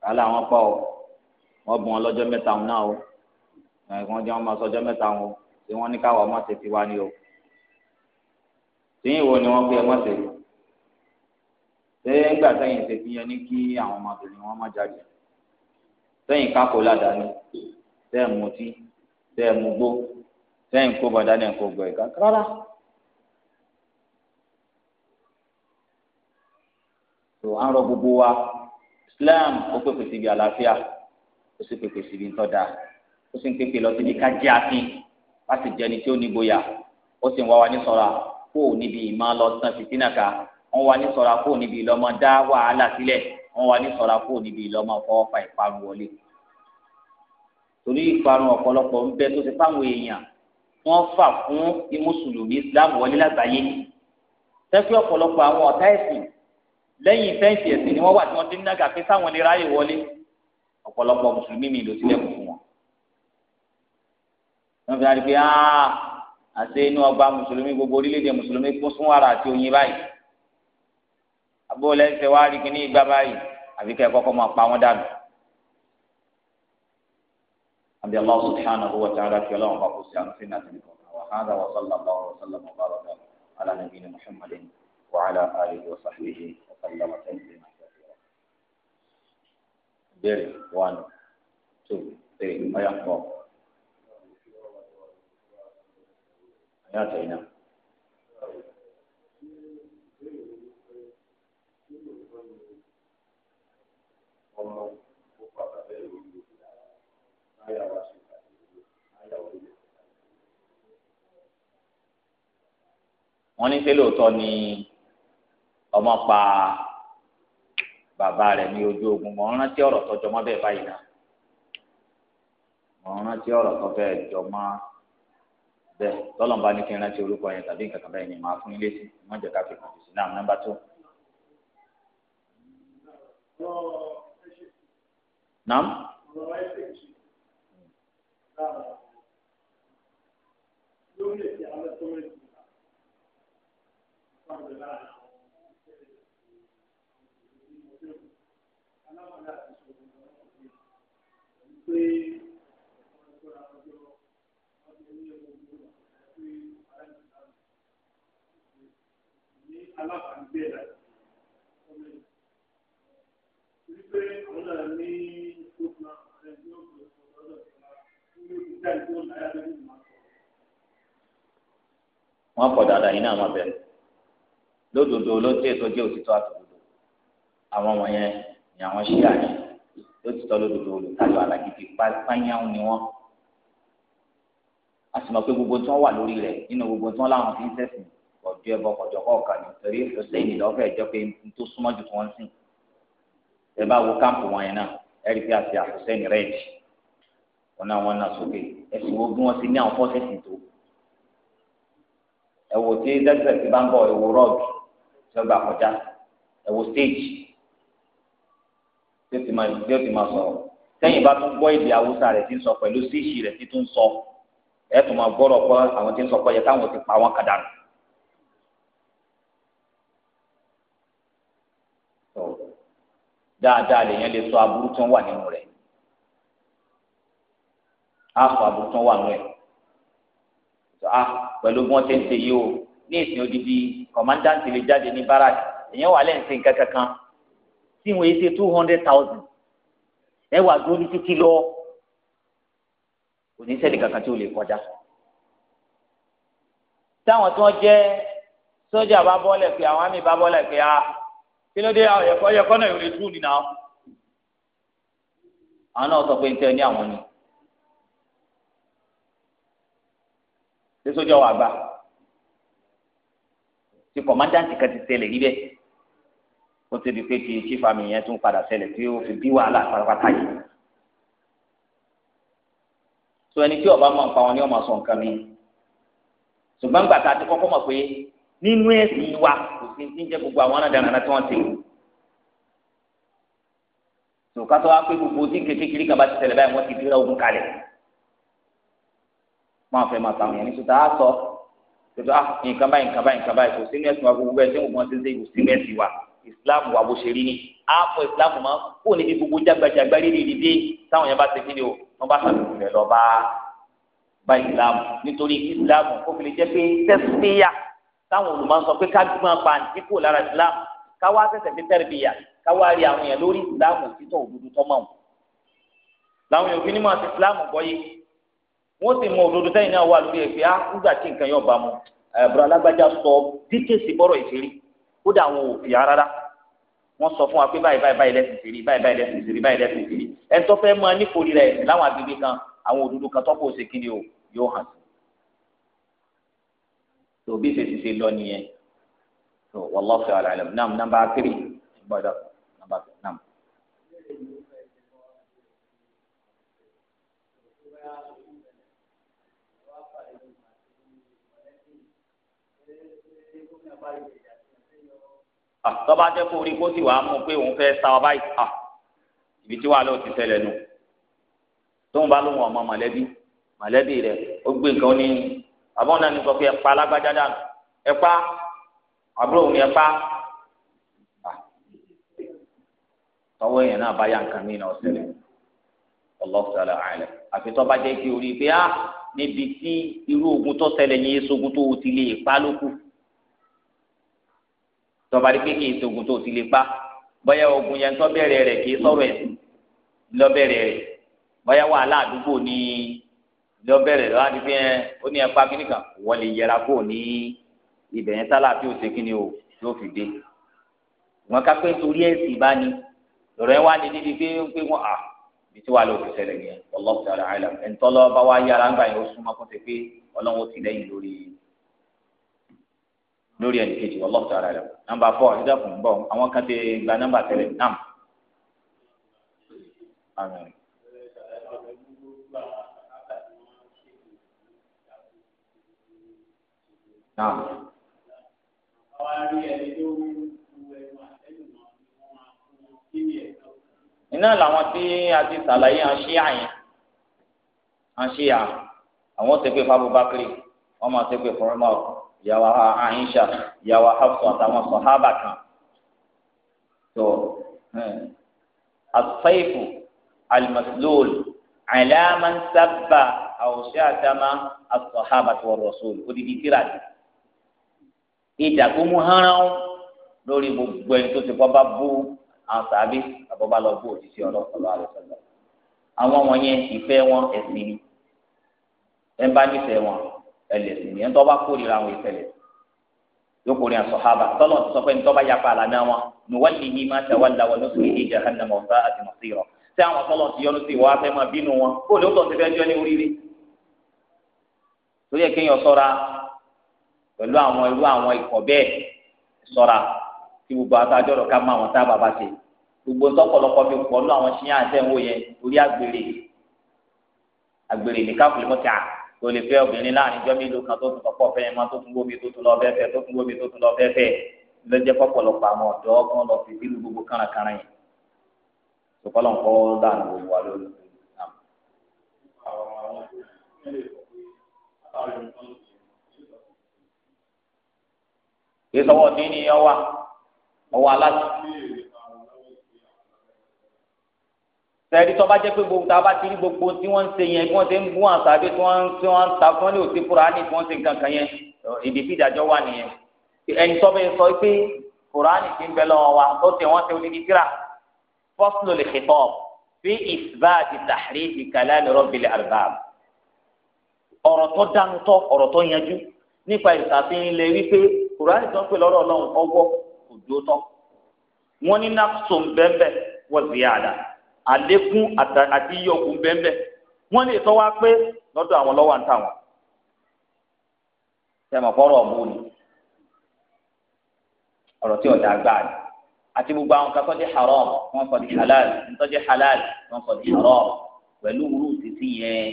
wàhálà wọn pọ̀ o wọ́n bùn wọn lọ́jọ́ mẹ́ta wọn náà o wọ́n jẹ́ wọn máa sọjọ́ mẹ́ta wọn o tí wọ́n ní káwọn ọmọ ṣe ti wá ní o tíyìn wo ni wọ́n pé ọmọ ṣe ṣé ńgbà sẹ́yìn ṣe fi yẹn ní kí àwọn ọmọbìnrin wọn má jáde sẹ́yìn kákó ládàáni sẹ́yìn mutí sẹ́yìn mugbó sẹ́yìn kó bàdánì kó gbọ̀ ẹ̀ka rárá. tó ń rọ gbogbo wa Islam ó pèpè síbi àlàáfíà ó sì pèpè síbi ntọ́da ó sì ń pèpè lọ síbi ká jẹ́ akin wá sì jẹ́ni tí ó ní gboyà ó sì ń wá wa ní ṣọ́ra kó o níbi ìmọ̀ lọ tán fìtínà ká wọ́n wá ní ṣọ́ra kó o níbi ìlọ́mọ dá wàhálà sílẹ̀ wọ́n wá ní ṣọ́ra kó o níbi ìlọ́mọ fọwọ́ fa ìparun wọlé torí ìparun ọ̀pọ̀lọpọ̀ ń bẹ tó ti fáwọn èèyàn wọ́n fà fún mùsùlùmí Islam wọlé lágbàáyé tẹ́fí ọ̀pọ̀lọpọ̀ àwọn ọ̀tá ẹ̀sìn lẹ́yìn fẹ́ǹsì ẹ̀sìn ni wọ́n wà tí wọ́n ti ń nága pé sáwọn lè ráyè wọlé ọ̀pọ̀lọpọ̀ mùsùlùmí mi ló sílẹ̀ fún wọn. wọ́n fi àdìpé áá ah, àti inú ọgbà mùsùlùmí gbogbo orílẹ̀-èdè mùsùlùmí kún sún wàrà àti oyin báyìí. abóolẹ́ ń wá rí kíní ìgbà báyìí àbí kẹ́ ẹ kọ́kọ́ máa pa wọ́n dànù. àbí Allah subhanahu wa ta'ala fi ọlọ́run bá kó sí وسلم تسليما كثيرا very one two three أيا فوق أيا تينا wọ́n ní ṣé lóòótọ́ ni ọmọ pa bàbá rẹ̀ ní ojú ogun mọ̀ rántí ọ̀rọ̀ tọ́jọ́ mọ́ bẹ́ẹ̀ báyìí náà mọ̀ rántí ọ̀rọ̀ tó fẹ́ jọ mọ́ bẹ́ẹ̀ tọ́lọ́mbà ní kí n rántí orúkọ yẹn tàbí nǹkan kan ni màá fún ilé sí wọ́n jẹ́ ká fi kàn sí náà nọ́mbà tó. nam. lórí pé alábàágbé rẹ̀ wípé àwọn náà ní ìfowópamọ́ rẹ̀ ní ọ̀gbìn ọ̀dọ́ ní ìdá ìfowópamọ́ náírà lórí ìmọ̀ wọn kọ dáadáa yìí náà wọn bẹ̀rẹ̀ lódodo ló tẹ tó jẹ òtítọ́ àtòdodo àwọn wọ̀nyẹn ni àwọn ṣíà yẹn yóò ti tọ́ lódodo olùtayọ̀ alágídí pányáwó ni wọ́n a sì mọ̀ pé gbogbo tí wọ́n wà lórí rẹ̀ nínú gbogbo tí wọ́n láwọn fi ń sẹ̀sìn ọ̀dọ́ ẹ̀bọ kọ̀jọ́ kọ̀ọ̀kan ni torí hussein lọ́fẹ̀ẹ́ jọ pé n tó súnmọ́ jù tí wọ́n ń sìn ẹ bá wo káàmpù wọn yẹn náà ẹ rí i pé àti hussein red wọn náà wọn náà sókè ẹsìn wo bí wọ́n ti ní àwọn fọ́sẹ̀sì tó ẹ wò tí dẹ́sẹ̀ ti bá ń bọ̀ ẹ wò rọ́ọ̀dù tí wọ́n gbà kọjá ẹ wò stage tí ó ti máa tí ó ti máa sọ̀rọ̀ sẹ́yìn bá tún gbọ́ èdè haúsá rẹ̀ ti ń sọ pẹ̀lú síìsì rẹ̀ ti tún sọ ẹ tún máa gbọ́rọ̀ pé àwọn ti ń sọ pé yẹ káwọn ti pa wọn kàdánù. dáadáa lèèyàn lè sọ aburú tó ń wà nínú rẹ̀ á sọ aburú tó ń wà nínú rẹ̀ á pẹ̀lú bí wọ́n ti ń ṣe yìí o ní ìsìn odidi kọ̀mándàntì lè jáde ní báràkì èèyàn wà lẹ́yìn sí nǹkan kankan tí wọ́n yé ṣe two hundred thousand ẹ wà dúró ní títí lọ kò ní sẹ́ni kankan tí ó lè kọjá. táwọn tí wọ́n jẹ́ sójà bá bọ́lẹ̀ pé àwọn àmì bá bọ́lẹ̀ pé a ah, kí ló dé ah, ẹ̀kọ́ ẹ̀kọ́ náà yóò lè dúró nínú àwọn. àwọn náà sọ pé ń tẹ ní àwọn ni. ṣé sójà wà gbà? ti kọ̀mándáǹtì kan ti tẹ̀lé yí bẹ́ẹ̀ ó ti di pé kí kífà mi yẹn tún padà ṣẹlẹ̀ tí ó fi bí wàhálà pátápátá yìí so ẹni tí ọba máa ń pa wọn ni ọmọ sọ nǹkan mi ṣùgbọ́n gbàtà àti kọ́kọ́ mọ̀ pé nínú ẹ̀sìn wa kò sí ní jẹ́ gbogbo àwọn aládàáná tí wọ́n ti wù tòkátó wa pé gbogbo tí kékeré kan bá ti ṣẹlẹ̀ báyìí wọ́n ti dúró ogun kalẹ̀ máa fẹ́ máa tàwọn yẹn ní sọ́tà á sọ tòtò á ah, nǹkan báyìí nǹkan báyìí nǹkan kò sínú islam wà bó ṣe rí ni á fọ islam mọ́ kó níbi gbogbo jágbajàgba rírì rí dé táwọn yẹn bá ṣe kí ni o wọ́n bá ṣàtúntò rẹ̀ lọ bá bá islam nítorí islam kó fi lè jẹ́ pé tẹ́síyà táwọn olùmọ̀ sọ pé ká gbọ́n pa àǹtí kò lára islam ká wá sẹ̀sẹ̀ fi tẹ́rìbìyà ká wá rí àwọn yẹn lórí islam títọ̀ òdodo tọ́mọ̀ wọn làwọn yòókù ní mọ àti islam gbọ́ yìí wọ́n sì mọ òdodo tẹ́yìn náà wà lórí ẹ̀fẹ́ á ah, nígbà tí nǹkan yóò bá mu ẹ̀bùrọ̀ kódà àwọn ò fìyà rárá wọ́n sọ fún wa pé báyìí báyìí báyìí lẹ́sìn ìṣèlú báyìí báyìí lẹ́sìn ìṣèlú báyìí lẹ́sìn ìṣèlú ẹni tó fẹ́ mọ nípòrí rẹ̀ láwọn agbègbè kan àwọn òdodo kan tọ́pọ̀ ṣe kí o yóò hàn sí. tó bí ṣe ti ṣe lọ nìyẹn tó wallahu ta'ala alam nam nàmbà tírì gbọ́dọ̀ nàmbà nam. Thank you. Ah, tọ́ba jẹ́ kó rí kó sì wàá mú pé òun fẹ́ sa ọ báyìí à ah, ibi tí wàá lọ ti ṣẹlẹ̀ nù tóun bá lóun ọmọ mọ̀lẹ́bí mọ̀lẹ́bí rẹ̀ ó gbé nǹkan ní àbọ̀ náà ní sọ pé ẹ̀pa alágbájá dànù ẹ̀pa àbúrò òun ni ẹ̀pa ah. tọwọ́ èèyàn náà bá yà nǹkan mí náà ṣẹlẹ̀ ọlọ́sàlẹ̀ àìlẹ̀ àfi tọ́ba jẹ́ kí orí pé á níbi tí irú ogun tó ṣẹlẹ̀ yẹn èso tó ti lè pa lókù tọba di pé kì í sogun tó ti lè pa bóyá ogun yẹn tó bẹ̀rẹ̀ rẹ̀ kì í sọ̀rọ̀ ẹ̀ lọ bẹ̀rẹ̀ rẹ̀ bóyá wàhálà àdúgbò ní lọ bẹ̀rẹ̀ lọ́wọ́ adi pé ó ní ẹ̀pá kínní kan wọ́n lè yẹra kó ní ibẹ̀ yẹn sálà tí ó ṣe kínní o yóò fi dé wọn ká pé torí ẹ̀sìn bá ní lọ́rọ̀ ẹ̀ wá ní níbi pé pé wọ́n à bí tí wàá lọ fi ṣẹlẹ̀ yẹn ọlọ́ọ̀tì àlàyé ẹ̀ńtọ́lọ́ bá wá yára ń gbà yẹn ó súnmọ́ kó ṣe pé ọlọ́run ti lẹ́yìn lórí lórí ẹnì kejì wallahu ta'ala alam nàmbà fọ ìdàkùn bọ àwọn kan ti gba nàmbà tẹlẹ nàm. Naam. iná làwọn tí a ti sàlàyé àṣìyà yẹn àṣìyà àwọn tẹpẹ fún Abubakar wọn máa tẹpẹ fún Umar ìyàwó Aisha ìyàwó Hafsa àtàwọn sọhábà kan tó eh, asaifu almaslul alaman sábà àwòṣe àtàmà asọhábà tó rọṣùl odidi kíláàsì ìdá tó mú hánrán lórí gbogbo ẹni tó ti kọ́ bá bú àwọn sàbí àbọ̀bá lọ bú òṣìṣẹ́ ọlọ́ọ̀lọ́ àlùfáà àwọn wọ̀nyẹn ìfẹ́ wọn ẹ̀sìn ẹ̀ ń bá nífẹ̀ẹ́ wọn ẹlẹ sí ni ẹni tó bá kórìíra àwọn ìṣẹ̀lẹ̀ yóò kórìíra sọhábà tọlọ ti sọ pé ní tó bá yapa àlànà wọn nùwálì yìí máa tẹ wàlá wọn lóṣù yìí jahannama ọ̀sá àti mọ̀síyọ̀ tí àwọn tọlọ ti yọ lóṣù wọn afẹ́ máa bínú wọn kó ló tọ̀ sí fẹ́ jọ ní oríire torí ẹ̀ kéèyàn sọ́ra pẹ̀lú àwọn irú àwọn ikọ̀ bẹ́ẹ̀ sọ́ra tí gbogbo àtàjọ́rọ̀ ká máa wọn tá bàbá ṣe gbogbo tọpọlọpọ fi pọ̀ lọ àwọn ṣíyàn àtẹ̀wò tó lè fẹ́ obìnrin láàrin jọ́ mélòó kan tó tún kọ́kọ́ fẹ́ yẹn mọ́ tó tún gbóbi tó tún lọ fẹ́fẹ́ tó tún gbóbi tó tún lọ fẹ́fẹ́ lọ́jẹ́ pọ̀pọ̀lọpọ̀ àwọn ọ̀dọ́ kan lọ fi bílù gbogbo kárakára yẹn sọkọlọ́ nǹkan láàrin gbogbo wa lórí. ìsọwọ́ dín ní ọwà ọwà aláṣẹ. sẹ́ẹ̀dì tó bá jẹ́ pé gbogbo tá a bá ti rí gbogbo tí wọ́n ń ṣe yẹn bí wọ́n ṣe ń bú àṣà bí wọ́n tí wọ́n ń ta fún ọ́n lè òsì kúránì tí wọ́n ṣe nǹkan kan yẹn ibi tí ìdájọ́ wà nìyẹn ẹni tó bẹ sọ pé kúránì ti ń bẹ lọ́wọ́ wa tó tẹ wọ́n ṣe onídìí tíra fọ́sùlù lè ṣe tọ́ fi ìsbáàdì tàhírí ìkàlẹ́ àlọ́rọ̀ bìlẹ̀ àlùbáàbù ọ̀rọ̀ tó dáńtọ́ ọ̀rọ̀ tó yanjú nípa ìsàfihàn ilẹ̀ wípé kùránì tó ń pè lọ́rọ̀ ọlọ́run ọwọ́ kò dúró tán wọ́n ní nàkùsùn bẹ́ẹ̀ wọ́n ziyada àlékún àti iye òkú bẹ́ẹ̀ wọ́n lè tọ́ wá pé lọ́dọ̀ àwọn lọ́wọ́ ń tà wọ́n tẹ̀mọ̀ fọ́rọ̀ ọ̀bù ni tí ọ̀dà gbà ni àti gbogbo àwọn kan tọ́jú haram wọ́n sọ di halal tọ́jú halal wọ́n sọ di haram pẹ̀lú wúrú títí yẹn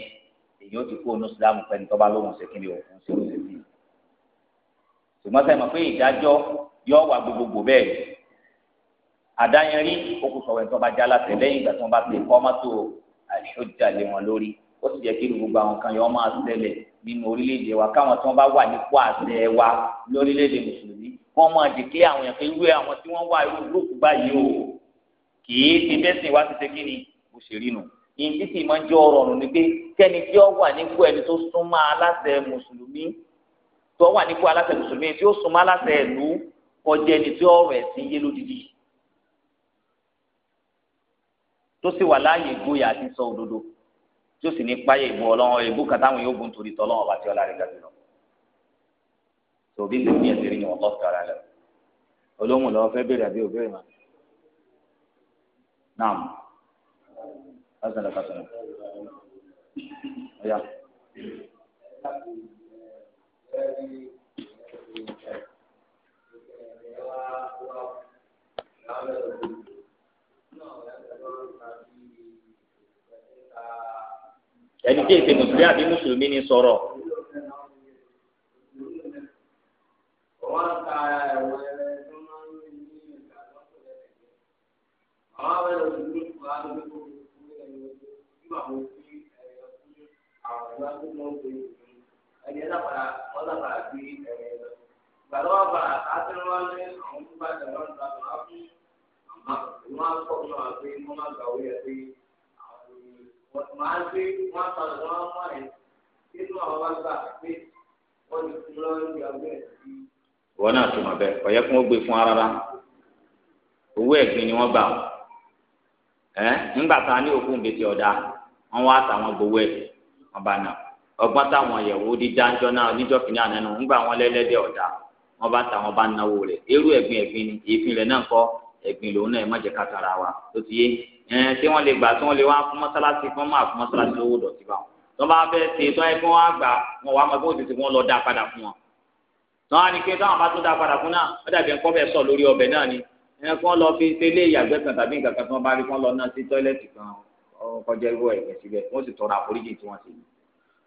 èyí ó ti kó onú sílámù pẹ́ni tó bá lóhùn ṣèkí ni òun ṣe ó ṣe sí i ṣùgbọ́n sẹ́mi pé ìdájọ́ yọ wà gbogbogbò bẹ́ẹ̀ àdáyẹnrí okùn sọ̀rọ̀ ẹ̀tọ́ bá jálá tẹ̀ lẹ́yìn ìgbà tí wọ́n bá pè kọ́ mọ́tò àlùjá lé wọn lórí ó sì jẹ́ kí gbogbo àwọn kan yọ máa ṣẹlẹ̀ nínú orílẹ̀-èdè wa káwọn tí bá wà nípò àṣẹ wa lórílẹ̀-èdè mùsùlùmí wọ́n máa dìklẹ́ àwọn ẹ̀fẹ́ ìwé àwọn tí wọ́n wà irú gúrúùpù báyìí o kì í ti dẹ́sìn wá ti kí ni kò ṣe rí nu yìí tí sì máa ń jẹ́ ọ̀rọ̀ ọ̀run ni pé kẹ́ni tí ó wà nípò ẹni tó súnmọ́ aláṣẹ mùsùlùmí tó wà nípò aláṣẹ mùsùlùmí tí ó súnmọ́ aláṣẹ ìlú kọjá ẹni tí ọ̀rọ̀ ẹ̀sìn yé lódìdí tó sì wà láàyè gbóyà àti sọ òdodo tí ó sì ní páyà ìbú ọlọ́run ìbú kan táwọn yóò gun torí tọ́lọ́run ọba tí ọlá rẹ̀ gàdú lọ. tòbí lè ní ẹsẹ̀ rí ni wọ́n lọ́ sára olóhùn lọ́wọ́ fẹ́ bèrè àbí òbèrè mà. naam ọ̀sán lọ́ka sọ̀rọ̀ ọ̀yà. Thank ẹni tí èsè mùsùlùmí àbí mùsùlùmí ni sọ̀rọ̀. gbàdúrà bàrà àtẹnuwá ní àwọn tó bá jẹ lọ́dún àbúrò àbúrò àmọ́ ìwọ́n á kọ́ ọ́ náà pé wọ́n má gbà màá gbé one thousand one hundred and nínú àwọn wá gbà pé wọ́n ti fún lọ́wọ́ ní ọgbẹ́ ẹ̀ sí.
ìwọ náà tó mọ̀ bẹ́ẹ̀
ọ̀yẹ́ kún ó gbé fún rárá owó ẹ̀gbin ni wọ́n bá wọn ẹ̀ ńgbà tá ní òkú ọ̀dà wọ́n wá gbowó ẹ̀ wọ́n bá ọgbọ́n táwọn dídá ńjọ náà wọn ọ̀dà wọn bá tàwọn bá náwó ẹ̀ tí wọ́n lè gbà tí wọ́n lè wá fún mọ́sálásí fún máa fún mọ́sálásí lówó dọ̀tí bá wọn tó bá fẹ́ ṣe tó ẹ kí wọ́n á gbà wọn wà á máa kó tètè wọn lọ dá padà fún wọn. tọ́ á ní pé táwọn bá tún dá padà fún náà ó dàbí ẹ̀kọ́ bẹ́ẹ̀ sọ lórí ọbẹ̀ náà ni ẹ̀ kí wọ́n lọ fi ṣe ilé ìyàgbẹ́ kan tàbí nǹkan kan tí wọ́n bá rí kí wọ́n lọ náà sí tọ́ílẹ̀tì kan kọjá irú ẹ̀gbẹ́ síbẹ̀ wọ́n sì tọrọ àforíjì tí wọ́n ti ní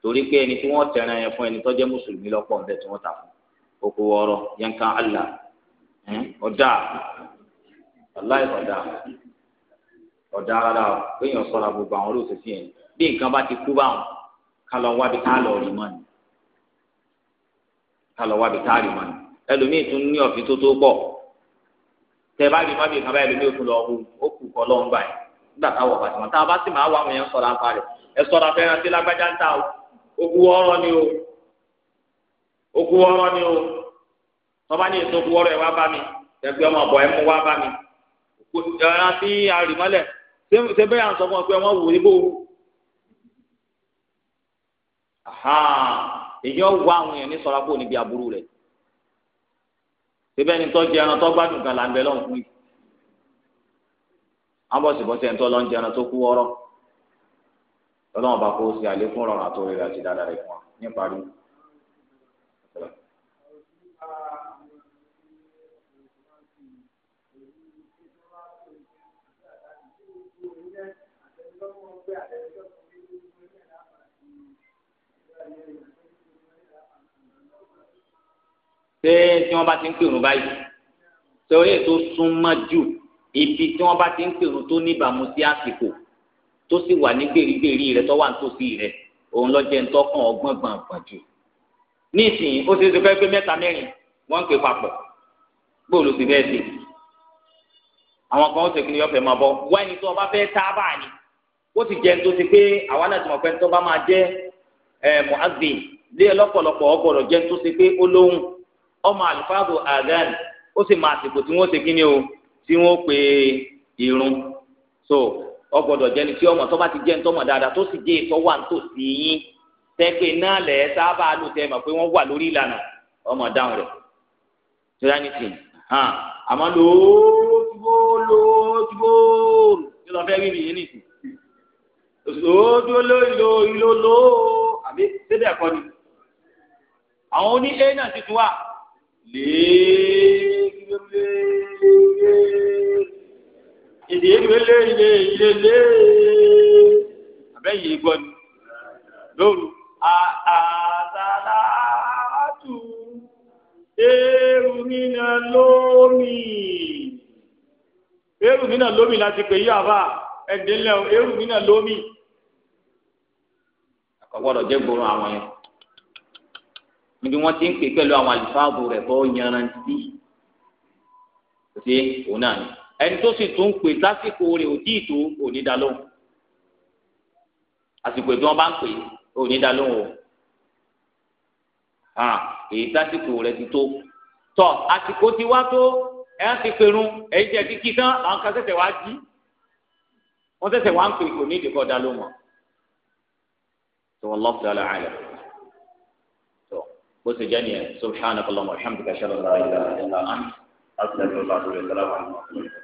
torí pé ẹni tí wọ́n tẹ̀ràn yẹn fún ẹni tó jẹ́ mùsùlùmí lọ́pọ̀ ń tí wọ́n tà fún oko wọ́ọ́rọ́ yẹn kan Allah ọ̀dà aláìsọ̀dà ọ̀dà ara o péyàn sọ̀ra gbogbo àwọn olóòtú sí yẹn bí nǹkan bá ti kú báwọn ká lọ wábi tá a lọ rí mọ́ ni ká lọ wábi tá a rí mọ́ ni ẹlòmíì tún ní ọ̀fìn tó tó pọ̀ tẹ bá rí mọ́bì kan bá ẹlòmíì òkú lọ ọ̀hún ó kù kọ́ lọ́hún báyìí nígbà táwọn ọ̀bà tí wọ́n tá bá sì máa wá àwọn èèyàn sọ̀rọ̀ àǹfà rẹ̀ ẹ sọ̀rọ̀ àfẹ́ràn sí lágbájá ń ta o òkú ọ̀rọ̀ ni o òkú ọ̀rọ̀ ni o tọ́ba ní ètò òkú ọ̀rọ̀ ẹ̀ wá bá mi ṣé bẹ́ẹ̀ à ń sọ fún ọ pé wọ́n wò ó níbo èyí ọ̀ wá àwọn èèyàn ní sọ̀rọ̀ kó níbi aburú rẹ̀ síbẹ̀ ni tó jẹ ẹran tó gbádùn kan là ń bẹ lọ́hùn fún yìí àbọ̀sibọ̀sẹ̀ ń tọ́ lọ ń jẹ ẹran tó kú ọ̀rọ̀ ọlọ́run bá kó o ṣe àlékún rọrùn àtòrè rẹ̀ àti dáadáa rẹ̀ fún wa níparí. ṣé tí wọ́n bá ti ń pèrún báyìí sọrí ètò súnmọ́ jù ibi tí wọ́n bá ti ń pèrún tó níbàámu sí àsìkò tó sì wà ní gbèrígbèrí rẹ tó wà nítòsí rẹ òun lọ jẹ ntọkàn ọgbọ́n gbàngbàn jù nísìnyí ó ṣe é ṣe fẹ́ gbé mẹ́ta mẹ́rin wọ́n ń pè papọ̀ gbòòlù sí bẹ́ẹ̀ sí àwọn kan ó ṣe kí ni yọ̀ọ́ fẹ́ máa bọ̀ wá ẹni tó ọba fẹ́ tá a bá ní ó ti jẹun tó ti pé àwa náà ti mọ̀ pé tó bá máa jẹ́ ẹ̀ mọ̀ azin lé lọ́pọ̀lọpọ̀ ọgbọ̀rọ̀ jẹun tó pé ó lóhùn ọmọ àlùfáàbò àgán ó sì máa àsìkò tí wọ́n ṣe kí ni o tí wọ́n pe irun so ọgbọ́dọ̀ jẹni tí ọmọ tó bá ti jẹ́ ní tọmọ dáadáa tó sì jẹ́ ìtọ́ wà ní tòsí yín tẹ́pẹ́ náà lẹ̀ sábà lò tẹ́ mọ̀ pé wọ́n wà lórí ìlànà ọmọ dáhùn rẹ̀ tíráyìntì hàn àmọ́ lóòtúbó lóòtúbó kí lọ́ọ́ fẹ́ rí mi yín nìsí lóòtúbó lóòlò ìlòlò àbí sẹ́dẹ̀ ẹ̀kọ́ ni àwọn oní a náà ti tún wà léègbé ìdíyelé ilé ilé abẹ́yẹ gbọ́ ni lóru àtàlàtù eru nínà lómi eru nínà lómi láti pè yí àbá ẹ̀dínlẹ̀ eru nínà lómi. àkọ́gbọ́dọ̀ jẹ́ gbòòrò àwọn yẹn níbi wọ́n ti ń pè pẹ̀lú àwọn àlùfáàbù rẹ̀ bọ́ yanrantí ṣe òun náà ni ẹni tó sì tún ń pè lásìkò rẹ̀ òdì ìtò onídàlóhùn àsìkò tí wọ́n bá ń pè onídàlóhùn o èyí lásìkò rẹ̀ ti tó tọ àsìkò ti wá tó ẹ á ti pẹrun èyí jẹ kíkí tán àwọn kan ṣẹ̀ṣẹ̀ wá jí wọ́n ṣẹ̀ṣẹ̀ wá ń pè kò ní ìdíkọ dàlóhùn ọ tí wọ́n lọ sí ọlọ àyẹ̀wò bó ṣe jẹ́ nìyẹn subhanahu wa ta'ala alhamdulilayi ṣe lọ́la ilẹ̀ ilẹ̀ àná àti ṣe lọ́la àti